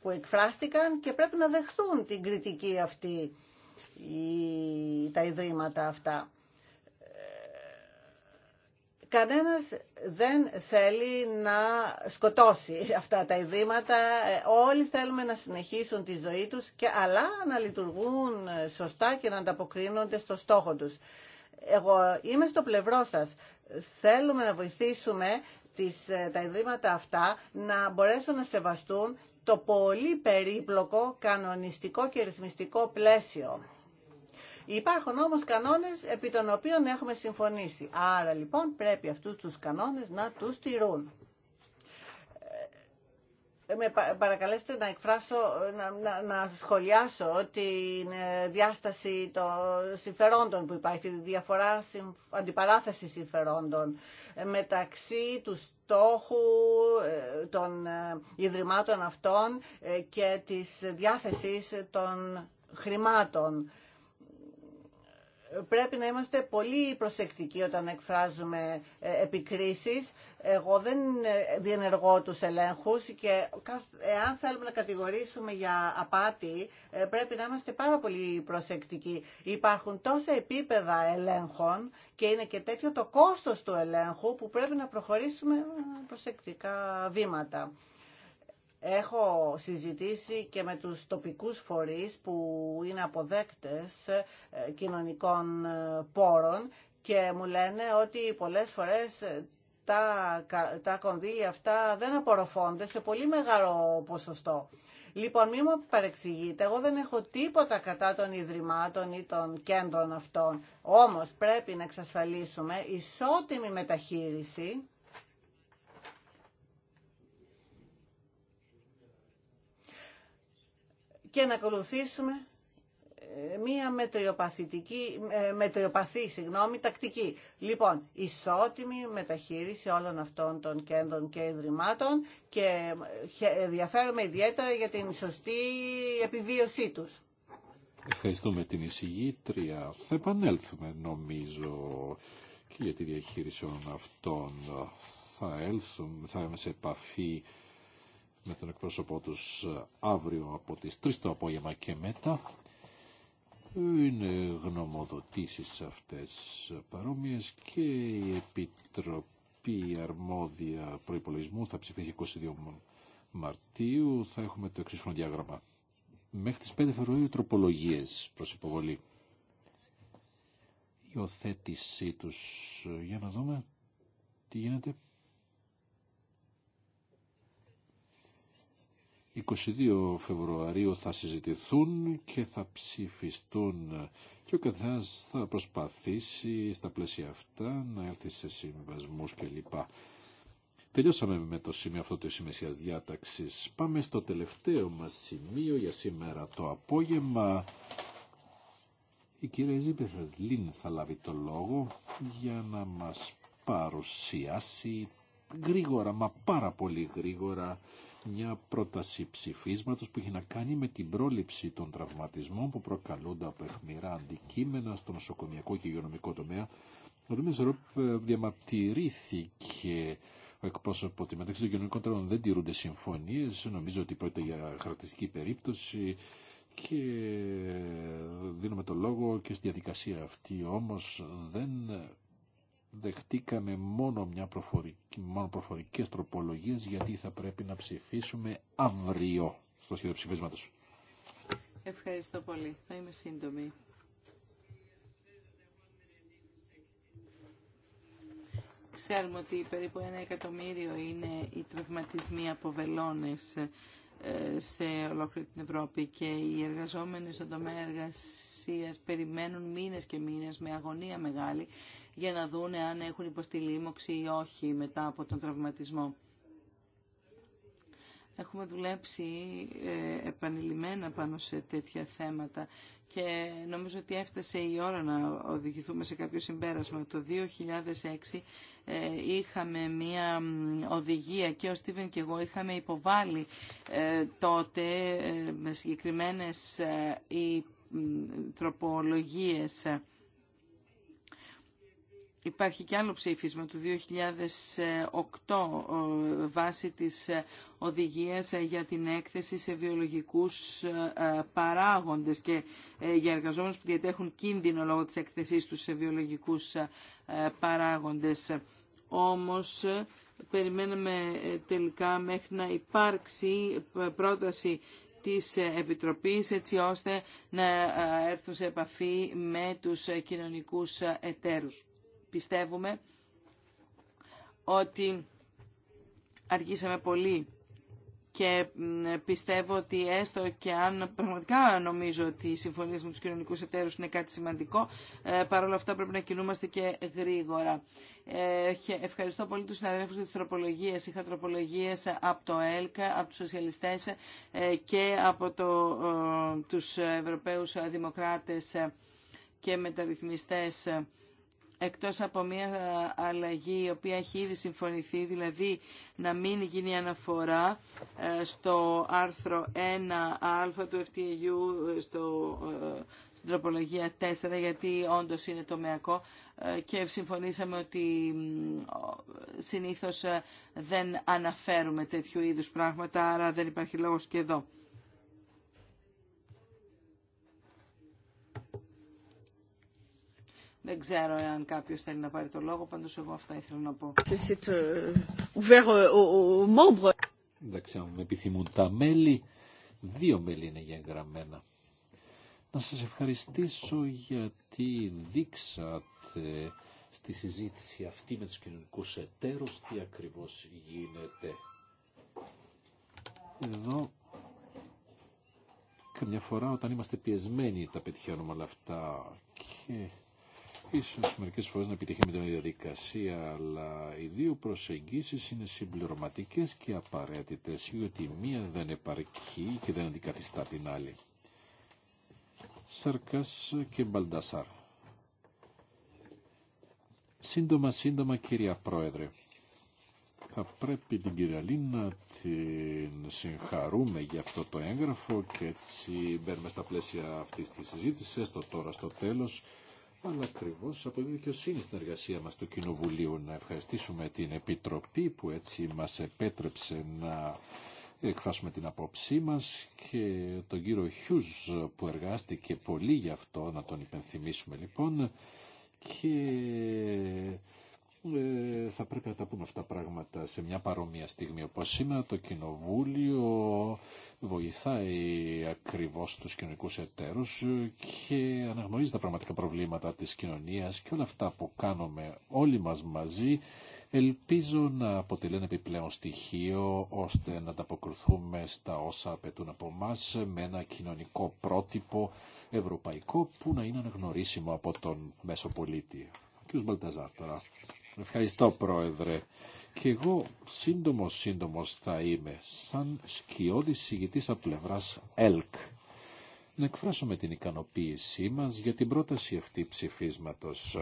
Speaker 1: που εκφράστηκαν και πρέπει να δεχθούν την κριτική αυτή τα ιδρύματα αυτά. Κανένας δεν θέλει να σκοτώσει αυτά τα ιδρύματα. Όλοι θέλουμε να συνεχίσουν τη ζωή τους, και, αλλά να λειτουργούν σωστά και να ανταποκρίνονται στο στόχο τους. Εγώ είμαι στο πλευρό σας. Θέλουμε να βοηθήσουμε τις, ε, τα ιδρύματα αυτά να μπορέσουν να σεβαστούν το πολύ περίπλοκο κανονιστικό και ρυθμιστικό πλαίσιο Υπάρχουν όμως κανόνες επί των οποίων έχουμε συμφωνήσει. Άρα λοιπόν πρέπει αυτούς τους κανόνες να τους τηρούν. Ε, με παρακαλέστε να εκφράσω, να, να, να σχολιάσω την ε, διάσταση των συμφερόντων που υπάρχει, τη διαφορά αντιπαράθεση συμφερόντων ε, μεταξύ του στόχου των ιδρυμάτων αυτών και της διάθεσης των χρημάτων πρέπει να είμαστε πολύ προσεκτικοί όταν εκφράζουμε ε, επικρίσεις. Εγώ δεν ε, διενεργώ τους ελέγχους και αν θέλουμε να κατηγορήσουμε για απάτη, ε, πρέπει να είμαστε πάρα πολύ προσεκτικοί. Υπάρχουν τόσα επίπεδα ελέγχων και είναι και τέτοιο το κόστος του ελέγχου που πρέπει να προχωρήσουμε προσεκτικά βήματα. Έχω συζητήσει και με τους τοπικούς φορείς που είναι αποδέκτες ε, κοινωνικών ε, πόρων και μου λένε ότι πολλές φορές ε, τα, τα κονδύλια αυτά δεν απορροφώνται σε πολύ μεγάλο ποσοστό. Λοιπόν, μη μου παρεξηγείτε, εγώ δεν έχω τίποτα κατά των ιδρυμάτων ή των κέντρων αυτών. Όμως πρέπει να εξασφαλίσουμε ισότιμη μεταχείριση και να ακολουθήσουμε ε, μία μετριοπαθητική, ε, μετριοπαθή συγγνώμη, τακτική. Λοιπόν, ισότιμη μεταχείριση όλων αυτών των κέντρων και ιδρυμάτων και ε, ενδιαφέρομαι ιδιαίτερα για την σωστή επιβίωσή τους.
Speaker 2: Ευχαριστούμε την εισηγήτρια. Θα επανέλθουμε νομίζω και για τη διαχείριση όλων αυτών. Θα έλθουμε, θα είμαστε σε επαφή με τον εκπρόσωπό τους ε, αύριο από τις 3 το απόγευμα και μετά. Είναι γνωμοδοτήσεις αυτές ε, παρόμοιες και η Επιτροπή Αρμόδια Προϋπολογισμού θα ψηφίσει 22 Μαρτίου. Θα έχουμε το εξής διάγραμμα. Μέχρι τις 5 Φεβρουαρίου τροπολογίες προς υποβολή. Υιοθέτησή τους. Ε, για να δούμε τι γίνεται. 22 Φεβρουαρίου θα συζητηθούν και θα ψηφιστούν και ο καθένας θα προσπαθήσει στα πλαίσια αυτά να έρθει σε συμβασμούς κλπ. Τελειώσαμε με το σημείο αυτό της ημεσίας διάταξης. Πάμε στο τελευταίο μας σημείο για σήμερα το απόγευμα. Η κυρία Λίν θα λάβει το λόγο για να μας παρουσιάσει γρήγορα, μα πάρα πολύ γρήγορα, μια πρόταση ψηφίσματος που έχει να κάνει με την πρόληψη των τραυματισμών που προκαλούνται από αιχμηρά αντικείμενα στο νοσοκομιακό και υγειονομικό τομέα. Ο Δήμος Ροπ ε, διαμαρτυρήθηκε ο εκπρόσωπο ότι μεταξύ των κοινωνικών τρόπων δεν τηρούνται συμφωνίες, Νομίζω ότι πρόκειται για χαρακτηριστική περίπτωση και δίνουμε το λόγο και στη διαδικασία αυτή όμως δεν δεχτήκαμε μόνο μια προφορική, μόνο προφορικές τροπολογίες γιατί θα πρέπει να ψηφίσουμε αύριο στο σχέδιο ψηφίσματος.
Speaker 3: Ευχαριστώ πολύ. Θα είμαι σύντομη. Ξέρουμε ότι περίπου ένα εκατομμύριο είναι οι τραυματισμοί από βελόνες ε, σε ολόκληρη την Ευρώπη και οι εργαζόμενοι στον τομέα εργασίας περιμένουν μήνες και μήνες με αγωνία μεγάλη για να δούνε αν έχουν υποστεί λίμωξη ή όχι μετά από τον τραυματισμό. Έχουμε δουλέψει ε, επανειλημμένα πάνω η ώρα να οδηγηθούμε σε κάποιο συμπέρασμα. Το 2006 ε, είχαμε μία οδηγία και ο Στίβεν και εγώ είχαμε υποβάλει ε, τότε με συγκεκριμένες τροπολογίες Υπάρχει και άλλο ψήφισμα του 2008 βάσει της ε, οδηγίας ε, για την έκθεση σε βιολογικούς ε, παράγοντες και για εργαζόμενους που διατέχουν κίνδυνο λόγω της έκθεσής τους σε βιολογικούς παράγοντες. Όμως περιμένουμε τελικά μέχρι να υπάρξει πρόταση της Επιτροπής έτσι ώστε να έρθουν σε επαφή με τους κοινωνικούς εταίρους πιστεύουμε ότι αργήσαμε πολύ και πιστεύω ότι έστω και αν πραγματικά νομίζω ότι οι συμφωνίε με τους κοινωνικούς εταίρους είναι κάτι σημαντικό, ε, παρόλα αυτά πρέπει να κινούμαστε και γρήγορα. Ε, ευχαριστώ πολύ τους συναδέλφους της τις τροπολογίες. Είχα τροπολογίες από το ΕΛΚΑ, από τους σοσιαλιστές ε, και από το, τους Ευρωπαίους Δημοκράτες και μεταρρυθμιστές εκτός από μια αλλαγή η οποία έχει ήδη συμφωνηθεί, δηλαδή να μην γίνει αναφορά ε, στο άρθρο 1α του FTAU ε, στο, ε, στην τροπολογία 4, γιατί όντως είναι το τομεακό και συμφωνήσαμε ότι συνήθως δεν αναφέρουμε τέτοιου είδους πράγματα, άρα δεν υπάρχει λόγος και εδώ. Δεν ξέρω εάν κάποιο θέλει να πάρει το λόγο, πάντω εγώ αυτά ήθελα να πω. Δεν
Speaker 2: euh, ξέρω αν επιθυμούν τα μέλη. Δύο μέλη είναι για γραμμένα. Να σας ευχαριστήσω γιατί δείξατε στη συζήτηση αυτή με τους κοινωνικού εταίρους τι ακριβώς γίνεται. Εδώ καμιά φορά όταν είμαστε πιεσμένοι τα πετυχαίνουμε όλα αυτά και Ίσως μερικές φορές να επιτυχεί με την διαδικασία, αλλά οι δύο προσεγγίσεις είναι συμπληρωματικές και απαραίτητες, διότι μία δεν επαρκεί και δεν αντικαθιστά την άλλη. Σαρκάς και Μπαλντασάρ. Σύντομα, σύντομα, κυρία Πρόεδρε. Θα πρέπει την κυρία Λίνα να την συγχαρούμε για αυτό το έγγραφο και έτσι μπαίνουμε στα πλαίσια αυτής της συζήτησης, έστω τώρα στο τέλος αλλά ακριβώ αποδίδει δικαιοσύνη στην εργασία μας του Κοινοβουλίου. Να ευχαριστήσουμε την Επιτροπή που έτσι μας επέτρεψε να εκφράσουμε την απόψή μας και τον κύριο Χιούς που εργάστηκε πολύ γι' αυτό, να τον υπενθυμίσουμε λοιπόν και ε, θα πρέπει να τα πούμε αυτά πράγματα σε μια παρόμοια στιγμή. Όπως σήμερα το Κοινοβούλιο βοηθάει ακριβώς τους κοινωνικούς εταίρους και αναγνωρίζει τα πραγματικά προβλήματα της κοινωνίας και όλα αυτά που κάνουμε όλοι μας μαζί ελπίζω να αποτελούν επιπλέον στοιχείο ώστε να ανταποκριθούμε στα όσα απαιτούν από εμά με ένα κοινωνικό πρότυπο ευρωπαϊκό που να είναι αναγνωρίσιμο από τον μέσο πολίτη. Κύριος Μπαλταζάρ Ευχαριστώ Πρόεδρε. Και εγώ σύντομος σύντομο θα είμαι, σαν σκιώδη συγητής από ΕΛΚ. Να εκφράσουμε την ικανοποίησή μας για την πρόταση αυτή ψηφίσματος.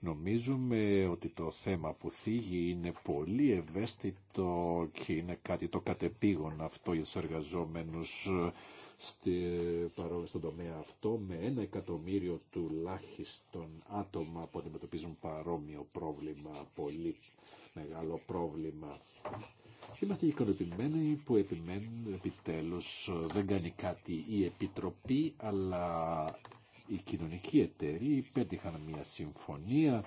Speaker 2: Νομίζουμε ότι το θέμα που θίγει είναι πολύ ευαίσθητο και είναι κάτι το κατεπήγον αυτό για τους εργαζόμενους στη, παρόλο στον τομέα αυτό με ένα εκατομμύριο τουλάχιστον άτομα που αντιμετωπίζουν παρόμοιο πρόβλημα, πολύ μεγάλο πρόβλημα. Είμαστε ικανοποιημένοι που επιμένουν επιτέλους δεν κάνει κάτι η Επιτροπή αλλά οι κοινωνικοί εταίροι πέτυχαν μια συμφωνία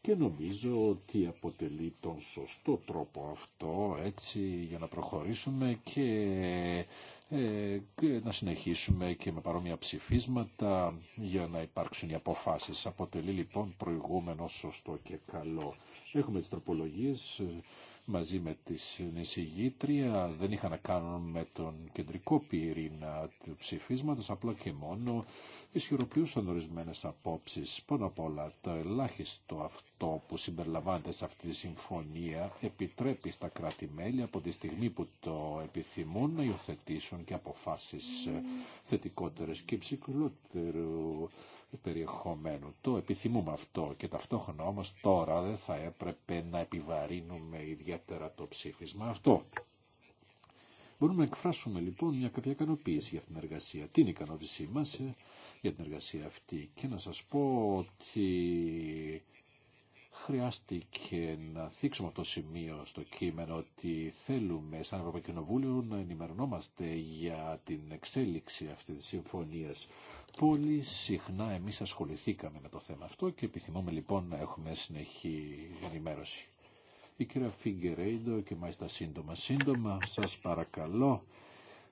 Speaker 2: και νομίζω ότι αποτελεί τον σωστό τρόπο αυτό έτσι για να προχωρήσουμε και ε, και να συνεχίσουμε και με παρόμοια ψηφίσματα για να υπάρξουν οι αποφάσεις. Αποτελεί λοιπόν προηγούμενο σωστό και καλό. Έχουμε τι μαζί με τις συνεισυγήτρια δεν είχαν να κάνουν με τον κεντρικό πυρήνα του ψηφίσματος, απλά και μόνο ισχυροποιούσαν ορισμένες απόψεις. Πάνω απ' όλα το ελάχιστο αυτό που συμπεριλαμβάνεται σε αυτή τη συμφωνία επιτρέπει στα κράτη-μέλη από τη στιγμή που το επιθυμούν να υιοθετήσουν και αποφάσεις mm. θετικότερες και ψυχολότερου περιεχομένου. Το επιθυμούμε αυτό και ταυτόχρονα όμως τώρα δεν θα έπρεπε να επιβαρύνουμε ιδιαίτερα το ψήφισμα αυτό. Μπορούμε να εκφράσουμε λοιπόν μια κάποια ικανοποίηση για την εργασία. Την ικανοποίησή μας ε, για την εργασία αυτή και να σας πω ότι χρειάστηκε να θίξουμε αυτό το σημείο στο κείμενο ότι θέλουμε σαν Ευρωπαϊκό Κοινοβούλιο να ενημερωνόμαστε για την εξέλιξη αυτής της συμφωνίας. Πολύ συχνά εμείς ασχοληθήκαμε με το θέμα αυτό και επιθυμούμε λοιπόν να έχουμε συνεχή ενημέρωση. Η κυρία Φιγκερέιντο και μάλιστα σύντομα σύντομα σας παρακαλώ.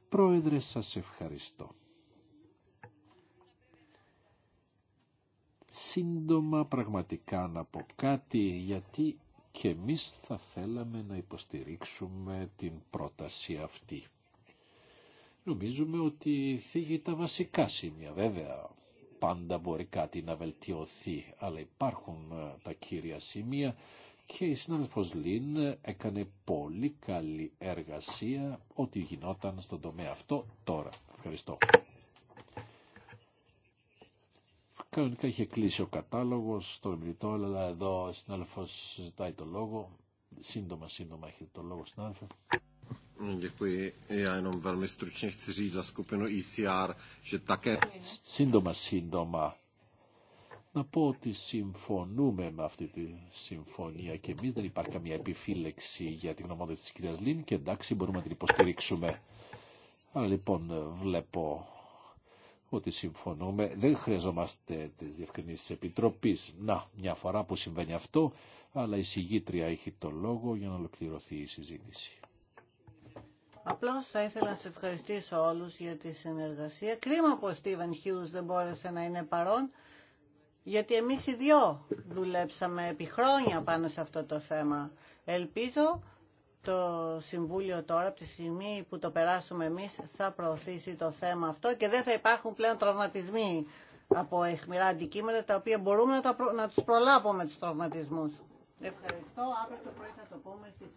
Speaker 2: Πρόεδρε σας ευχαριστώ. Σύντομα πραγματικά να πω κάτι γιατί και εμείς θα θέλαμε να υποστηρίξουμε την πρόταση αυτή. Νομίζουμε ότι θίγει τα βασικά σημεία. Βέβαια, πάντα μπορεί κάτι να βελτιωθεί, αλλά υπάρχουν ε, τα κύρια σημεία και η συνάδελφος Λίν έκανε πολύ καλή εργασία ό,τι γινόταν στον τομέα αυτό τώρα. Ευχαριστώ. Κανονικά είχε κλείσει ο κατάλογος στον μιλητό, αλλά εδώ ο συνάδελφος ζητάει το λόγο. Σύντομα, σύντομα έχει το λόγο συνάδελφε. Σύντομα, σύντομα. Να πω ότι συμφωνούμε με αυτή τη συμφωνία και εμείς δεν υπάρχει καμία επιφύλεξη για την γνωμότητα της κυρίας Λίν και εντάξει μπορούμε να την υποστηρίξουμε. Αλλά λοιπόν βλέπω ότι συμφωνούμε, δεν χρειαζόμαστε τις διευκρινήσεις της Επιτροπής. Να, μια φορά που συμβαίνει αυτό, αλλά η συγγήτρια έχει το λόγο για να ολοκληρωθεί η συζήτηση.
Speaker 1: Απλώς θα ήθελα να σε ευχαριστήσω όλους για τη συνεργασία. Κρίμα που ο Στίβεν Χιούς δεν μπόρεσε να είναι παρόν, γιατί εμείς οι δυο δουλέψαμε επί χρόνια πάνω σε αυτό το θέμα. Ελπίζω το Συμβούλιο τώρα, από τη στιγμή που το περάσουμε εμείς, θα προωθήσει το θέμα αυτό και δεν θα υπάρχουν πλέον τραυματισμοί από αιχμηρά αντικείμενα, τα οποία μπορούμε να, τα να τους προλάβουμε τους τραυματισμούς. Ευχαριστώ. Αύριο το πρωί θα το πούμε